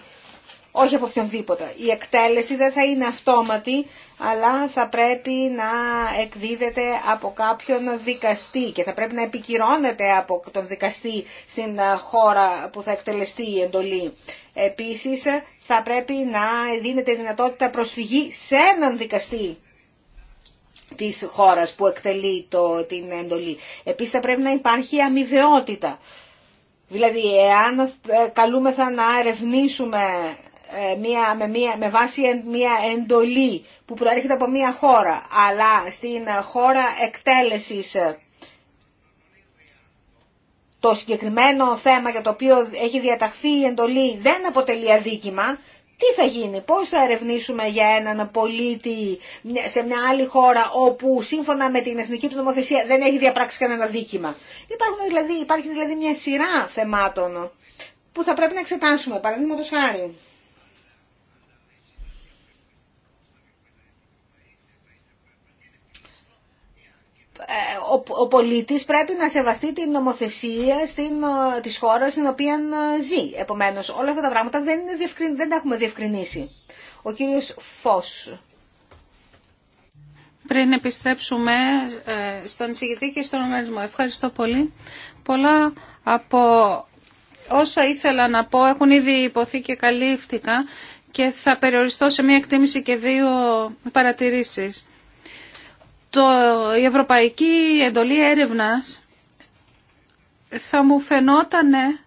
όχι από οποιονδήποτε. Η εκτέλεση δεν θα είναι αυτόματη, αλλά θα πρέπει να εκδίδεται από κάποιον δικαστή και θα πρέπει να επικυρώνεται από τον δικαστή στην χώρα που θα εκτελεστεί η εντολή. Επίσης, θα πρέπει να δίνεται δυνατότητα προσφυγή σε έναν δικαστή της χώρας που εκτελεί το, την εντολή. Επίσης, θα πρέπει να υπάρχει αμοιβαιότητα. Δηλαδή, εάν ε, καλούμεθα να ερευνήσουμε ε, με, με βάση μια εντολή που προέρχεται από μια χώρα, αλλά στην χώρα εκτέλεσης ε, το συγκεκριμένο θέμα για το οποίο έχει διαταχθεί η εντολή δεν αποτελεί αδίκημα, τι θα γίνει, πώς θα ερευνήσουμε για έναν πολίτη σε μια άλλη χώρα όπου σύμφωνα με την εθνική του νομοθεσία δεν έχει διαπράξει κανένα δίκημα. Υπάρχουν δηλαδή, υπάρχει δηλαδή μια σειρά θεμάτων που θα πρέπει να εξετάσουμε, παραδείγματος χάρη. Ε, ο πολίτης πρέπει να σεβαστεί την νομοθεσία στην, ε, της χώρας στην οποία ε, ζει. Επομένως, όλα αυτά τα πράγματα δεν, δεν τα έχουμε διευκρινίσει. Ο κύριος Φως. Πριν επιστρέψουμε στον εισηγητή και στον οργανισμό. Ευχαριστώ πολύ. Πολλά από όσα ήθελα να πω έχουν ήδη υποθεί και καλύφθηκα και θα περιοριστώ σε μία εκτίμηση και δύο παρατηρήσεις το, η Ευρωπαϊκή Εντολή Έρευνας θα μου φαινότανε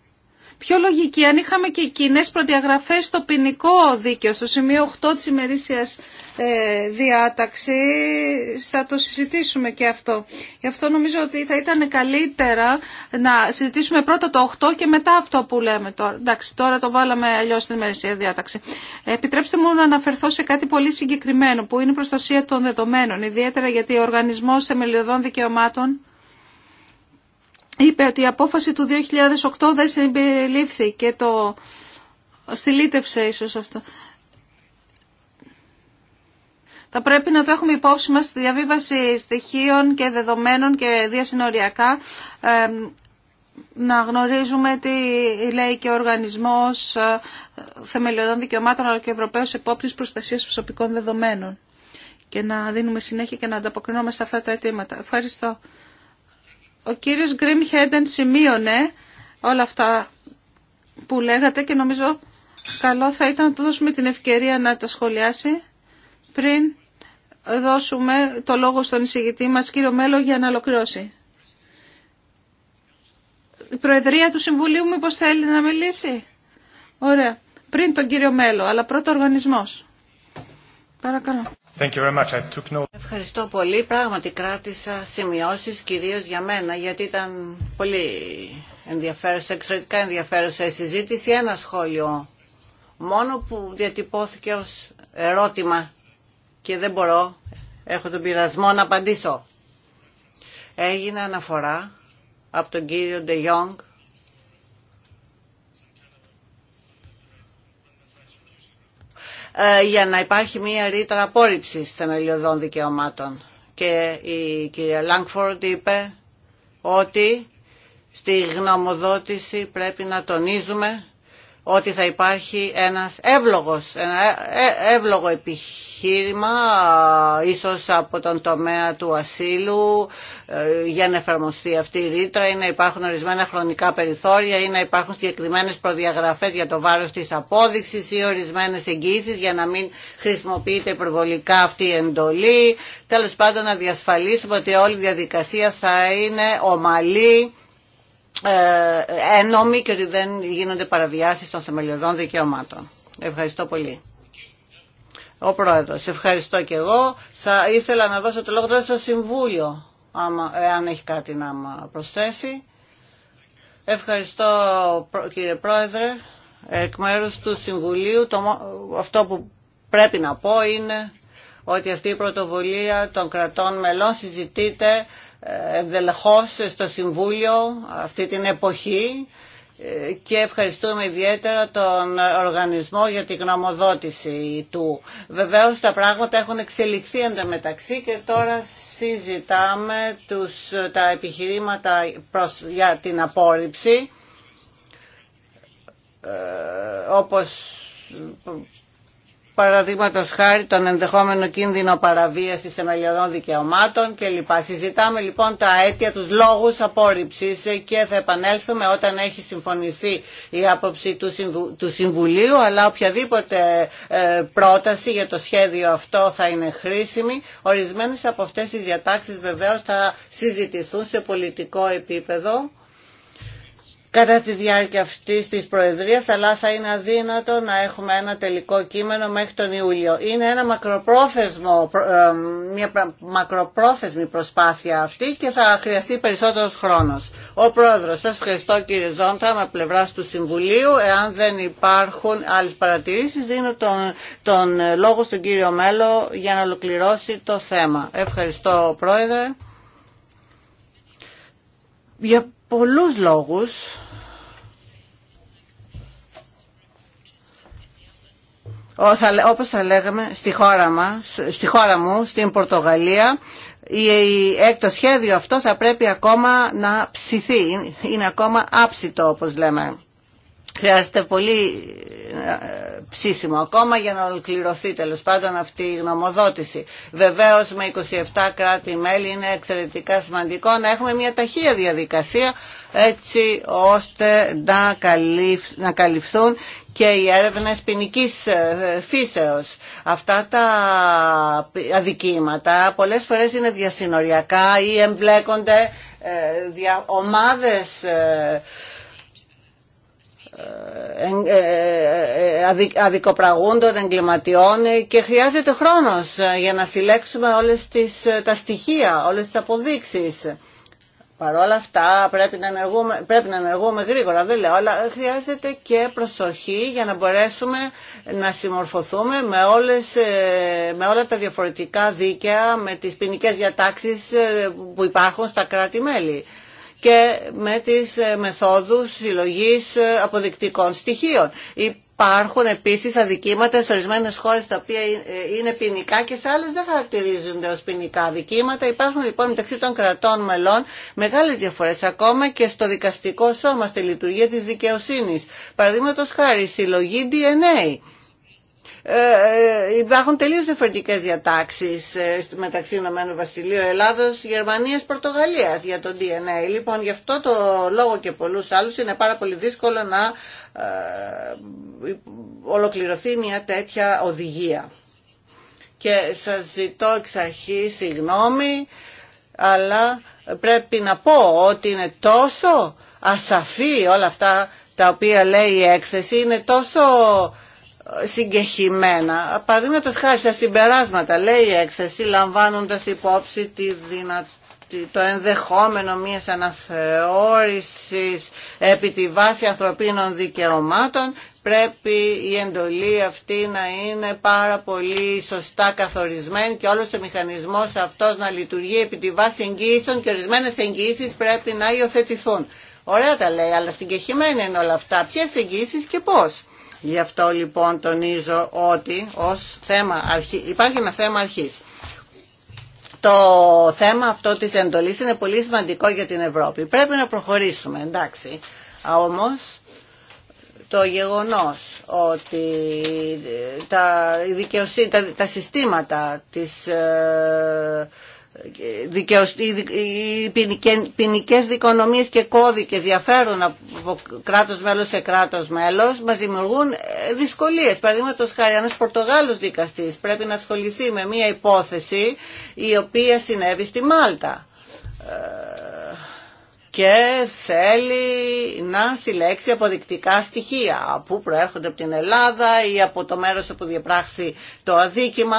πιο λογική αν είχαμε και κοινέ προδιαγραφέ στο ποινικό δίκαιο, στο σημείο 8 της ημερήσία ε, διάταξη, θα το συζητήσουμε και αυτό. Γι' αυτό νομίζω ότι θα ήταν καλύτερα να συζητήσουμε πρώτα το 8 και μετά αυτό που λέμε τώρα. Εντάξει, τώρα το βάλαμε αλλιώ στην ημερήσια διάταξη. Επιτρέψτε μου να αναφερθώ σε κάτι πολύ συγκεκριμένο που είναι η προστασία των δεδομένων, ιδιαίτερα γιατί ο Οργανισμός Θεμελιωδών Δικαιωμάτων είπε ότι η απόφαση του 2008 δεν συμπεριλήφθη και το στυλίτευσε ίσως αυτό. Θα πρέπει να το έχουμε υπόψη μας στη διαβίβαση στοιχείων και δεδομένων και διασυνοριακά να γνωρίζουμε τι λέει και ο Οργανισμός ε, Θεμελιωδών Δικαιωμάτων αλλά και ο Ευρωπαίος Επόπτης Προστασίας Προσωπικών Δεδομένων και να δίνουμε συνέχεια και να ανταποκρινόμαστε σε αυτά τα αιτήματα. Ευχαριστώ. Ο κύριος Γκριμ Χέντεν σημείωνε όλα αυτά που λέγατε και νομίζω καλό θα ήταν να του δώσουμε την ευκαιρία να τα σχολιάσει πριν δώσουμε το λόγο στον εισηγητή μας κύριο Μέλο για να ολοκληρώσει. Η Προεδρία του Συμβουλίου μήπως θέλει να μιλήσει. Ωραία. Πριν τον κύριο Μέλο, αλλά πρώτο οργανισμός. Παρακαλώ. Ευχαριστώ πολύ. Πράγματι κράτησα σημειώσεις κυρίως για μένα γιατί ήταν πολύ ενδιαφέρουσα, εξαιρετικά ενδιαφέρουσα η συζήτηση. Ένα σχόλιο μόνο που διατυπώθηκε ως ερώτημα και δεν μπορώ, έχω τον πειρασμό να απαντήσω. Έγινε αναφορά από τον κύριο Ντε Ιόγκ Ε, για να υπάρχει μία ρήτρα απόρριψη θεμελιωδών δικαιωμάτων. Και η κυρία Λάγκφορντ είπε ότι στη γνωμοδότηση πρέπει να τονίζουμε ότι θα υπάρχει ένας εύλογος, ένα εύλογο επιχείρημα ε, ίσως από τον τομέα του ασύλου ε, για να εφαρμοστεί αυτή η ρήτρα ή να υπάρχουν ορισμένα χρονικά περιθώρια ή να υπάρχουν συγκεκριμένε προδιαγραφές για το βάρος της απόδειξης ή ορισμένες εγγύησεις για να μην χρησιμοποιείται υπερβολικά αυτή η εντολή. Τέλος πάντων να διασφαλίσουμε ότι όλη η διαδικασία θα είναι ομαλή ε, ένομοι και ότι δεν γίνονται παραβιάσεις των θεμελιωδών δικαιωμάτων. Ευχαριστώ πολύ. Ο Πρόεδρος, ευχαριστώ και εγώ. Θα ήθελα να δώσω το λόγο τώρα στο Συμβούλιο, ε, αν έχει κάτι να προσθέσει. Ευχαριστώ κύριε Πρόεδρε. Εκ μέρους του Συμβουλίου το, αυτό που πρέπει να πω είναι ότι αυτή η πρωτοβουλία των κρατών μελών συζητείται ευδελεχώς στο Συμβούλιο αυτή την εποχή και ευχαριστούμε ιδιαίτερα τον οργανισμό για την γνωμοδότηση του. Βεβαίως τα πράγματα έχουν εξελιχθεί μεταξύ και τώρα συζητάμε τους, τα επιχειρήματα προς, για την απόρριψη ε, όπως παραδείγματο χάρη τον ενδεχόμενο κίνδυνο παραβίαση θεμελιωδών δικαιωμάτων κλπ. Συζητάμε λοιπόν τα αίτια, του λόγου απόρριψη και θα επανέλθουμε όταν έχει συμφωνηθεί η άποψη του, του Συμβουλίου. Αλλά οποιαδήποτε ε, πρόταση για το σχέδιο αυτό θα είναι χρήσιμη. Ορισμένε από αυτέ τι διατάξει βεβαίω θα συζητηθούν σε πολιτικό επίπεδο κατά τη διάρκεια αυτή τη προεδρία, αλλά θα είναι αδύνατο να έχουμε ένα τελικό κείμενο μέχρι τον Ιούλιο. Είναι ένα μακροπρόθεσμο, ε, μια μακροπρόθεσμη προσπάθεια αυτή και θα χρειαστεί περισσότερος χρόνος. Ο Πρόεδρος, σα ευχαριστώ κύριε Ζόντρα, με πλευρά του Συμβουλίου. Εάν δεν υπάρχουν άλλες παρατηρήσεις, δίνω τον, τον λόγο στον κύριο Μέλο για να ολοκληρώσει το θέμα. Ευχαριστώ Πρόεδρε πολλούς λόγους όπως θα λέγαμε στη χώρα, μας, στη χώρα μου, στην Πορτογαλία το σχέδιο αυτό θα πρέπει ακόμα να ψηθεί, είναι ακόμα άψητο όπως λέμε. Χρειάζεται πολύ ε, ψήσιμο ακόμα για να ολοκληρωθεί τέλο πάντων αυτή η γνωμοδότηση. Βεβαίω με 27 κράτη-μέλη είναι εξαιρετικά σημαντικό να έχουμε μια ταχεία διαδικασία έτσι ώστε να, καλυφθούν και οι έρευνες ποινική ε, φύσεως. Αυτά τα αδικήματα πολλές φορές είναι διασυνοριακά ή εμπλέκονται ε, δια, ομάδες ε, ε, ε, ε, αδικοπραγούν εγκληματιών και χρειάζεται χρόνος για να συλλέξουμε όλες τις, τα στοιχεία, όλες τις αποδείξεις. Παρ' όλα αυτά πρέπει να, ενεργούμε, πρέπει να ενεργούμε γρήγορα, δεν λέω, αλλά χρειάζεται και προσοχή για να μπορέσουμε να συμμορφωθούμε με, όλες, με όλα τα διαφορετικά δίκαια, με τις ποινικέ διατάξεις που υπάρχουν στα κράτη-μέλη και με τις ε, μεθόδους συλλογής ε, αποδεικτικών στοιχείων. Υπάρχουν επίσης αδικήματα σε ορισμένε χώρες τα οποία ε, είναι ποινικά και σε άλλες δεν χαρακτηρίζονται ως ποινικά αδικήματα. Υπάρχουν λοιπόν μεταξύ των κρατών μελών μεγάλες διαφορές ακόμα και στο δικαστικό σώμα, στη λειτουργία της δικαιοσύνης. Παραδείγματος χάρη συλλογή DNA ε, ε, υπάρχουν τελείως διαφορετικές διατάξεις ε, μεταξύ Ηνωμένου Βασιλείου, Ελλάδος, Γερμανίας, Πορτογαλίας για το DNA. Λοιπόν, γι' αυτό το λόγο και πολλούς άλλους είναι πάρα πολύ δύσκολο να ολοκληρωθεί μια τέτοια οδηγία. Και σας ζητώ εξ αρχή συγγνώμη, αλλά πρέπει να πω ότι είναι τόσο ασαφή όλα αυτά τα οποία λέει η έκθεση, είναι τόσο συγκεχημένα. Παραδείγματο χάρη στα συμπεράσματα, λέει η έκθεση, λαμβάνοντα υπόψη τη το ενδεχόμενο μιας αναθεώρησης επί τη βάση ανθρωπίνων δικαιωμάτων πρέπει η εντολή αυτή να είναι πάρα πολύ σωστά καθορισμένη και όλος ο μηχανισμός αυτός να λειτουργεί επί τη βάση εγγύησεων και ορισμένες εγγύησεις πρέπει να υιοθετηθούν. Ωραία τα λέει, αλλά συγκεχημένα είναι όλα αυτά. Ποιες εγγύησεις και πώς. Γι' αυτό λοιπόν τονίζω ότι ως θέμα αρχή, υπάρχει ένα θέμα αρχής. Το θέμα αυτό της εντολής είναι πολύ σημαντικό για την Ευρώπη. Πρέπει να προχωρήσουμε, εντάξει. Όμως το γεγονός ότι τα, τα, τα συστήματα της, ε, οι ποινικέ δικονομίες και κώδικες διαφέρουν από κράτος μέλος σε κράτος μέλος, μας δημιουργούν ε, δυσκολίες. Παραδείγματος χάρη, ένας Πορτογάλος δικαστής πρέπει να ασχοληθεί με μια υπόθεση η οποία συνέβη στη Μάλτα ε, και θέλει να συλλέξει αποδεικτικά στοιχεία που προέρχονται από την Ελλάδα ή από το μέρος όπου διαπράξει το αδίκημα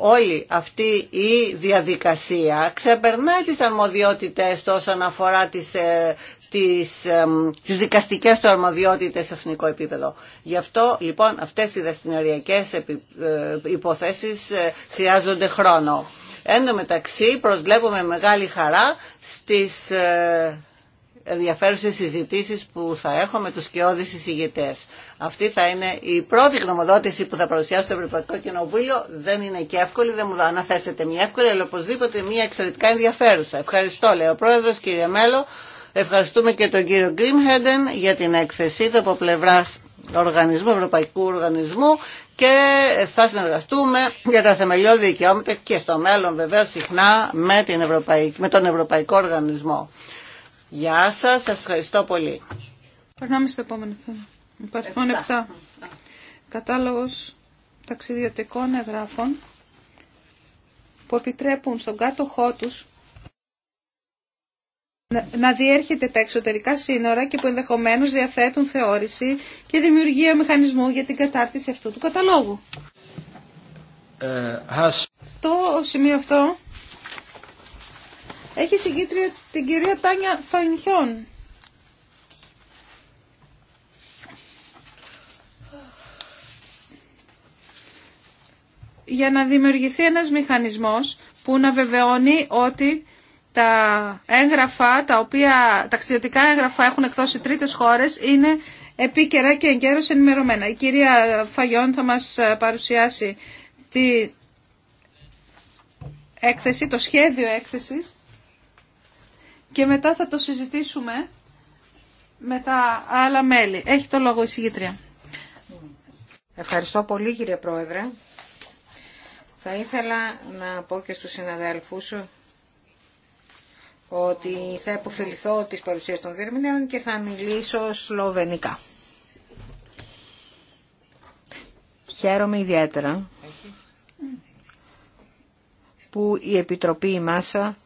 όλη αυτή η διαδικασία ξεπερνάει τις αρμοδιότητες όσον αφορά τις, ε, ε, τις, δικαστικές του αρμοδιότητες σε εθνικό επίπεδο. Γι' αυτό λοιπόν αυτές οι ε, υποθέσεις ε, χρειάζονται χρόνο. Εν τω μεταξύ προσβλέπουμε μεγάλη χαρά στις ενδιαφέρουσες συζητήσεις που θα έχω με τους κοιόδης εισηγητές. Αυτή θα είναι η πρώτη γνωμοδότηση που θα παρουσιάσω στο Ευρωπαϊκό Κοινοβούλιο. Δεν είναι και εύκολη, δεν μου θέσετε μια εύκολη, αλλά οπωσδήποτε μια εξαιρετικά ενδιαφέρουσα. Ευχαριστώ, λέει ο Πρόεδρος, κύριε Μέλο. Ευχαριστούμε και τον κύριο Γκριμχέντεν για την έκθεσή του από πλευρά οργανισμού, Ευρωπαϊκού Οργανισμού και θα συνεργαστούμε για τα θεμελιώδη δικαιώματα και στο μέλλον βεβαίω, συχνά με, την με τον Ευρωπαϊκό Οργανισμό. Γεια σα, σα ευχαριστώ πολύ. Περνάμε στο επόμενο θέμα. Υπάρχουν 7. Κατάλογος ταξιδιωτικών εγγράφων που επιτρέπουν στον κάτοχό του να διέρχεται τα εξωτερικά σύνορα και που ενδεχομένως διαθέτουν θεώρηση και δημιουργία μηχανισμού για την κατάρτιση αυτού του καταλόγου. Ε, Το σημείο αυτό έχει συγκίτρια την κυρία Τάνια Φανιχιών. για να δημιουργηθεί ένας μηχανισμός που να βεβαιώνει ότι τα έγγραφα, τα οποία ταξιδιωτικά έγγραφα έχουν εκδώσει τρίτες χώρες, είναι επίκαιρα και εγκαίρως ενημερωμένα. Η κυρία Φαγιόν θα μας παρουσιάσει τη έκθεση, το σχέδιο έκθεσης και μετά θα το συζητήσουμε με τα άλλα μέλη. Έχει το λόγο η συγγήτρια. Ευχαριστώ πολύ κύριε Πρόεδρε. Θα ήθελα να πω και στους συναδέλφους ότι θα υποφεληθώ της παρουσίας των διερμηνέων και θα μιλήσω σλοβενικά. Χαίρομαι ιδιαίτερα που η Επιτροπή Μάσα...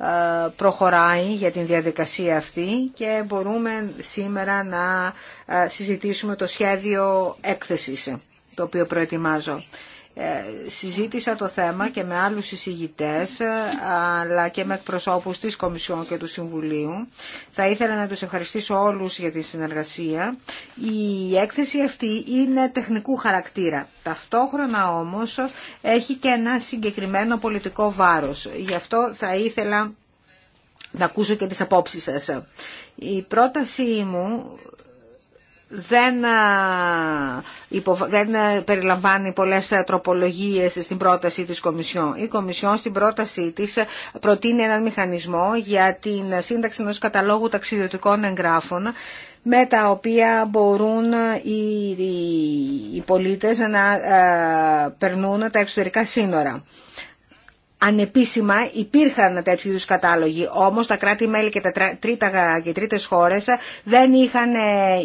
Ε, προχωράει για την διαδικασία αυτή και μπορούμε σήμερα να ε, συζητήσουμε το σχέδιο έκθεσης το οποίο προετοιμάζω. Ε, συζήτησα το θέμα και με άλλους συζητητές ε, αλλά και με εκπροσώπους της Κομισιόν και του Συμβουλίου. Θα ήθελα να τους ευχαριστήσω όλους για τη συνεργασία. Η έκθεση αυτή είναι τεχνικού χαρακτήρα. Ταυτόχρονα όμως έχει και ένα συγκεκριμένο πολιτικό βάρος. Γι' αυτό θα ήθελα να ακούσω και τις απόψεις σας. Η πρότασή μου δεν, δεν περιλαμβάνει πολλές τροπολογίες στην πρόταση της Κομισιόν. Η Κομισιόν στην πρόταση της προτείνει έναν μηχανισμό για την σύνταξη ενός καταλόγου ταξιδιωτικών εγγράφων με τα οποία μπορούν οι, οι, πολίτες να περνούν τα εξωτερικά σύνορα. Ανεπίσημα υπήρχαν τέτοιου είδου κατάλογοι, όμως τα κράτη-μέλη και, τα τρίτα, και τρίτες χώρες δεν είχαν ε,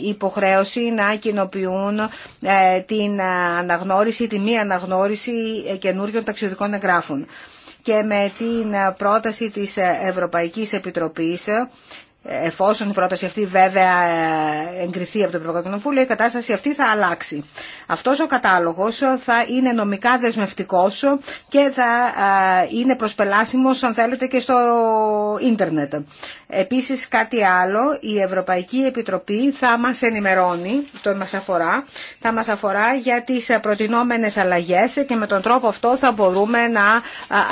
υποχρέωση να κοινοποιούν ε, την αναγνώριση, τη μη αναγνώριση ε, καινούριων ταξιδιωτικών εγγράφων. Και με την πρόταση της Ευρωπαϊκής Επιτροπής Εφόσον η πρόταση αυτή βέβαια ε, εγκριθεί από το Ευρωπαϊκό Κοινοβούλιο, η κατάσταση αυτή θα αλλάξει. Αυτός ο κατάλογος θα είναι νομικά δεσμευτικός και θα ε, είναι προσπελάσιμος, αν θέλετε, και στο ίντερνετ. Επίσης κάτι άλλο, η Ευρωπαϊκή Επιτροπή θα μας ενημερώνει, το μας αφορά, θα μας αφορά για τις προτινόμενες αλλαγές και με τον τρόπο αυτό θα μπορούμε να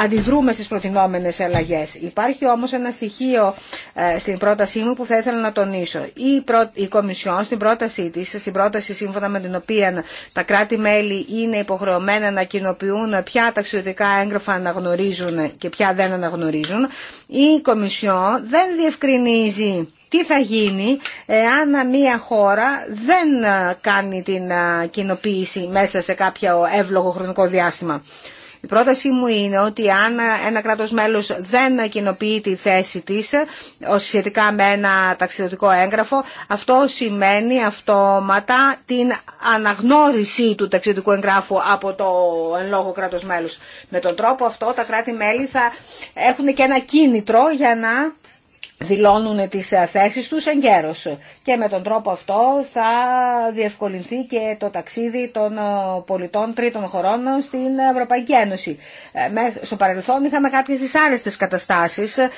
αντιδρούμε στις προτινόμενες αλλαγές. Υπάρχει όμως ένα στοιχείο ε, στην πρότασή μου που θα ήθελα να τονίσω. Η, προ... η Κομισιόν στην πρότασή της, στην πρόταση σύμφωνα με την οποία τα κράτη-μέλη είναι υποχρεωμένα να κοινοποιούν ποια ταξιδιωτικά έγγραφα αναγνωρίζουν και ποια δεν αναγνωρίζουν, η Κομισιόν δεν Ευκρινίζει τι θα γίνει εάν μια χώρα δεν ε, κάνει την ε, κοινοποίηση μέσα σε κάποιο εύλογο χρονικό διάστημα. Η πρότασή μου είναι ότι αν ένα κράτος μέλος δεν κοινοποιεί τη θέση της ε, σχετικά με ένα ταξιδιωτικό έγγραφο, αυτό σημαίνει αυτόματα την αναγνώριση του ταξιδιωτικού εγγράφου από το εν λόγω κράτος μέλος. Με τον τρόπο αυτό τα κράτη-μέλη θα έχουν και ένα κίνητρο για να δηλώνουν τις ε, θέσεις τους εγκαίρως και με τον τρόπο αυτό θα διευκολυνθεί και το ταξίδι των ε, πολιτών τρίτων χωρών στην Ευρωπαϊκή Ένωση. Ε, στο παρελθόν είχαμε κάποιες δυσάρεστες καταστάσεις ε,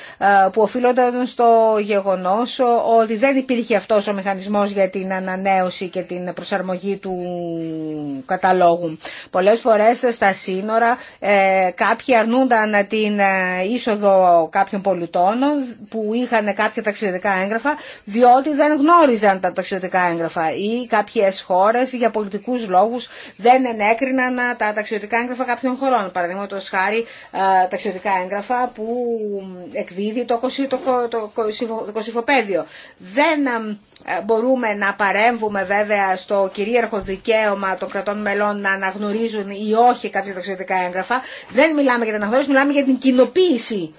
που οφείλονταν στο γεγονός ότι δεν υπήρχε αυτός ο μηχανισμός για την ανανέωση και την προσαρμογή του καταλόγου. Πολλές φορές στα σύνορα κάποιοι αρνούνταν την είσοδο κάποιων πολιτών που είχαν κάποια ταξιδιωτικά έγγραφα διότι δεν γνώριζαν γνώριζαν τα ταξιδιωτικά έγγραφα ή κάποιες χώρες για πολιτικούς λόγους δεν ενέκριναν ε, τα ταξιδιωτικά έγγραφα κάποιων χωρών. Παραδείγματο χάρη ε, ταξιδιωτικά έγγραφα που εκδίδει το, κοσυφοπαίδιο. Δεν ε, μπορούμε να παρέμβουμε βέβαια στο κυρίαρχο δικαίωμα των κρατών μελών να αναγνωρίζουν ή όχι κάποια ταξιδιωτικά έγγραφα. Δεν μιλάμε για την αναγνώριση, μιλάμε για την κοινοποίηση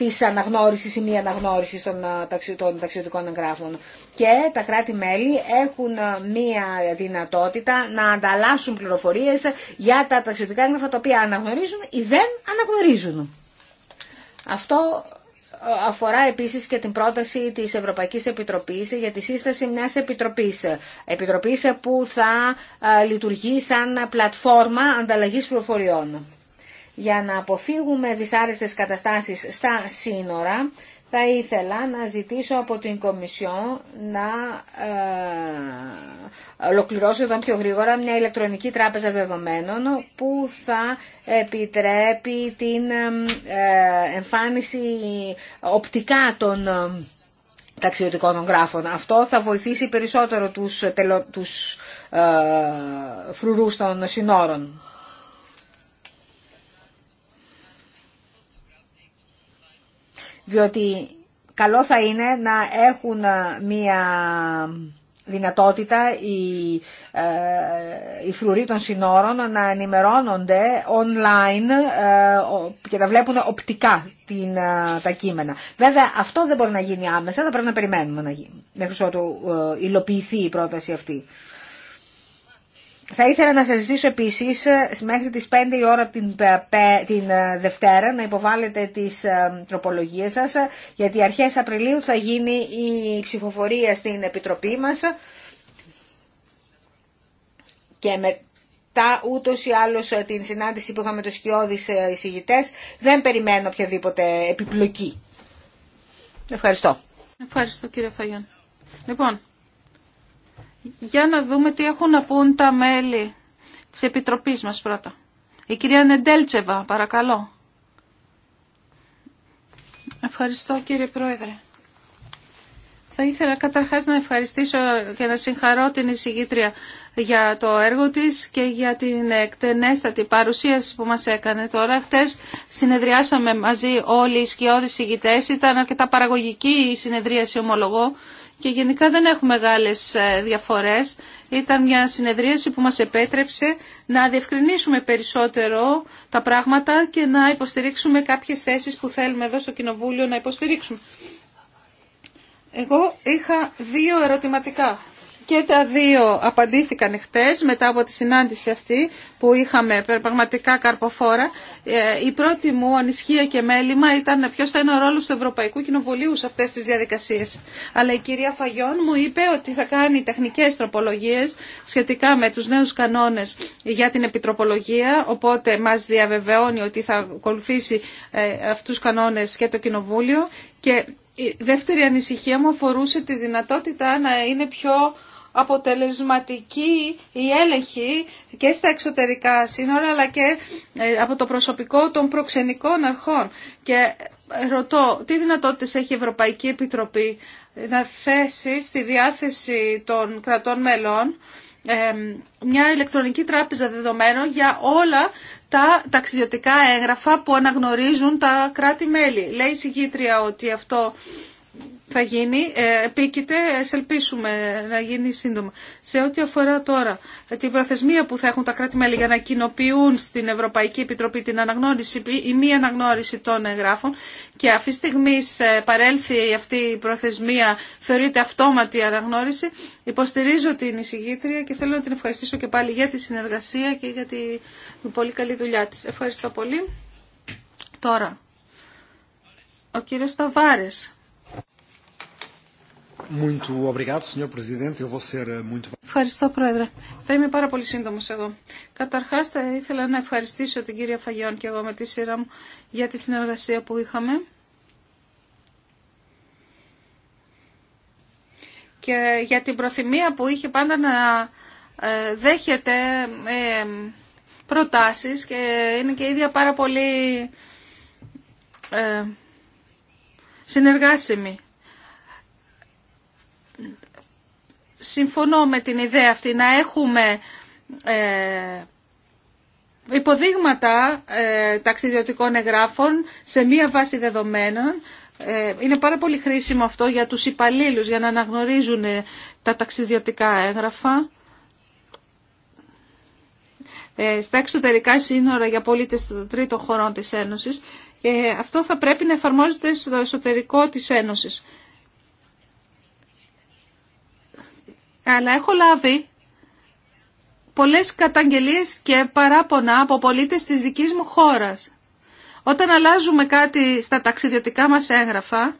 Τη αναγνώριση ή μη αναγνωρίση των, ε, των ταξιδιωτικών εγγράφων. Και τα κράτη-μέλη έχουν ε, μία δυνατότητα να ανταλλάσσουν πληροφορίε για τα ταξιδιωτικά έγγραφα τα οποία αναγνωρίζουν ή δεν αναγνωρίζουν. Αυτό ε, αφορά επίσης και την πρόταση της Ευρωπαϊκής Επιτροπής για τη σύσταση μιας επιτροπής. Επιτροπής που θα λειτουργεί σαν πλατφόρμα ανταλλαγής πληροφοριών για να αποφύγουμε δυσάρεστες καταστάσεις στα σύνορα, θα ήθελα να ζητήσω από την Κομισιό να ε, ολοκληρώσει εδώ πιο γρήγορα μια ηλεκτρονική τράπεζα δεδομένων που θα επιτρέπει την ε, εμφάνιση οπτικά των ε, ταξιδιωτικών γράφων. Αυτό θα βοηθήσει περισσότερο τους, τελο, τους φρουρούς των συνόρων. διότι καλό θα είναι να έχουν ε, μία δυνατότητα οι, ε, φρουροί των συνόρων να ενημερώνονται online ε, και να βλέπουν οπτικά την, ε, τα κείμενα. Βέβαια αυτό δεν μπορεί να γίνει άμεσα, θα πρέπει να περιμένουμε να γίνει, μέχρι ότου υλοποιηθεί η πρόταση αυτή. Θα ήθελα να σας ζητήσω επίσης ε, μέχρι τις 5 η ώρα την, ε, ε, Δευτέρα να υποβάλλετε τις τροπολογίες σας γιατί αρχές Απριλίου θα γίνει η ψηφοφορία στην Επιτροπή μας και μετά ούτως ή άλλως την συνάντηση που είχαμε τους σκιώδεις εισηγητές δεν περιμένω οποιαδήποτε επιπλοκή. Ευχαριστώ. Ευχαριστώ κύριε Φαγιάν. Λοιπόν, για να δούμε τι έχουν να πούν τα μέλη της Επιτροπής μας πρώτα. Η κυρία Νεντέλτσεβα, παρακαλώ. Ευχαριστώ κύριε Πρόεδρε. Θα ήθελα καταρχάς να ευχαριστήσω και να συγχαρώ την εισηγήτρια για το έργο της και για την εκτενέστατη παρουσίαση που μας έκανε τώρα. Χτες συνεδριάσαμε μαζί όλοι οι σκιώδεις συγητές. Ήταν αρκετά παραγωγική η συνεδρίαση ομολογώ και γενικά δεν έχουμε μεγάλες ε, διαφορές. Ήταν μια συνεδρίαση που μας επέτρεψε να διευκρινίσουμε περισσότερο τα πράγματα και να υποστηρίξουμε κάποιες θέσεις που θέλουμε εδώ στο Κοινοβούλιο να υποστηρίξουμε. Εγώ είχα δύο ερωτηματικά. Και τα δύο απαντήθηκαν χτε μετά από τη συνάντηση αυτή που είχαμε πραγματικά καρποφόρα. Ε, η πρώτη μου ανησυχία και μέλημα ήταν ποιο θα είναι ο ρόλο του Ευρωπαϊκού Κοινοβουλίου σε αυτέ τι διαδικασίε. Αλλά η κυρία Φαγιόν μου είπε ότι θα κάνει τεχνικέ τροπολογίε σχετικά με του νέου κανόνε για την επιτροπολογία, οπότε μα διαβεβαιώνει ότι θα ακολουθήσει ε, αυτού του κανόνε και το Κοινοβούλιο. Και η δεύτερη ανησυχία μου αφορούσε τη δυνατότητα να είναι πιο αποτελεσματική η έλεγχη και στα εξωτερικά σύνορα αλλά και ε, από το προσωπικό των προξενικών αρχών. Και ε, ρωτώ, τι δυνατότητες έχει η Ευρωπαϊκή Επιτροπή ε, να θέσει στη διάθεση των κρατών μελών μια ηλεκτρονική τράπεζα δεδομένων για όλα τα ταξιδιωτικά έγγραφα που αναγνωρίζουν τα κράτη-μέλη. Λέει η συγκήτρια ότι αυτό θα γίνει, ε, επίκειται, ας ελπίσουμε να γίνει σύντομα. Σε ό,τι αφορά τώρα την προθεσμία που θα έχουν τα κράτη-μέλη για να κοινοποιούν στην Ευρωπαϊκή Επιτροπή την αναγνώριση ή μη αναγνώριση των εγγράφων και αυτή τη στιγμή παρέλθει αυτή η προθεσμία, θεωρείται αυτόματη αναγνώριση, υποστηρίζω την εισηγήτρια και θέλω να την ευχαριστήσω και πάλι για τη συνεργασία και για την πολύ καλή δουλειά της. Ευχαριστώ πολύ. Τώρα, ο κύριος Ταβάρες Eh, Ευχαριστώ, Πρόεδρε. Θα είμαι πάρα πολύ σύντομο εγώ. Καταρχάς, θα ήθελα να ευχαριστήσω την κυρία Φαγιόν και εγώ με τη σειρά μου για τη συνεργασία που είχαμε. Και για την προθυμία που είχε πάντα να ε, δέχεται ε, προτάσεις και είναι και ίδια πάρα πολύ ε, συνεργάσιμη. συμφωνώ με την ιδέα αυτή να έχουμε ε, υποδείγματα ε, ταξιδιωτικών εγγράφων σε μία βάση δεδομένων. Ε, είναι πάρα πολύ χρήσιμο αυτό για τους υπαλλήλους για να αναγνωρίζουν τα ταξιδιωτικά έγγραφα. Στα εξωτερικά σύνορα για πολίτες των τρίτων χωρών της Ένωσης. Αυτό θα πρέπει να εφαρμόζεται στο εσωτερικό της Ένωσης. αλλά έχω λάβει πολλές καταγγελίες και παράπονα από πολίτες της δικής μου χώρας. Όταν αλλάζουμε κάτι στα ταξιδιωτικά μας έγγραφα,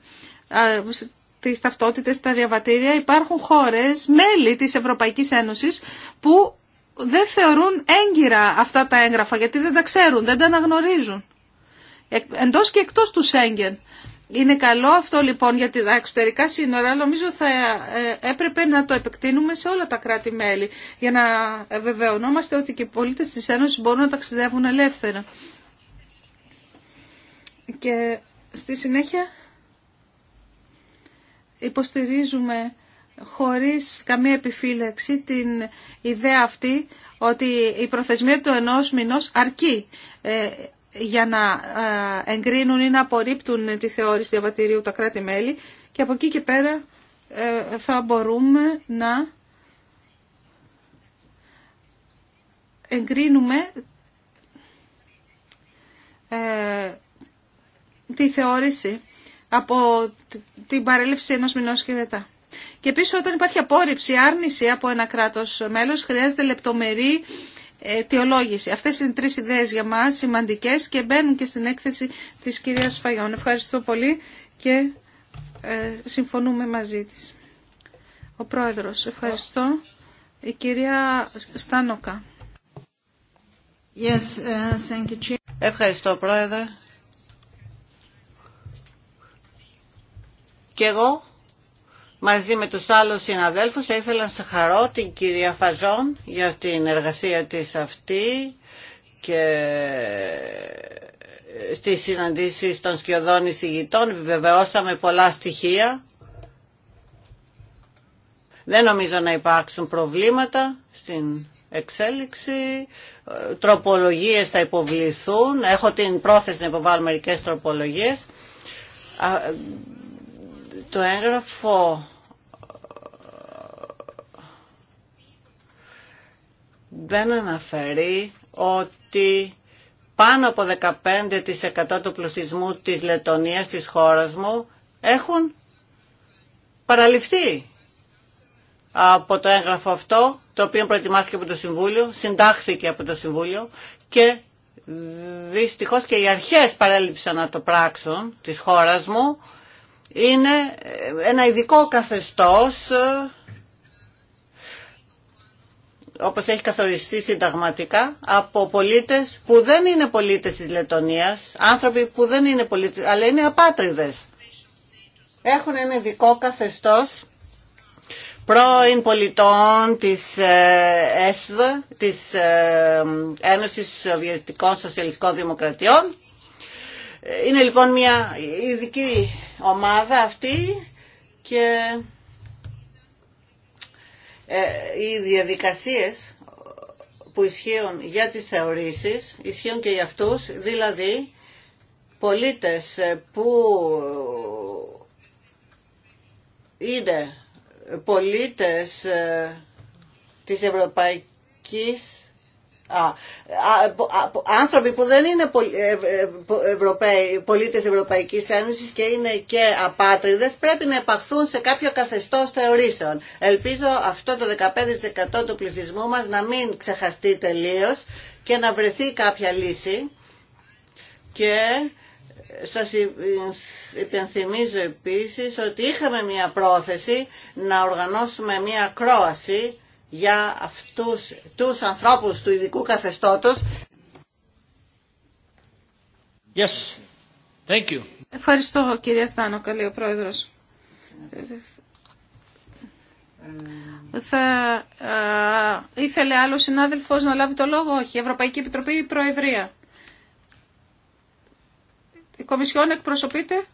τις ταυτότητες, τα διαβατήρια, υπάρχουν χώρες, μέλη της Ευρωπαϊκής Ένωσης, που δεν θεωρούν έγκυρα αυτά τα έγγραφα, γιατί δεν τα ξέρουν, δεν τα αναγνωρίζουν. Ε, εντός και εκτός του Σέγγεν. Είναι καλό αυτό λοιπόν για τα εξωτερικά σύνορα, νομίζω θα ε, έπρεπε να το επεκτείνουμε σε όλα τα κράτη-μέλη, για να βεβαιωνόμαστε ότι και οι πολίτες της Ένωσης μπορούν να ταξιδεύουν ελεύθερα. Και στη συνέχεια υποστηρίζουμε χωρίς καμία επιφύλαξη την ιδέα αυτή ότι η προθεσμία του ενός μηνός αρκεί ε, για να ε, εγκρίνουν ή να απορρίπτουν τη θεώρηση διαβατηρίου τα κράτη-μέλη και από εκεί και πέρα ε, θα μπορούμε να εγκρίνουμε ε, τη θεώρηση από την παρέλευση ενός μηνός και μετά. Και επίσης όταν υπάρχει απόρριψη, άρνηση από ένα κράτος μέλος, χρειάζεται λεπτομερή αιτιολόγηση. Αυτές είναι τρεις ιδέες για μας σημαντικές και μπαίνουν και στην έκθεση της κυρίας Φαγιών. Ευχαριστώ πολύ και ε, συμφωνούμε μαζί της. Ο Πρόεδρος, ευχαριστώ. Η κυρία Στάνοκα. Yes, ε, thank you. Ευχαριστώ Πρόεδρε. Και εγώ μαζί με τους άλλους συναδέλφους. Θα ήθελα να σε χαρώ την κυρία Φαζόν για την εργασία της αυτή και ε, στις συναντήσεις των σκιωδών εισηγητών βεβαιώσαμε πολλά στοιχεία. Δεν νομίζω να υπάρξουν προβλήματα στην εξέλιξη. Ε, τροπολογίες θα υποβληθούν. Έχω την πρόθεση να υποβάλω μερικές τροπολογίες το έγγραφο δεν αναφέρει ότι πάνω από 15% του πλουσισμού της Λετωνίας, της χώρας μου, έχουν παραλυφθεί από το έγγραφο αυτό, το οποίο προετοιμάστηκε από το Συμβούλιο, συντάχθηκε από το Συμβούλιο και δυστυχώς και οι αρχές παρέλειψαν να το πράξουν της χώρας μου είναι ένα ειδικό καθεστώς όπως έχει καθοριστεί συνταγματικά από πολίτες που δεν είναι πολίτες της Λετωνίας, άνθρωποι που δεν είναι πολίτες, αλλά είναι απάτριδες. Έχουν ένα ειδικό καθεστώς πρώην πολιτών της ε, ΕΣΔ, της ε, Ένωσης Σοβιετικών Σοσιαλιστικών Δημοκρατιών, είναι λοιπόν μια ειδική ομάδα αυτή και ε, οι διαδικασίες που ισχύουν για τις θεωρήσεις ισχύουν και για αυτούς, δηλαδή πολίτες που είναι πολίτες ε, της Ευρωπαϊκής άνθρωποι που δεν είναι ε, ε, Ευρωπαίοι, πολίτες Ευρωπαϊκής Ένωσης και είναι και απάτριδες πρέπει να επαχθούν σε κάποιο καθεστώς θεωρήσεων. Ελπίζω αυτό το 15% του πληθυσμού μας να μην ξεχαστεί τελείως και να βρεθεί κάποια λύση και σας υπενθυμίζω επίσης ότι είχαμε μια πρόθεση να οργανώσουμε μια κρόαση για αυτούς τους ανθρώπους του ειδικού καθεστώτος. Yes. Thank you. Ευχαριστώ κυρία Στάνο, καλή ο πρόεδρος. Θα ήθελε άλλο συνάδελφο να λάβει το λόγο, όχι. Ευρωπαϊκή Επιτροπή ή Προεδρία. Η Κομισιόν εκπροσωπείται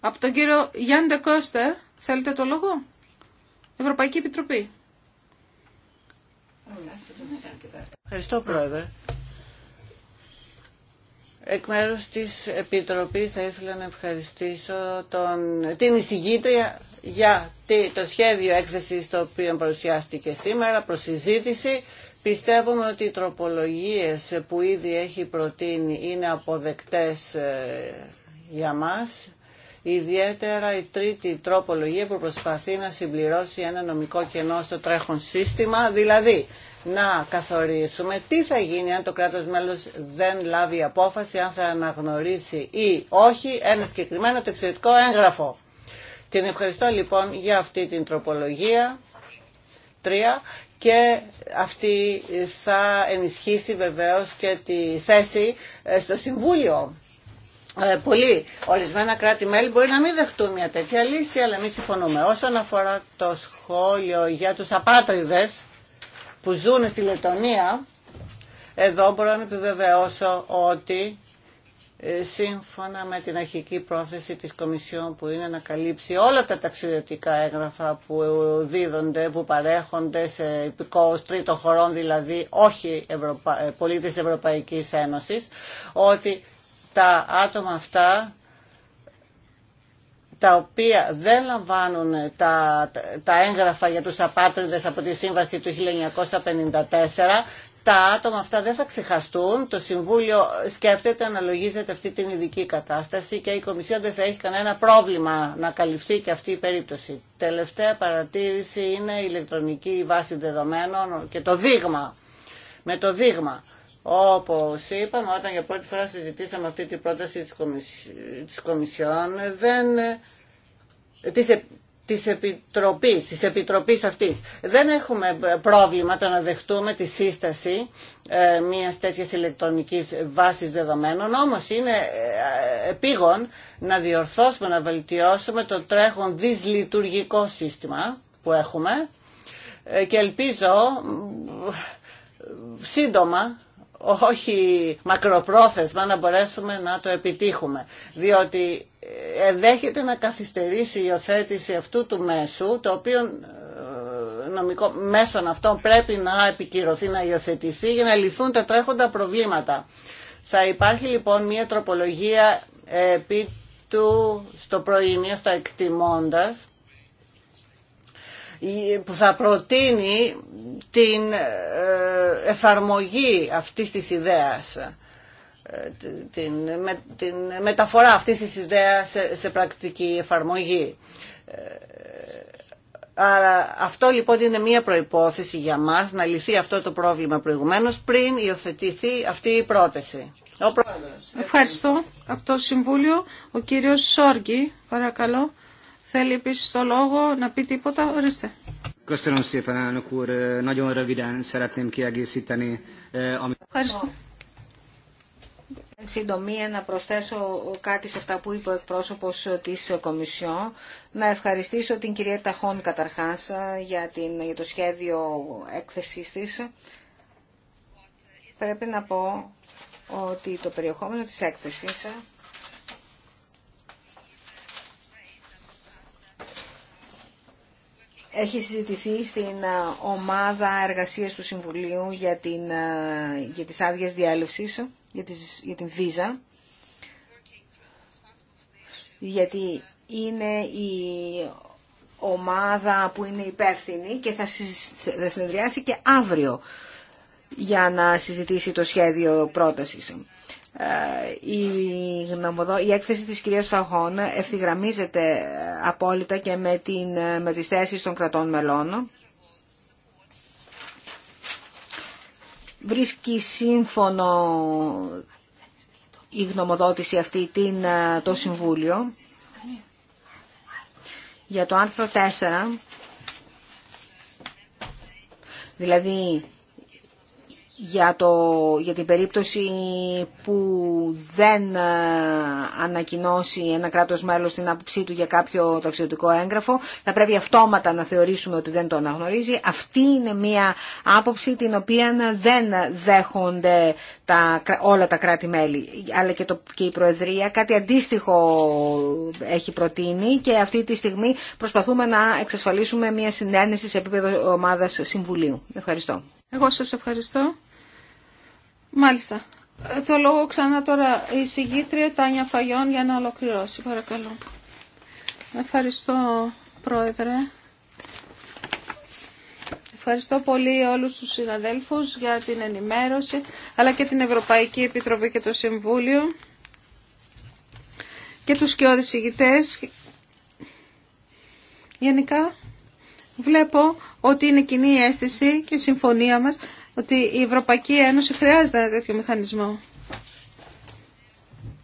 από τον κύριο Γιάννη Ντεκώστε. Θέλετε το λόγο. Ευρωπαϊκή Επιτροπή. Ευχαριστώ Πρόεδρε. Εκ μέρους της Επιτροπής θα ήθελα να ευχαριστήσω τον, την εισηγήτρια για το σχέδιο έκθεσης το οποίο παρουσιάστηκε σήμερα προς συζήτηση. Πιστεύουμε ότι οι τροπολογίες που ήδη έχει προτείνει είναι αποδεκτές ε, για μας Ιδιαίτερα η τρίτη τροπολογία που προσπαθεί να συμπληρώσει ένα νομικό κενό στο τρέχον σύστημα, δηλαδή να καθορίσουμε τι θα γίνει αν το κράτος μέλος δεν λάβει απόφαση, αν θα αναγνωρίσει ή όχι ένα συγκεκριμένο τεξιδιτικό έγγραφο. Την ευχαριστώ λοιπόν για αυτή την τροπολογία τρία και αυτή θα ενισχύσει βεβαίως και τη θέση ε, στο Συμβούλιο ε, πολύ. ορισμενα ορισμένα κράτη-μέλη μπορεί να μην δεχτούν μια τέτοια λύση, αλλά εμεί συμφωνούμε. Όσον αφορά το σχόλιο για τους απάτριδες που ζουν στη Λετωνία, εδώ μπορώ να επιβεβαιώσω ότι ε, σύμφωνα με την αρχική πρόθεση της Κομισιόν που είναι να καλύψει όλα τα ταξιδιωτικά έγγραφα που δίδονται, που παρέχονται σε υπηκόους τρίτων χωρών, δηλαδή όχι Ευρωπα... Ε, πολίτες Ευρωπαϊκής Ένωσης, ότι τα άτομα αυτά τα οποία δεν λαμβάνουν τα, τα έγγραφα για τους απάτριδες από τη Σύμβαση του 1954, τα άτομα αυτά δεν θα ξεχαστούν. Το Συμβούλιο σκέφτεται, αναλογίζεται αυτή την ειδική κατάσταση και η Κομισιόν δεν θα έχει κανένα πρόβλημα να καλυφθεί και αυτή η περίπτωση. Τελευταία παρατήρηση είναι η ηλεκτρονική βάση δεδομένων και το δείγμα. Με το δείγμα Όπω είπαμε, όταν για πρώτη φορά συζητήσαμε αυτή την πρόταση της, Κομισι... Κομισιόν, δεν... Της, επιτροπής, επιτροπής αυτής. Δεν έχουμε πρόβλημα το να δεχτούμε τη σύσταση ε, μιας τέτοιας ηλεκτρονικής βάσης δεδομένων, όμως είναι ε, επίγον να διορθώσουμε, να βελτιώσουμε το τρέχον δυσλειτουργικό σύστημα που έχουμε ε, και ελπίζω σύντομα όχι μακροπρόθεσμα να μπορέσουμε να το επιτύχουμε. Διότι ε, δέχεται να καθυστερήσει η υιοθέτηση αυτού του μέσου, το οποίο ε, νομικό μέσον αυτό πρέπει να επικυρωθεί, να υιοθετηθεί για να λυθούν τα τρέχοντα προβλήματα. Θα υπάρχει λοιπόν μια τροπολογία επί του στο πρωινή, στο εκτιμώντας, που θα προτείνει την ε, εφαρμογή αυτής της ιδέας, ε, την, μεταφορά αυτής της ιδέας σε, πρακτική εφαρμογή. Ε, άρα αυτό λοιπόν είναι μία προϋπόθεση για μας να λυθεί αυτό το πρόβλημα προηγουμένως πριν υιοθετηθεί αυτή η πρόταση. Ο Ευχαριστώ. Από το Συμβούλιο, ο κύριος Σόργη, παρακαλώ. Θέλει επίση το λόγο να πει τίποτα. Ορίστε. Eh, Ευχαριστώ. Συντομία να προσθέσω κάτι σε αυτά που είπε ο εκπρόσωπος της Κομισιόν. Να ευχαριστήσω την κυρία Ταχών καταρχάς για, την, για το σχέδιο έκθεσής της. Πρέπει να πω ότι το περιεχόμενο της έκθεσης έχει συζητηθεί στην ε, ομάδα εργασίας του Συμβουλίου για, την, ε, για τις άδειες διάλευσης, για, τις, για την βίζα, γιατί είναι η ομάδα που είναι υπεύθυνη και θα, θα συνεδριάσει και αύριο για να συζητήσει το σχέδιο πρότασης. Ε, η, η έκθεση της κυρίας Φαγών ευθυγραμμίζεται ε, απόλυτα και με, την, ε, με τις θέσεις των κρατών μελών. Βρίσκει σύμφωνο η γνωμοδότηση αυτή την, το Συμβούλιο για το άρθρο 4 δηλαδή για, το, για την περίπτωση που δεν ε, ανακοινώσει ένα κράτος μέλος την άποψή του για κάποιο ταξιδιωτικό έγγραφο, θα πρέπει αυτόματα να θεωρήσουμε ότι δεν το αναγνωρίζει. Αυτή είναι μια άποψη την οποία δεν δέχονται τα, όλα τα κράτη-μέλη, αλλά και, το, η Προεδρία. Κάτι αντίστοιχο έχει προτείνει και αυτή τη στιγμή προσπαθούμε να εξασφαλίσουμε μια συνένεση σε επίπεδο ομάδας Συμβουλίου. Ευχαριστώ. Εγώ σας ευχαριστώ. Μάλιστα. Το λόγο ξανά τώρα η συγγήτρια Τάνια Φαγιών για να ολοκληρώσει. Παρακαλώ. Ευχαριστώ Πρόεδρε. Ευχαριστώ πολύ όλους τους συναδέλφους για την ενημέρωση, αλλά και την Ευρωπαϊκή Επιτροπή και το Συμβούλιο και τους σκιώδης ηγητές. Γενικά βλέπω ότι είναι κοινή η αίσθηση και η συμφωνία μας ότι η Ευρωπαϊκή Ένωση χρειάζεται ένα τέτοιο μηχανισμό.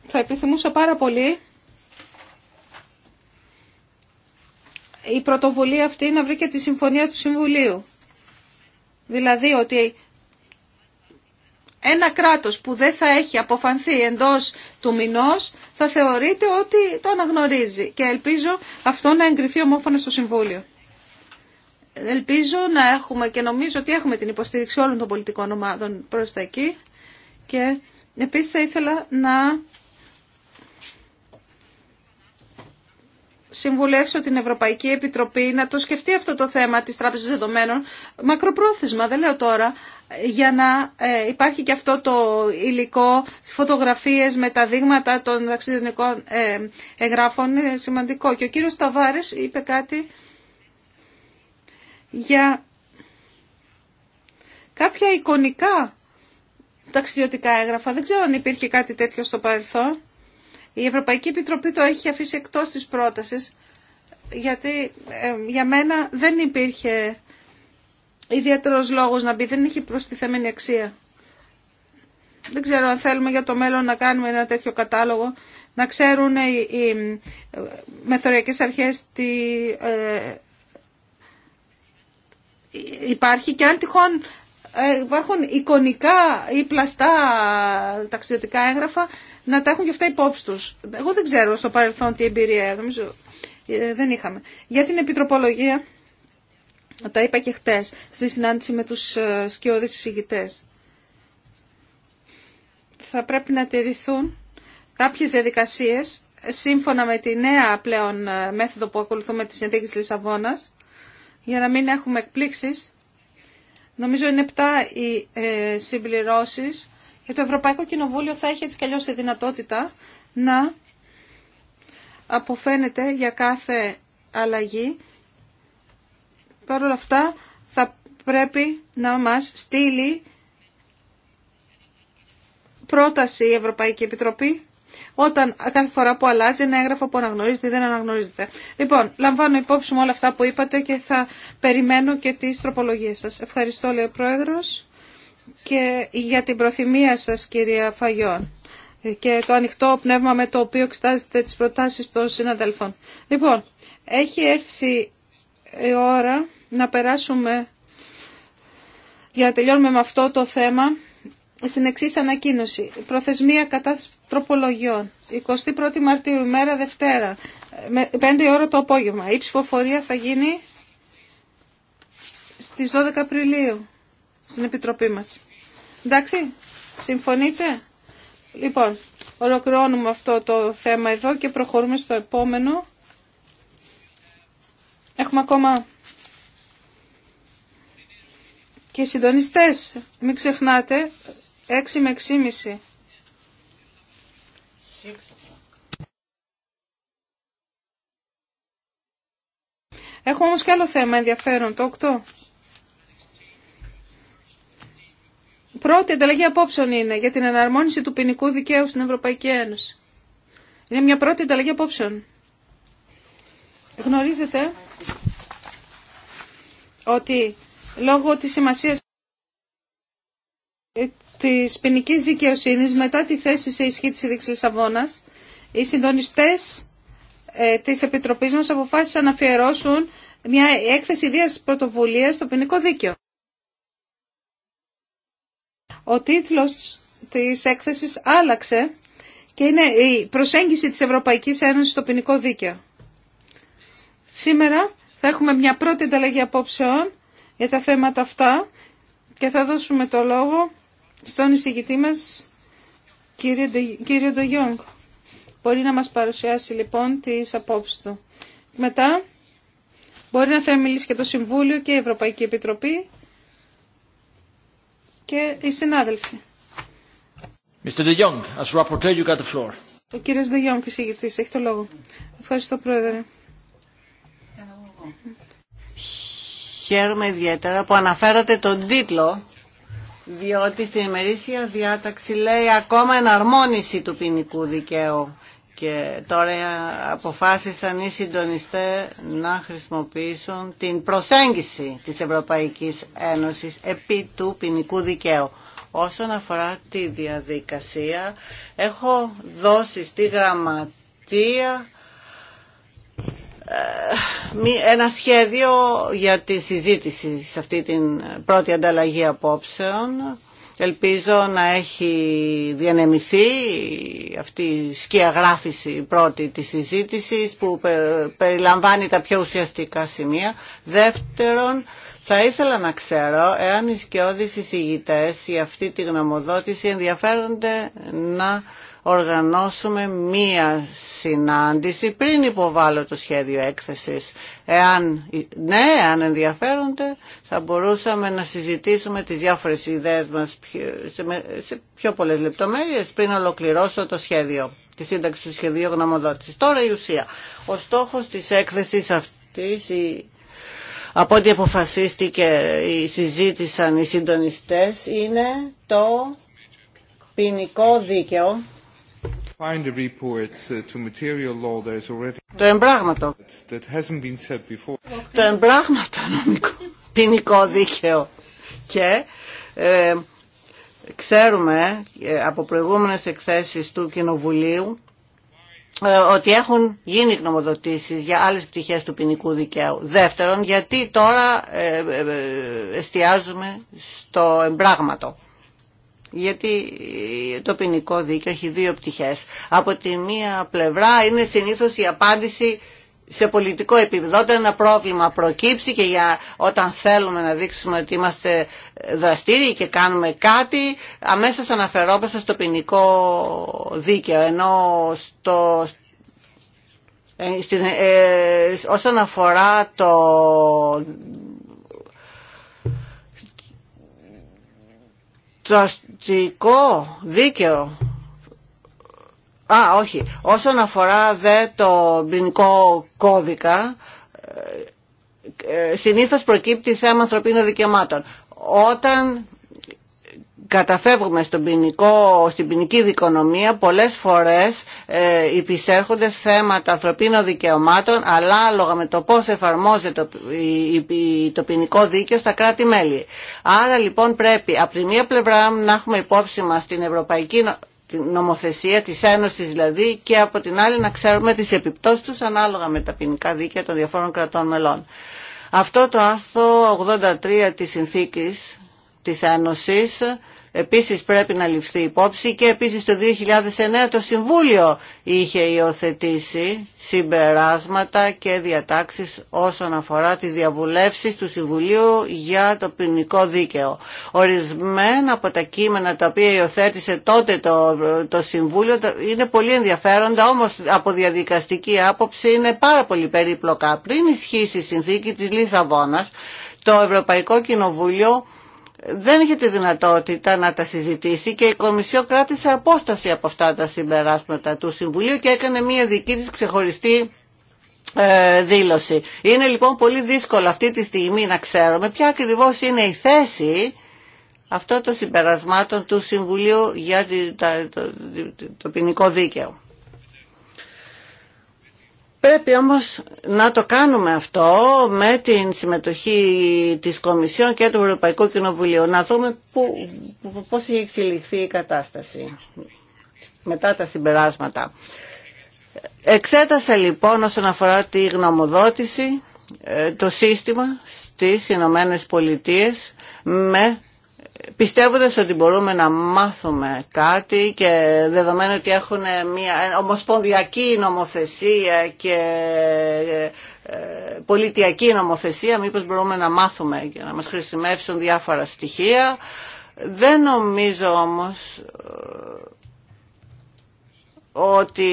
Θα επιθυμούσα πάρα πολύ η πρωτοβουλία αυτή να βρει και τη συμφωνία του Συμβουλίου. Δηλαδή ότι ένα κράτος που δεν θα έχει αποφανθεί εντός του μηνός θα θεωρείται ότι το αναγνωρίζει και ελπίζω αυτό να εγκριθεί ομόφωνα στο Συμβούλιο. Ελπίζω να έχουμε και νομίζω ότι έχουμε την υποστήριξη όλων των πολιτικών ομάδων προς τα εκεί και επίσης θα ήθελα να συμβουλεύσω την Ευρωπαϊκή Επιτροπή να το σκεφτεί αυτό το θέμα της Τράπεζας Δεδομένων μακροπρόθεσμα, δεν λέω τώρα, για να ε, υπάρχει και αυτό το υλικό, φωτογραφίες με τα δείγματα των ταξιδιωτικών ε, εγγράφων, είναι σημαντικό. Και ο κύριος Σταβάρης είπε κάτι για κάποια εικονικά ταξιδιωτικά έγγραφα. Δεν ξέρω αν υπήρχε κάτι τέτοιο στο παρελθόν. Η Ευρωπαϊκή Επιτροπή το έχει αφήσει εκτός της πρότασης, γιατί ε, για μένα δεν υπήρχε ιδιαίτερος λόγος να μπει, δεν έχει προστιθέμενη αξία. Δεν ξέρω αν θέλουμε για το μέλλον να κάνουμε ένα τέτοιο κατάλογο, να ξέρουν οι, οι μεθοριακές αρχές τι ε, υπάρχει και αν τυχόν ε, υπάρχουν εικονικά ή πλαστά ταξιδιωτικά έγγραφα να τα έχουν και αυτά υπόψη του. Εγώ δεν ξέρω στο παρελθόν τι εμπειρία νομίζω ε, δεν είχαμε. Για την επιτροπολογία, τα είπα και χτες, στη συνάντηση με τους ε, σκιώδει εισηγητές. Θα πρέπει να τηρηθούν κάποιε διαδικασίε σύμφωνα με τη νέα πλέον μέθοδο που ακολουθούμε τη συνθήκη της Λισαβόνας για να μην έχουμε εκπλήξεις. Νομίζω είναι 7 οι ε, συμπληρώσεις και το Ευρωπαϊκό Κοινοβούλιο θα έχει έτσι κι τη δυνατότητα να αποφαίνεται για κάθε αλλαγή. Παρ' όλα αυτά θα πρέπει να μας στείλει πρόταση η Ευρωπαϊκή Επιτροπή όταν κάθε φορά που αλλάζει ένα έγγραφο που αναγνωρίζεται ή δεν αναγνωρίζεται. Λοιπόν, λαμβάνω υπόψη μου όλα αυτά που είπατε και θα περιμένω και τις τροπολογίες σας. Ευχαριστώ, λέει ο Πρόεδρος, και για την προθυμία σας, κυρία Φαγιόν και το ανοιχτό πνεύμα με το οποίο εξετάζετε τις προτάσεις των συναδελφών. Λοιπόν, έχει έρθει η ώρα να περάσουμε για να τελειώνουμε με αυτό το θέμα στην εξή ανακοίνωση. ημέρα Δευτέρα κατάθεση τροπολογιών. 21η Μαρτίου, ημέρα Δευτέρα. 5 ώρα το απόγευμα. Η ψηφοφορία θα γίνει στις 12 Απριλίου στην Επιτροπή μας. Εντάξει, συμφωνείτε. Λοιπόν, ολοκληρώνουμε αυτό το θέμα εδώ και προχωρούμε στο επόμενο. Έχουμε ακόμα και συντονιστές. Μην ξεχνάτε, 6 με 6,5. Έχουμε όμως και άλλο θέμα ενδιαφέρον, το 8. Πρώτη ανταλλαγή απόψεων είναι για την εναρμόνιση του ποινικού δικαίου στην Ευρωπαϊκή Ένωση. Είναι μια πρώτη ανταλλαγή απόψεων. Γνωρίζετε ότι λόγω της σημασίας τη ποινική δικαιοσύνης μετά τη θέση σε ισχύ της Ειδικής αγώνα. οι συντονιστές ε, της Επιτροπής μας αποφάσισαν να αφιερώσουν μια έκθεση ιδίας πρωτοβουλία στο ποινικό δίκαιο. Ο τίτλος της έκθεσης άλλαξε και είναι η προσέγγιση της Ευρωπαϊκής Ένωσης στο ποινικό δίκαιο. Σήμερα θα έχουμε μια πρώτη ανταλλαγή απόψεων για τα θέματα αυτά και θα δώσουμε το λόγο στον εισηγητή μας, κύριο Ντογιόγκ. Μπορεί να μας παρουσιάσει λοιπόν τις απόψεις του. Μετά μπορεί να θέλει μιλήσει και το Συμβούλιο και η Ευρωπαϊκή Επιτροπή και οι συνάδελφοι. Mr. De Jong, as rapporteur, you got the floor. Ο κύριος De Jong, εισηγητής, έχει το λόγο. Ευχαριστώ, Πρόεδρε. Χαίρομαι ιδιαίτερα που αναφέρατε τον τίτλο διότι στην ημερήσια διάταξη λέει ακόμα εναρμόνιση του ποινικού δικαίου και τώρα αποφάσισαν οι συντονιστέ να χρησιμοποιήσουν την προσέγγιση της Ευρωπαϊκής Ένωσης επί του ποινικού δικαίου. Όσον αφορά τη διαδικασία, έχω δώσει στη γραμματεία ένα σχέδιο για τη συζήτηση σε αυτή την πρώτη ανταλλαγή απόψεων. Ελπίζω να έχει διανεμηθεί αυτή η σκιαγράφηση πρώτη της συζήτησης που περιλαμβάνει τα πιο ουσιαστικά σημεία. Δεύτερον, θα ήθελα να ξέρω εάν οι σκιώδεις εισηγητές για αυτή τη γνωμοδότηση ενδιαφέρονται να οργανώσουμε μία συνάντηση πριν υποβάλω το σχέδιο έκθεσης. Εάν, ναι, αν ενδιαφέρονται, θα μπορούσαμε να συζητήσουμε τις διάφορες ιδέες μας σε πιο πολλές λεπτομέρειες πριν ολοκληρώσω το σχέδιο, τη σύνταξη του σχεδίου γνωμοδότησης. Τώρα η ουσία. Ο στόχος της έκθεσης αυτής, η από ό,τι αποφασίστηκε ή συζήτησαν οι συντονιστές είναι το ποινικό δίκαιο Uh, Το εμπράγματο. Το εμπράγματο ποινικό δίκαιο. Και ε, ξέρουμε ε, από προηγούμενες εκθέσεις του Κοινοβουλίου ε, ότι έχουν γίνει γνωμοδοτήσεις για άλλες πτυχές του ποινικού δικαίου. Δεύτερον, γιατί τώρα εστιάζουμε στο εμπράγματο γιατί το ποινικό δίκαιο έχει δύο πτυχές. Από τη μία πλευρά είναι συνήθως η απάντηση σε πολιτικό επίπεδο, όταν ένα πρόβλημα προκύψει και για, όταν θέλουμε να δείξουμε ότι είμαστε δραστήριοι και κάνουμε κάτι, αμέσως αναφερόμαστε στο ποινικό δίκαιο, ενώ στο, στην, ε, όσον αφορά το το, κοινοτικό δίκαιο. Α, όχι. Όσον αφορά δε το ποινικό κώδικα, ε, ε, συνήθως προκύπτει θέμα ανθρωπίνων δικαιωμάτων. Όταν καταφεύγουμε στον ποινικό, στην ποινική δικονομία πολλές φορές ε, υπησέρχονται θέματα ανθρωπίνων δικαιωμάτων αλλά άλογα με το πώς εφαρμόζεται το, το ποινικό δίκαιο στα κράτη-μέλη. Άρα λοιπόν πρέπει από τη μία πλευρά να έχουμε υπόψη μας την ευρωπαϊκή νομοθεσία της Ένωσης δηλαδή και από την άλλη να ξέρουμε τις επιπτώσεις τους ανάλογα με τα ποινικά δίκαια των διαφόρων κρατών μελών. Αυτό το άρθρο 83 της συνθήκης της Ένωσης επίσης πρέπει να ληφθεί υπόψη και επίσης το 2009 το Συμβούλιο είχε υιοθετήσει συμπεράσματα και διατάξεις όσον αφορά τις διαβουλεύσεις του Συμβουλίου για το ποινικό δίκαιο. Ορισμένα από τα κείμενα τα οποία υιοθέτησε τότε το, το Συμβούλιο είναι πολύ ενδιαφέροντα, όμως από διαδικαστική άποψη είναι πάρα πολύ περίπλοκα. Πριν ισχύσει η συνθήκη της Λισαβόνας, το Ευρωπαϊκό Κοινοβούλιο δεν είχε τη δυνατότητα να τα συζητήσει και η Κομισιό κράτησε απόσταση από αυτά τα συμπεράσματα του Συμβουλίου και έκανε μια δική της ξεχωριστή ε, δήλωση. Είναι λοιπόν πολύ δύσκολο αυτή τη στιγμή να ξέρουμε ποια ακριβώς είναι η θέση αυτών των συμπερασμάτων του Συμβουλίου για το ποινικό δίκαιο. Πρέπει όμως να το κάνουμε αυτό με την συμμετοχή της Κομισιόν και του Ευρωπαϊκού Κοινοβουλίου. Να δούμε που, πώς έχει εξελιχθεί η κατάσταση μετά τα συμπεράσματα. Εξέτασα λοιπόν όσον αφορά τη γνωμοδότηση ε, το σύστημα στις Ηνωμένε Πολιτείες με πιστεύοντας ότι μπορούμε να μάθουμε κάτι και δεδομένου ότι έχουν μια ομοσπονδιακή νομοθεσία και ε, πολιτιακή νομοθεσία, μήπως μπορούμε να μάθουμε και να μας χρησιμεύσουν διάφορα στοιχεία. Δεν νομίζω όμως ότι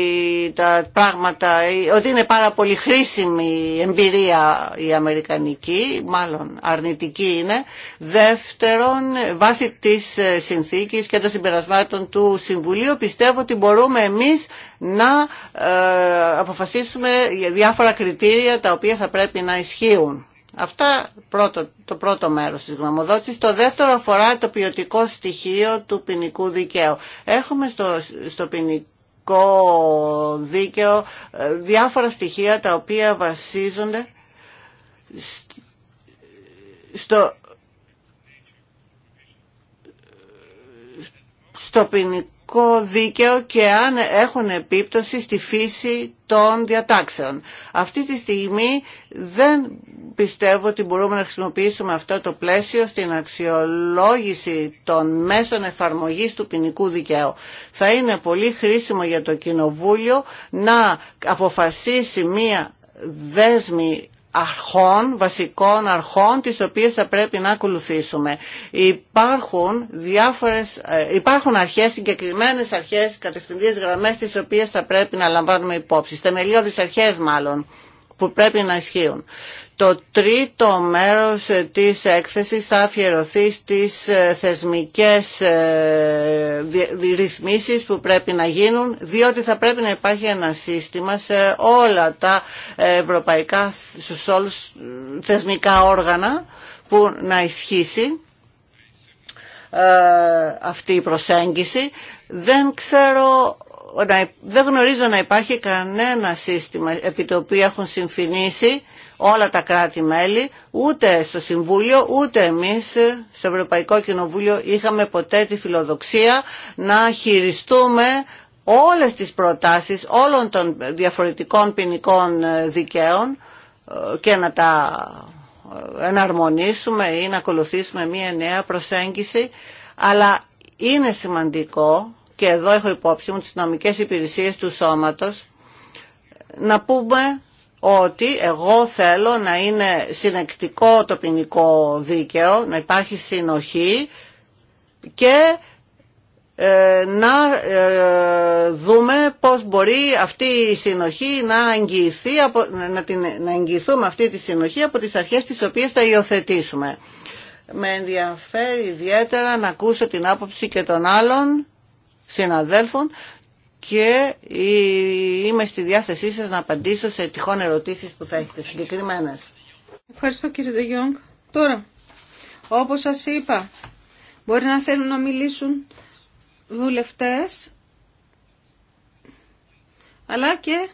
τα πράγματα, ότι είναι πάρα πολύ χρήσιμη εμπειρία η αμερικανική, μάλλον αρνητική είναι. Δεύτερον, βάσει της συνθήκης και των συμπερασμάτων του Συμβουλίου, πιστεύω ότι μπορούμε εμείς να ε, αποφασίσουμε διάφορα κριτήρια τα οποία θα πρέπει να ισχύουν. Αυτά πρώτο, το πρώτο μέρος της γνωμοδότησης. Το δεύτερο αφορά το ποιοτικό στοιχείο του ποινικού δικαίου. Έχουμε στο, στο ποινικό ποινικό δίκαιο, ε, διάφορα στοιχεία τα οποία βασίζονται στο, στο ποινικό δίκαιο και αν έχουν επίπτωση στη φύση των διατάξεων. Αυτή τη στιγμή δεν πιστεύω ότι μπορούμε να χρησιμοποιήσουμε αυτό το πλαίσιο στην αξιολόγηση των μέσων εφαρμογής του ποινικού δικαίου. Θα είναι πολύ χρήσιμο για το Κοινοβούλιο να αποφασίσει μία δέσμη αρχών, βασικών αρχών, τις οποίες θα πρέπει να ακολουθήσουμε. Υπάρχουν, διάφορες, ε, υπάρχουν αρχές, συγκεκριμένες αρχές, κατευθυντήριες γραμμές, τις οποίες θα πρέπει να λαμβάνουμε υπόψη. Στεμελιώδεις αρχές μάλλον που πρέπει να ισχύουν το τρίτο μέρος της έκθεσης θα αφιερωθεί στις ε, θεσμικές ε, ρυθμίσεις που πρέπει να γίνουν, διότι θα πρέπει να υπάρχει ένα σύστημα σε όλα τα ευρωπαϊκά στους όλους θεσμικά όργανα που να ισχύσει ε, αυτή η προσέγγιση. Δεν ξέρω δεν γνωρίζω να υπάρχει κανένα σύστημα επί το οποίο έχουν συμφωνήσει όλα τα κράτη-μέλη, ούτε στο Συμβούλιο, ούτε εμείς στο Ευρωπαϊκό Κοινοβούλιο είχαμε ποτέ τη φιλοδοξία να χειριστούμε όλες τις προτάσεις όλων των διαφορετικών ποινικών ε, δικαίων ε, και να τα ε, εναρμονίσουμε ή να ακολουθήσουμε μία νέα προσέγγιση, αλλά είναι σημαντικό, και εδώ έχω υπόψη μου τις νομικές υπηρεσίες του σώματος, να πούμε ότι εγώ θέλω να είναι συνεκτικό το ποινικό δίκαιο, να υπάρχει συνοχή και ε, να ε, δούμε πώς μπορεί αυτή η συνοχή να εγγυηθεί, να, την, να εγγυηθούμε αυτή τη συνοχή από τις αρχές τις οποίες θα υιοθετήσουμε. Με ενδιαφέρει ιδιαίτερα να ακούσω την άποψη και των άλλων συναδέλφων και είμαι στη διάθεσή σας να απαντήσω σε τυχόν ερωτήσεις που θα έχετε συγκεκριμένε. Ευχαριστώ κύριε Δεγιόγκ. Τώρα, όπως σας είπα, μπορεί να θέλουν να μιλήσουν βουλευτές, αλλά και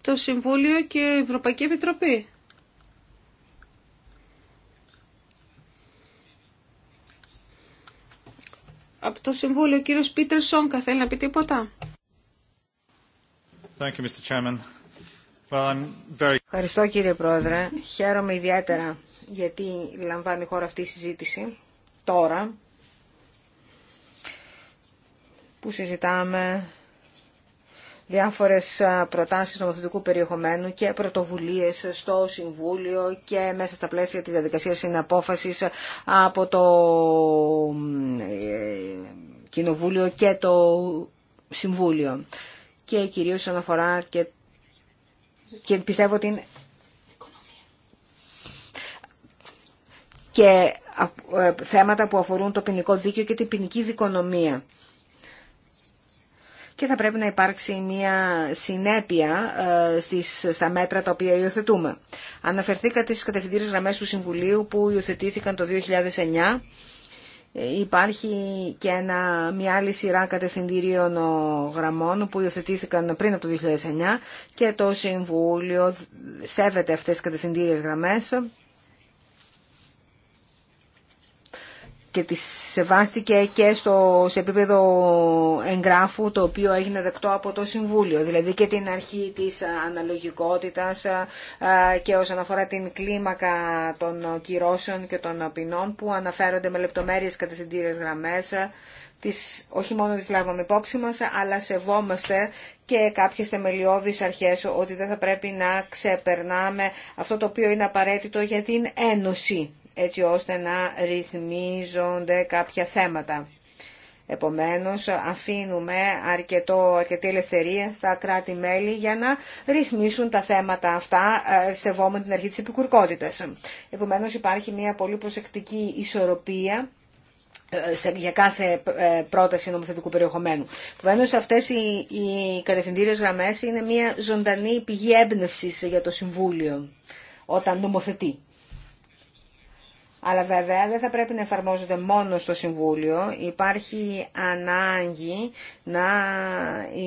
το Συμβούλιο και η Ευρωπαϊκή Επιτροπή. από το Συμβούλιο, ο κύριος Πίτερ Σόγκα. θέλει να πει τίποτα. Ευχαριστώ κύριε Πρόεδρε. Χαίρομαι ιδιαίτερα γιατί λαμβάνει η χώρα αυτή η συζήτηση τώρα που συζητάμε διάφορες προτάσεις νομοθετικού περιεχομένου και πρωτοβουλίες στο Συμβούλιο και μέσα στα πλαίσια της διαδικασίας συναπόφασης από το ε, Κοινοβούλιο και το Συμβούλιο και κυρίως αναφορά και, και πιστεύω την και ε, θέματα που αφορούν το ποινικό δίκαιο και την ποινική δικονομία και θα πρέπει να υπάρξει μια συνέπεια ε, στις, στα μέτρα τα οποία υιοθετούμε. Αναφερθήκατε στις κατευθυντήρες γραμμές του Συμβουλίου που υιοθετήθηκαν το 2009 ε, Υπάρχει και μια άλλη σειρά κατευθυντηρίων ε, γραμμών που υιοθετήθηκαν πριν από το 2009 και το Συμβούλιο σέβεται αυτές τις κατευθυντήριες γραμμές και τη σεβάστηκε και στο, σε επίπεδο εγγράφου το οποίο έγινε δεκτό από το Συμβούλιο, δηλαδή και την αρχή της αναλογικότητας και όσον αφορά την κλίμακα των κυρώσεων και των ποινών που αναφέρονται με λεπτομέρειες κατευθυντήρες γραμμές τις, όχι μόνο τις λάβουμε υπόψη μας, αλλά σεβόμαστε και κάποιες θεμελιώδεις αρχές ότι δεν θα πρέπει να ξεπερνάμε αυτό το οποίο είναι απαραίτητο για την ένωση έτσι ώστε να ρυθμίζονται κάποια θέματα. Επομένως, αφήνουμε αρκετό, αρκετή ελευθερία στα κράτη-μέλη για να ρυθμίσουν τα θέματα αυτά, ε, σεβόμενοι την αρχή της επικουρκότητας. Επομένως, υπάρχει μια πολύ προσεκτική ισορροπία ε, για κάθε ε, πρόταση νομοθετικού περιεχομένου. Επομένω, αυτέ οι, οι κατευθυντήριε γραμμέ είναι μια ζωντανή πηγή έμπνευση για το Συμβούλιο όταν νομοθετεί. Αλλά βέβαια δεν θα πρέπει να εφαρμόζονται μόνο στο Συμβούλιο. Υπάρχει ανάγκη να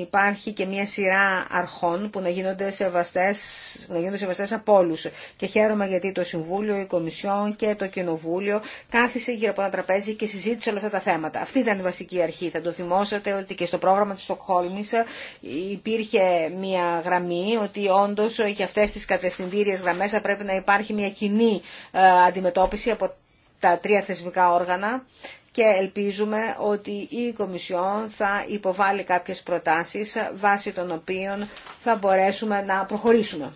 υπάρχει και μια σειρά αρχών που να γίνονται σεβαστές, να γίνονται σεβαστές από όλου. Και χαίρομαι γιατί το Συμβούλιο, η Κομισιόν και το Κοινοβούλιο κάθισε γύρω από ένα τραπέζι και συζήτησε όλα αυτά τα θέματα. Αυτή ήταν η βασική αρχή. Θα το θυμόσατε ότι και στο πρόγραμμα της Στοκχόλμης υπήρχε μια γραμμή ότι όντω και αυτές τις κατευθυντήριες γραμμές θα πρέπει να υπάρχει μια κοινή ε, αντιμετώπιση τα τρία θεσμικά όργανα και ελπίζουμε ότι η Κομισιόν θα υποβάλει κάποιες προτάσεις βάσει των οποίων θα μπορέσουμε να προχωρήσουμε.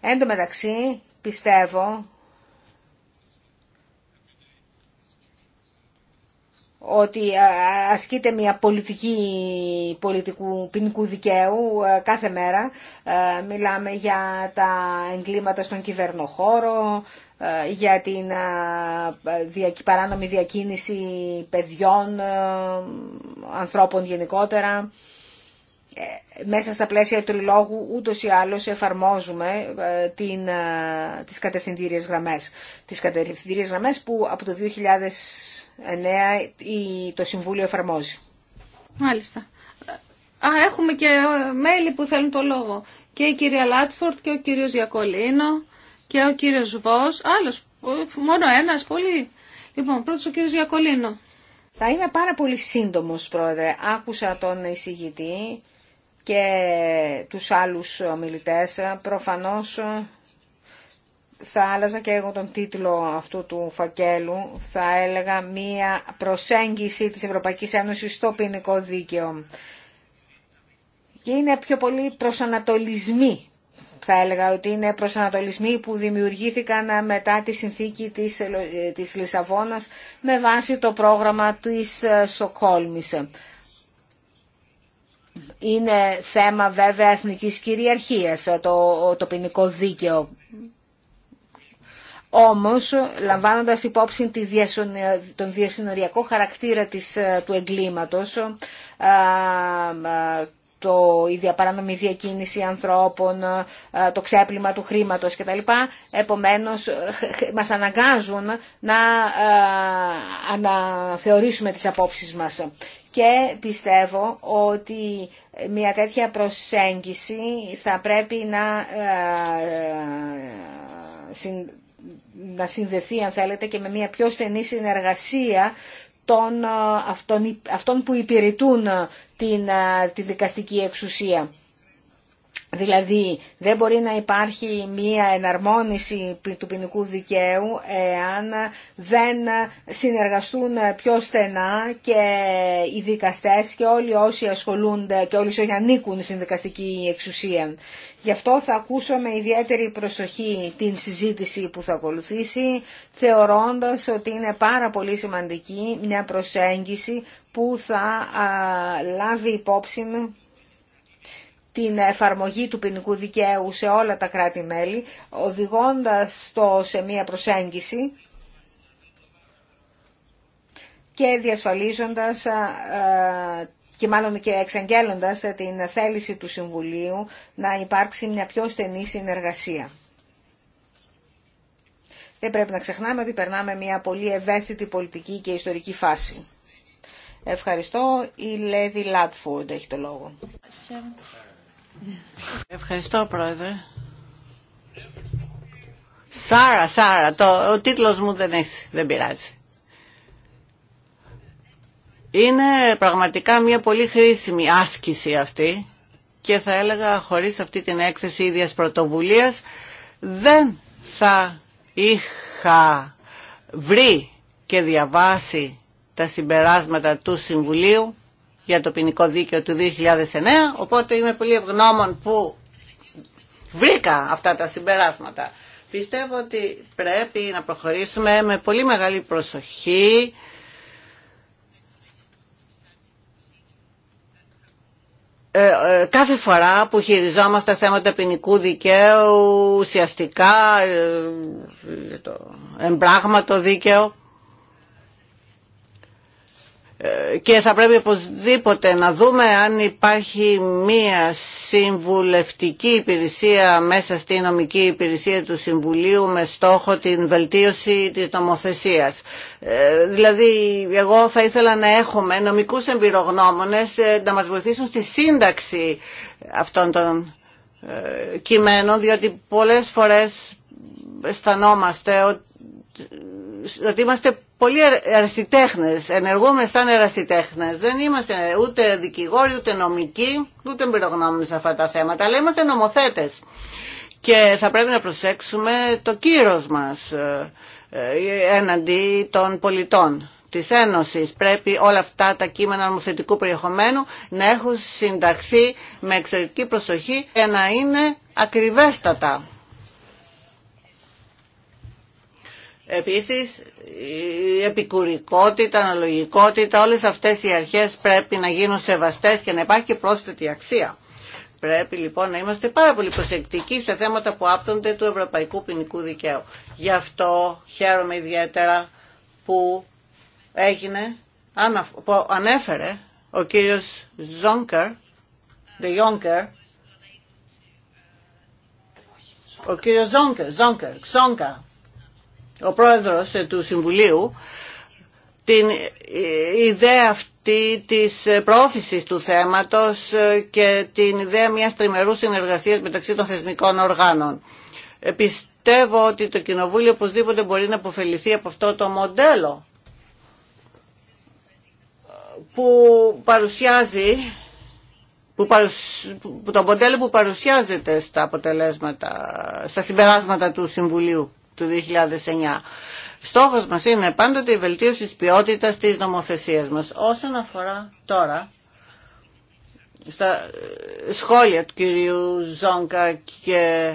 Εν τω μεταξύ πιστεύω ότι ε, ασκείται μια πολιτική πολιτικού ποινικού δικαίου ε, κάθε μέρα. Ε, μιλάμε για τα εγκλήματα στον κυβερνοχώρο, ε, για την ε, ε, παράνομη διακίνηση παιδιών, ανθρώπων γενικότερα. Μέσα στα πλαίσια του τριλόγου ούτως ή άλλως εφαρμόζουμε την, τις κατευθυντήριες γραμμές. Τις κατευθυντήριες γραμμές που από το 2009 το Συμβούλιο εφαρμόζει. Μάλιστα. Α, έχουμε και μέλη που θέλουν το λόγο. Και η κυρία Λάτσφορτ και ο κύριος Γιακολίνο και ο κύριος Βό, άλλο. μόνο ένα πολύ. Λοιπόν, πρώτος ο κύριος Γιακολίνο. Θα είμαι πάρα πολύ σύντομο, πρόεδρε. Άκουσα τον εισηγητή και τους άλλους ομιλητές. Προφανώς θα άλλαζα και εγώ τον τίτλο αυτού του φακέλου. Θα έλεγα μία προσέγγιση της Ευρωπαϊκής Ένωσης στο ποινικό δίκαιο. Και είναι πιο πολύ προσανατολισμοί θα έλεγα ότι είναι προσανατολισμοί που δημιουργήθηκαν μετά τη συνθήκη της, ε, της Λισαβόνας με βάση το πρόγραμμα της ε, Στοκχόλμης. Είναι θέμα βέβαια εθνικής κυριαρχίας ε, το, το ποινικό δίκαιο. Όμως, λαμβάνοντας υπόψη τη τον διασυνοριακό χαρακτήρα της, του εγκλήματος, το, η διαπαρανομή διακίνηση ανθρώπων, ε, το ξέπλυμα του χρήματος κτλ. Επομένως, ε, μας αναγκάζουν να ε, αναθεωρήσουμε τις απόψεις μας. Και πιστεύω ότι μια τέτοια προσέγγιση θα πρέπει να, να συνδεθεί, αν θέλετε, και με μια πιο στενή συνεργασία ε, αυτών, αυτών που υπηρετούν ε, την, ε, τη δικαστική εξουσία. Δηλαδή δεν μπορεί να υπάρχει μία εναρμόνιση του ποινικού δικαίου εάν δεν συνεργαστούν πιο στενά και οι δικαστές και όλοι όσοι ασχολούνται και όλοι όσοι ανήκουν στην δικαστική εξουσία. Γι' αυτό θα ακούσω με ιδιαίτερη προσοχή την συζήτηση που θα ακολουθήσει, θεωρώντας ότι είναι πάρα πολύ σημαντική μια προσέγγιση που θα λάβει υπόψη την εφαρμογή του ποινικού δικαίου σε όλα τα κράτη-μέλη, οδηγώντας το σε μία προσέγγιση και διασφαλίζοντας και μάλλον και εξαγγέλλοντας την θέληση του Συμβουλίου να υπάρξει μια πιο στενή συνεργασία. Δεν πρέπει να ξεχνάμε ότι περνάμε μια πολύ ευαίσθητη πολιτική και ιστορική φάση. Ευχαριστώ. Η Λέδη Λάτφορντ έχει το λόγο. Ευχαριστώ, Πρόεδρε. Σάρα, Σάρα, το, ο τίτλος μου δεν, έχει, δεν πειράζει. Είναι πραγματικά μια πολύ χρήσιμη άσκηση αυτή και θα έλεγα χωρίς αυτή την έκθεση ίδιας πρωτοβουλίας δεν θα είχα βρει και διαβάσει τα συμπεράσματα του Συμβουλίου για το ποινικό δίκαιο του 2009, οπότε είμαι πολύ ευγνώμων που βρήκα αυτά τα συμπεράσματα. Πιστεύω ότι πρέπει να προχωρήσουμε με πολύ μεγάλη προσοχή ε, ε, κάθε φορά που χειριζόμαστε θέματα ποινικού δικαίου, ουσιαστικά ε, το εμπράγματο δίκαιο, και θα πρέπει οπωσδήποτε να δούμε αν υπάρχει μία συμβουλευτική υπηρεσία μέσα στη νομική υπηρεσία του Συμβουλίου με στόχο την βελτίωση της νομοθεσίας. Ε, δηλαδή, εγώ θα ήθελα να έχουμε νομικούς εμπειρογνώμονες ε, να μας βοηθήσουν στη σύνταξη αυτών των ε, κειμένων, διότι πολλές φορές αισθανόμαστε ότι είμαστε πολλοί ερασιτέχνε. ενεργούμε σαν ερασιτέχνε. Δεν είμαστε ούτε δικηγόροι, ούτε νομικοί, ούτε εμπειρογνώμονες σε αυτά τα θέματα, αλλά είμαστε νομοθέτες. Και θα πρέπει να προσέξουμε το κύρος μας ε, ε, έναντι των πολιτών της Ένωσης. Πρέπει όλα αυτά τα κείμενα νομοθετικού περιεχομένου να έχουν συνταχθεί με εξαιρετική προσοχή και να είναι ακριβέστατα. Επίσης, η επικουρικότητα, η αναλογικότητα, όλες αυτές οι αρχές πρέπει να γίνουν σεβαστές και να υπάρχει και πρόσθετη αξία. Πρέπει λοιπόν να είμαστε πάρα πολύ προσεκτικοί σε θέματα που άπτονται του Ευρωπαϊκού Ποινικού Δικαίου. Γι' αυτό χαίρομαι ιδιαίτερα που έγινε, που ανέφερε ο κύριος Ζόνκερ, ο κύριος Ζόνκερ, Ζόνκερ, ο πρόεδρος ε, του Συμβουλίου την ε, ιδέα αυτή της ε, πρόωθησης του θέματος και την ιδέα μιας τριμερούς συνεργασίας μεταξύ των θεσμικών οργάνων. Πιστεύω ότι το Κοινοβούλιο οπωσδήποτε μπορεί να αποφεληθεί από αυτό το μοντέλο που παρουσιάζει που, το μοντέλο που παρουσιάζεται στα αποτελέσματα, στα συμπεράσματα του Συμβουλίου του 2009. Στόχος μας είναι πάντοτε η βελτίωση της ποιότητας της νομοθεσίας μας. Όσον αφορά τώρα στα ε, σχόλια του κυρίου Ζόγκα και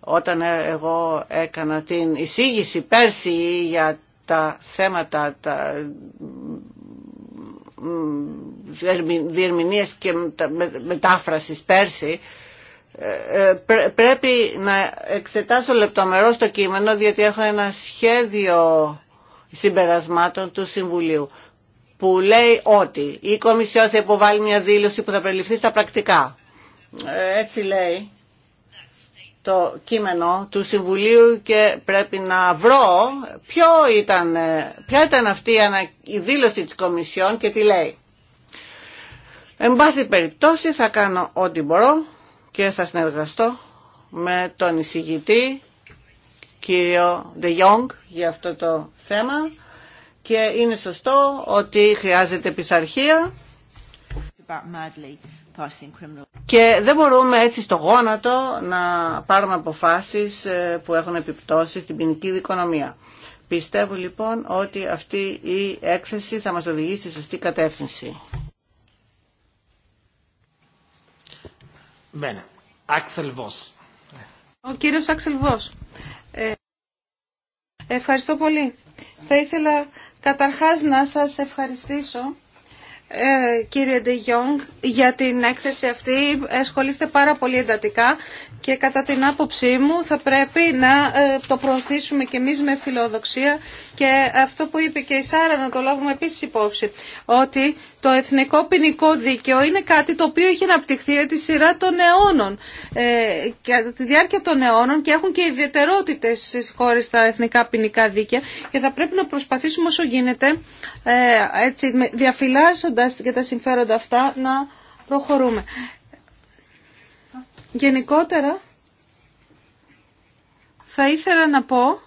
όταν εγώ έκανα την εισήγηση πέρσι για τα θέματα τα διερμηνίες και μετάφρασης πέρσι ε, ε, πρέπει να εξετάσω λεπτομερώς το κείμενο διότι έχω ένα σχέδιο συμπερασμάτων του Συμβουλίου που λέει ότι η Κομισιόν θα υποβάλει μια δήλωση που θα περιληφθεί στα πρακτικά. Ε, έτσι λέει το κείμενο του Συμβουλίου και πρέπει να βρω ήταν, ποια ήταν αυτή η δήλωση της Κομισιόν και τι λέει. Εν πάση περιπτώσει θα κάνω ό,τι μπορώ και θα συνεργαστώ με τον εισηγητή κύριο De Jong για αυτό το θέμα και είναι σωστό ότι χρειάζεται πειθαρχία και δεν μπορούμε έτσι στο γόνατο να πάρουμε αποφάσεις ε, που έχουν επιπτώσει στην ποινική δικονομία. Πιστεύω λοιπόν ότι αυτή η έκθεση θα μας οδηγήσει στη σωστή κατεύθυνση. Bene. Axel Ο κύριος Άξελ ευχαριστώ πολύ. Θα ήθελα καταρχάς να σας ευχαριστήσω ε, κύριε Ντε για την έκθεση αυτή. Ε, ασχολείστε πάρα πολύ εντατικά και κατά την άποψή μου θα πρέπει να ε, το προωθήσουμε και εμείς με φιλοδοξία και αυτό που είπε και η Σάρα να το λάβουμε επίσης υπόψη, ότι το εθνικό ποινικό δίκαιο είναι κάτι το οποίο έχει αναπτυχθεί για τη σειρά των αιώνων. Ε, και τη διάρκεια των αιώνων και έχουν και ιδιαιτερότητες στις χώρες τα εθνικά ποινικά δίκαια και θα πρέπει να προσπαθήσουμε όσο γίνεται, ε, έτσι, διαφυλάσσοντας και τα συμφέροντα αυτά, να προχωρούμε. Γενικότερα, θα ήθελα να πω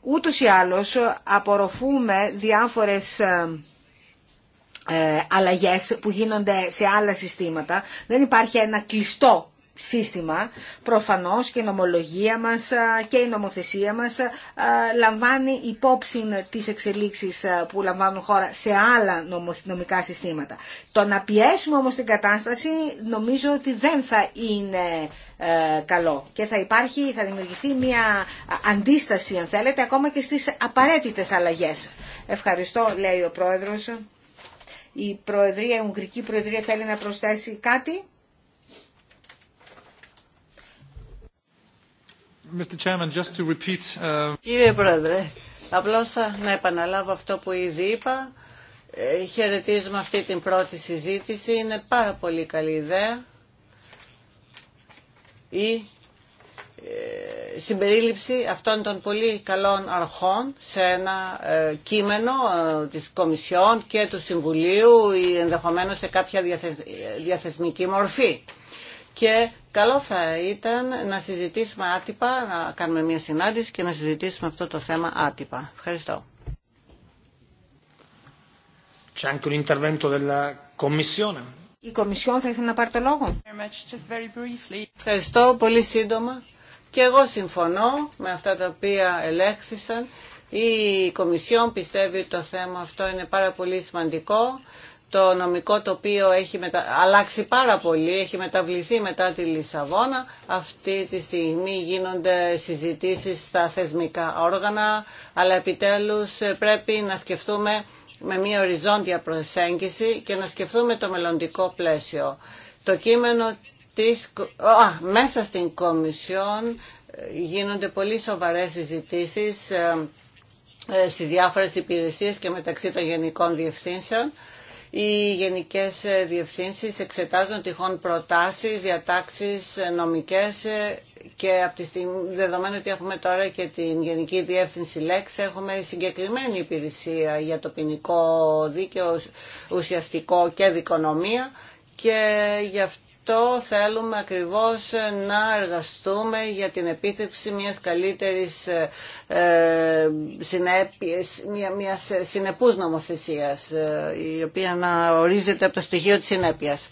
ούτως ή άλλως απορροφούμε διάφορες ε, ε, αλλαγές που γίνονται σε άλλα συστήματα. Δεν υπάρχει ένα κλειστό σύστημα. Προφανώς και η νομολογία μας ε, και η νομοθεσία μας λαμβάνει υπόψη τις εξελίξεις που λαμβάνουν χώρα σε άλλα νομικά συστήματα. Το να πιέσουμε όμως την κατάσταση νομίζω ότι δεν θα είναι ε, καλό. Και θα υπάρχει, θα δημιουργηθεί μια αντίσταση, αν θέλετε, ακόμα και στις απαραίτητες αλλαγές. Ευχαριστώ, λέει ο Πρόεδρος. Η Προεδρία, η Ουγγρική Προεδρία θέλει να προσθέσει κάτι. Mr. Chairman, uh, Κύριε Πρόεδρε, απλώς θα να επαναλάβω αυτό που ήδη είπα. Ε, χαιρετίζουμε αυτή την πρώτη συζήτηση. Είναι πάρα πολύ καλή ιδέα η ε, συμπερίληψη αυτών των πολύ καλών αρχών σε ένα ε, κείμενο ε, της Κομισιόν και του Συμβουλίου ή ενδεχομένως σε κάποια διαθεσμική μορφή. Και καλό θα ήταν να συζητήσουμε άτυπα, να κάνουμε μια συνάντηση και να συζητήσουμε αυτό το θέμα άτυπα. Ευχαριστώ. Η Κομισιόν θα ήθελε να πάρει το λόγο. Ευχαριστώ πολύ σύντομα. Και εγώ συμφωνώ με αυτά τα οποία ελέγχθησαν. Η Κομισιόν πιστεύει ότι το θέμα αυτό είναι πάρα πολύ σημαντικό. Το νομικό τοπίο έχει μετα... αλλάξει πάρα πολύ, έχει μεταβληθεί μετά τη Λισαβόνα. Αυτή τη στιγμή γίνονται συζητήσεις στα θεσμικά όργανα, αλλά επιτέλους πρέπει να σκεφτούμε με μια οριζόντια προσέγγιση και να σκεφτούμε το μελλοντικό πλαίσιο. Το κείμενο της, μέσα στην Κομισιόν ε, γίνονται πολύ σοβαρές συζητήσεις ε, ε, στις διάφορες υπηρεσίες και μεταξύ των γενικών διευθύνσεων. Οι γενικές διευθύνσεις εξετάζουν τυχόν προτάσεις, διατάξεις νομικές και από τη στιγμή, δεδομένου ότι έχουμε τώρα και την Γενική Διεύθυνση Λέξη, έχουμε συγκεκριμένη υπηρεσία για το ποινικό δίκαιο, ουσιαστικό και δικονομία και γι' αυτό θέλουμε ακριβώς να εργαστούμε για την επίτευξη μιας καλύτερης ε, συνέπειας, μια, μιας συνεπούς νομοθεσίας, ε, η οποία να ορίζεται από το στοιχείο της συνέπειας.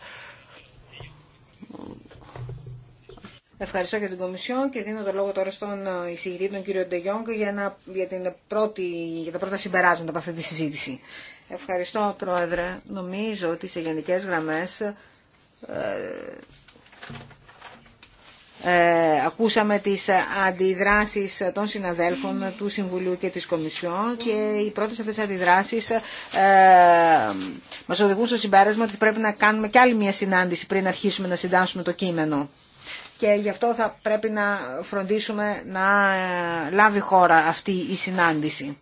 Ευχαριστώ για την Κομισιόν και δίνω το λόγο τώρα στον ε, εισηγητή, τον κύριο Ντεγιόγκ, για, να, για, την πρώτη, για τα πρώτα συμπεράσματα από αυτή τη συζήτηση. Ευχαριστώ, Πρόεδρε. Νομίζω ότι σε γενικές γραμμές ε, ε, ακούσαμε τις αντιδράσεις των συναδέλφων του Συμβουλίου και της Κομισιόν και οι πρώτες αυτές αντιδράσεις ε, μας οδηγούν στο συμπέρασμα ότι πρέπει να κάνουμε και άλλη μια συνάντηση πριν αρχίσουμε να συντάσσουμε το κείμενο και γι' αυτό θα πρέπει να φροντίσουμε να ε, λάβει χώρα αυτή η συνάντηση.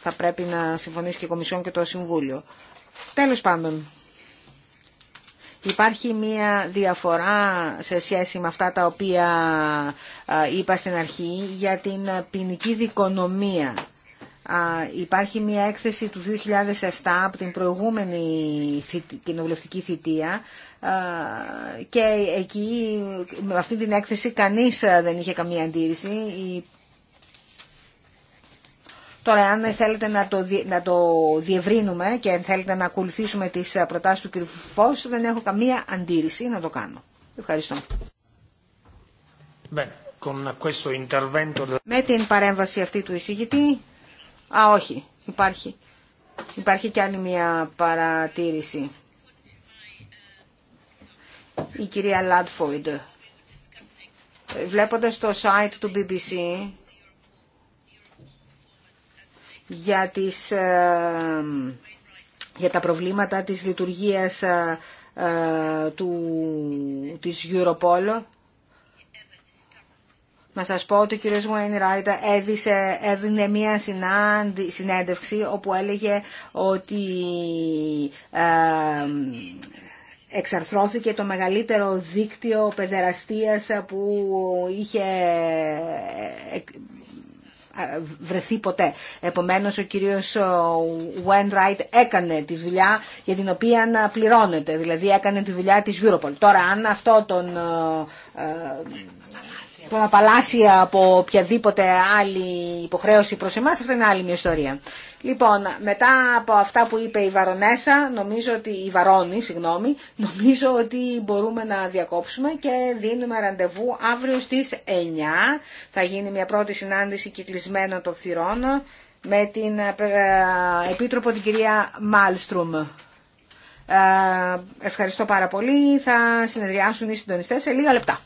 Θα πρέπει να συμφωνήσει και η Κομισιόν και το Συμβούλιο. Τέλος πάντων, υπάρχει μία διαφορά σε σχέση με αυτά τα οποία ε, είπα στην αρχή για την ποινική δικονομία υπάρχει μια έκθεση του 2007 από την προηγούμενη κοινοβουλευτική θητεία και εκεί με αυτή την έκθεση κανείς δεν είχε καμία αντίρρηση. Τώρα, αν θέλετε να το, να διευρύνουμε και αν θέλετε να ακολουθήσουμε τις προτάσεις του κ. Φως, δεν έχω καμία αντίρρηση να το κάνω. Ευχαριστώ. Με την παρέμβαση αυτή του εισηγητή, Α, όχι. Υπάρχει. Υπάρχει κι άλλη μια παρατήρηση. Η κυρία Λάντφοιντ. Βλέποντας το site του BBC για, τις, ε, για τα προβλήματα της λειτουργίας ε, ε, του, της Europol, να σας πω ότι ο κύριος Βουέν Ράιτα έδισε, έδινε μία συνέντευξη όπου έλεγε ότι ε, εξαρθρώθηκε το μεγαλύτερο δίκτυο παιδεραστίας που είχε ε, ε, βρεθεί ποτέ. Επομένως ο κύριος Wainwright έκανε τη δουλειά για την οποία να πληρώνεται, δηλαδή έκανε τη δουλειά της Europol. Τώρα αν αυτό τον ε, το να παλάσει από οποιαδήποτε άλλη υποχρέωση προς εμάς, αυτό είναι άλλη μια ιστορία. Λοιπόν, μετά από αυτά που είπε η Βαρονέσα, νομίζω ότι, η Βαρόνη, συγγνώμη, νομίζω ότι μπορούμε να διακόψουμε και δίνουμε ραντεβού αύριο στις 9. Θα γίνει μια πρώτη συνάντηση κυκλισμένων των θυρών με την ε, Επίτροπο την κυρία Μάλστρουμ. Ε, ευχαριστώ πάρα πολύ. Θα συνεδριάσουν οι συντονιστές σε λίγα λεπτά.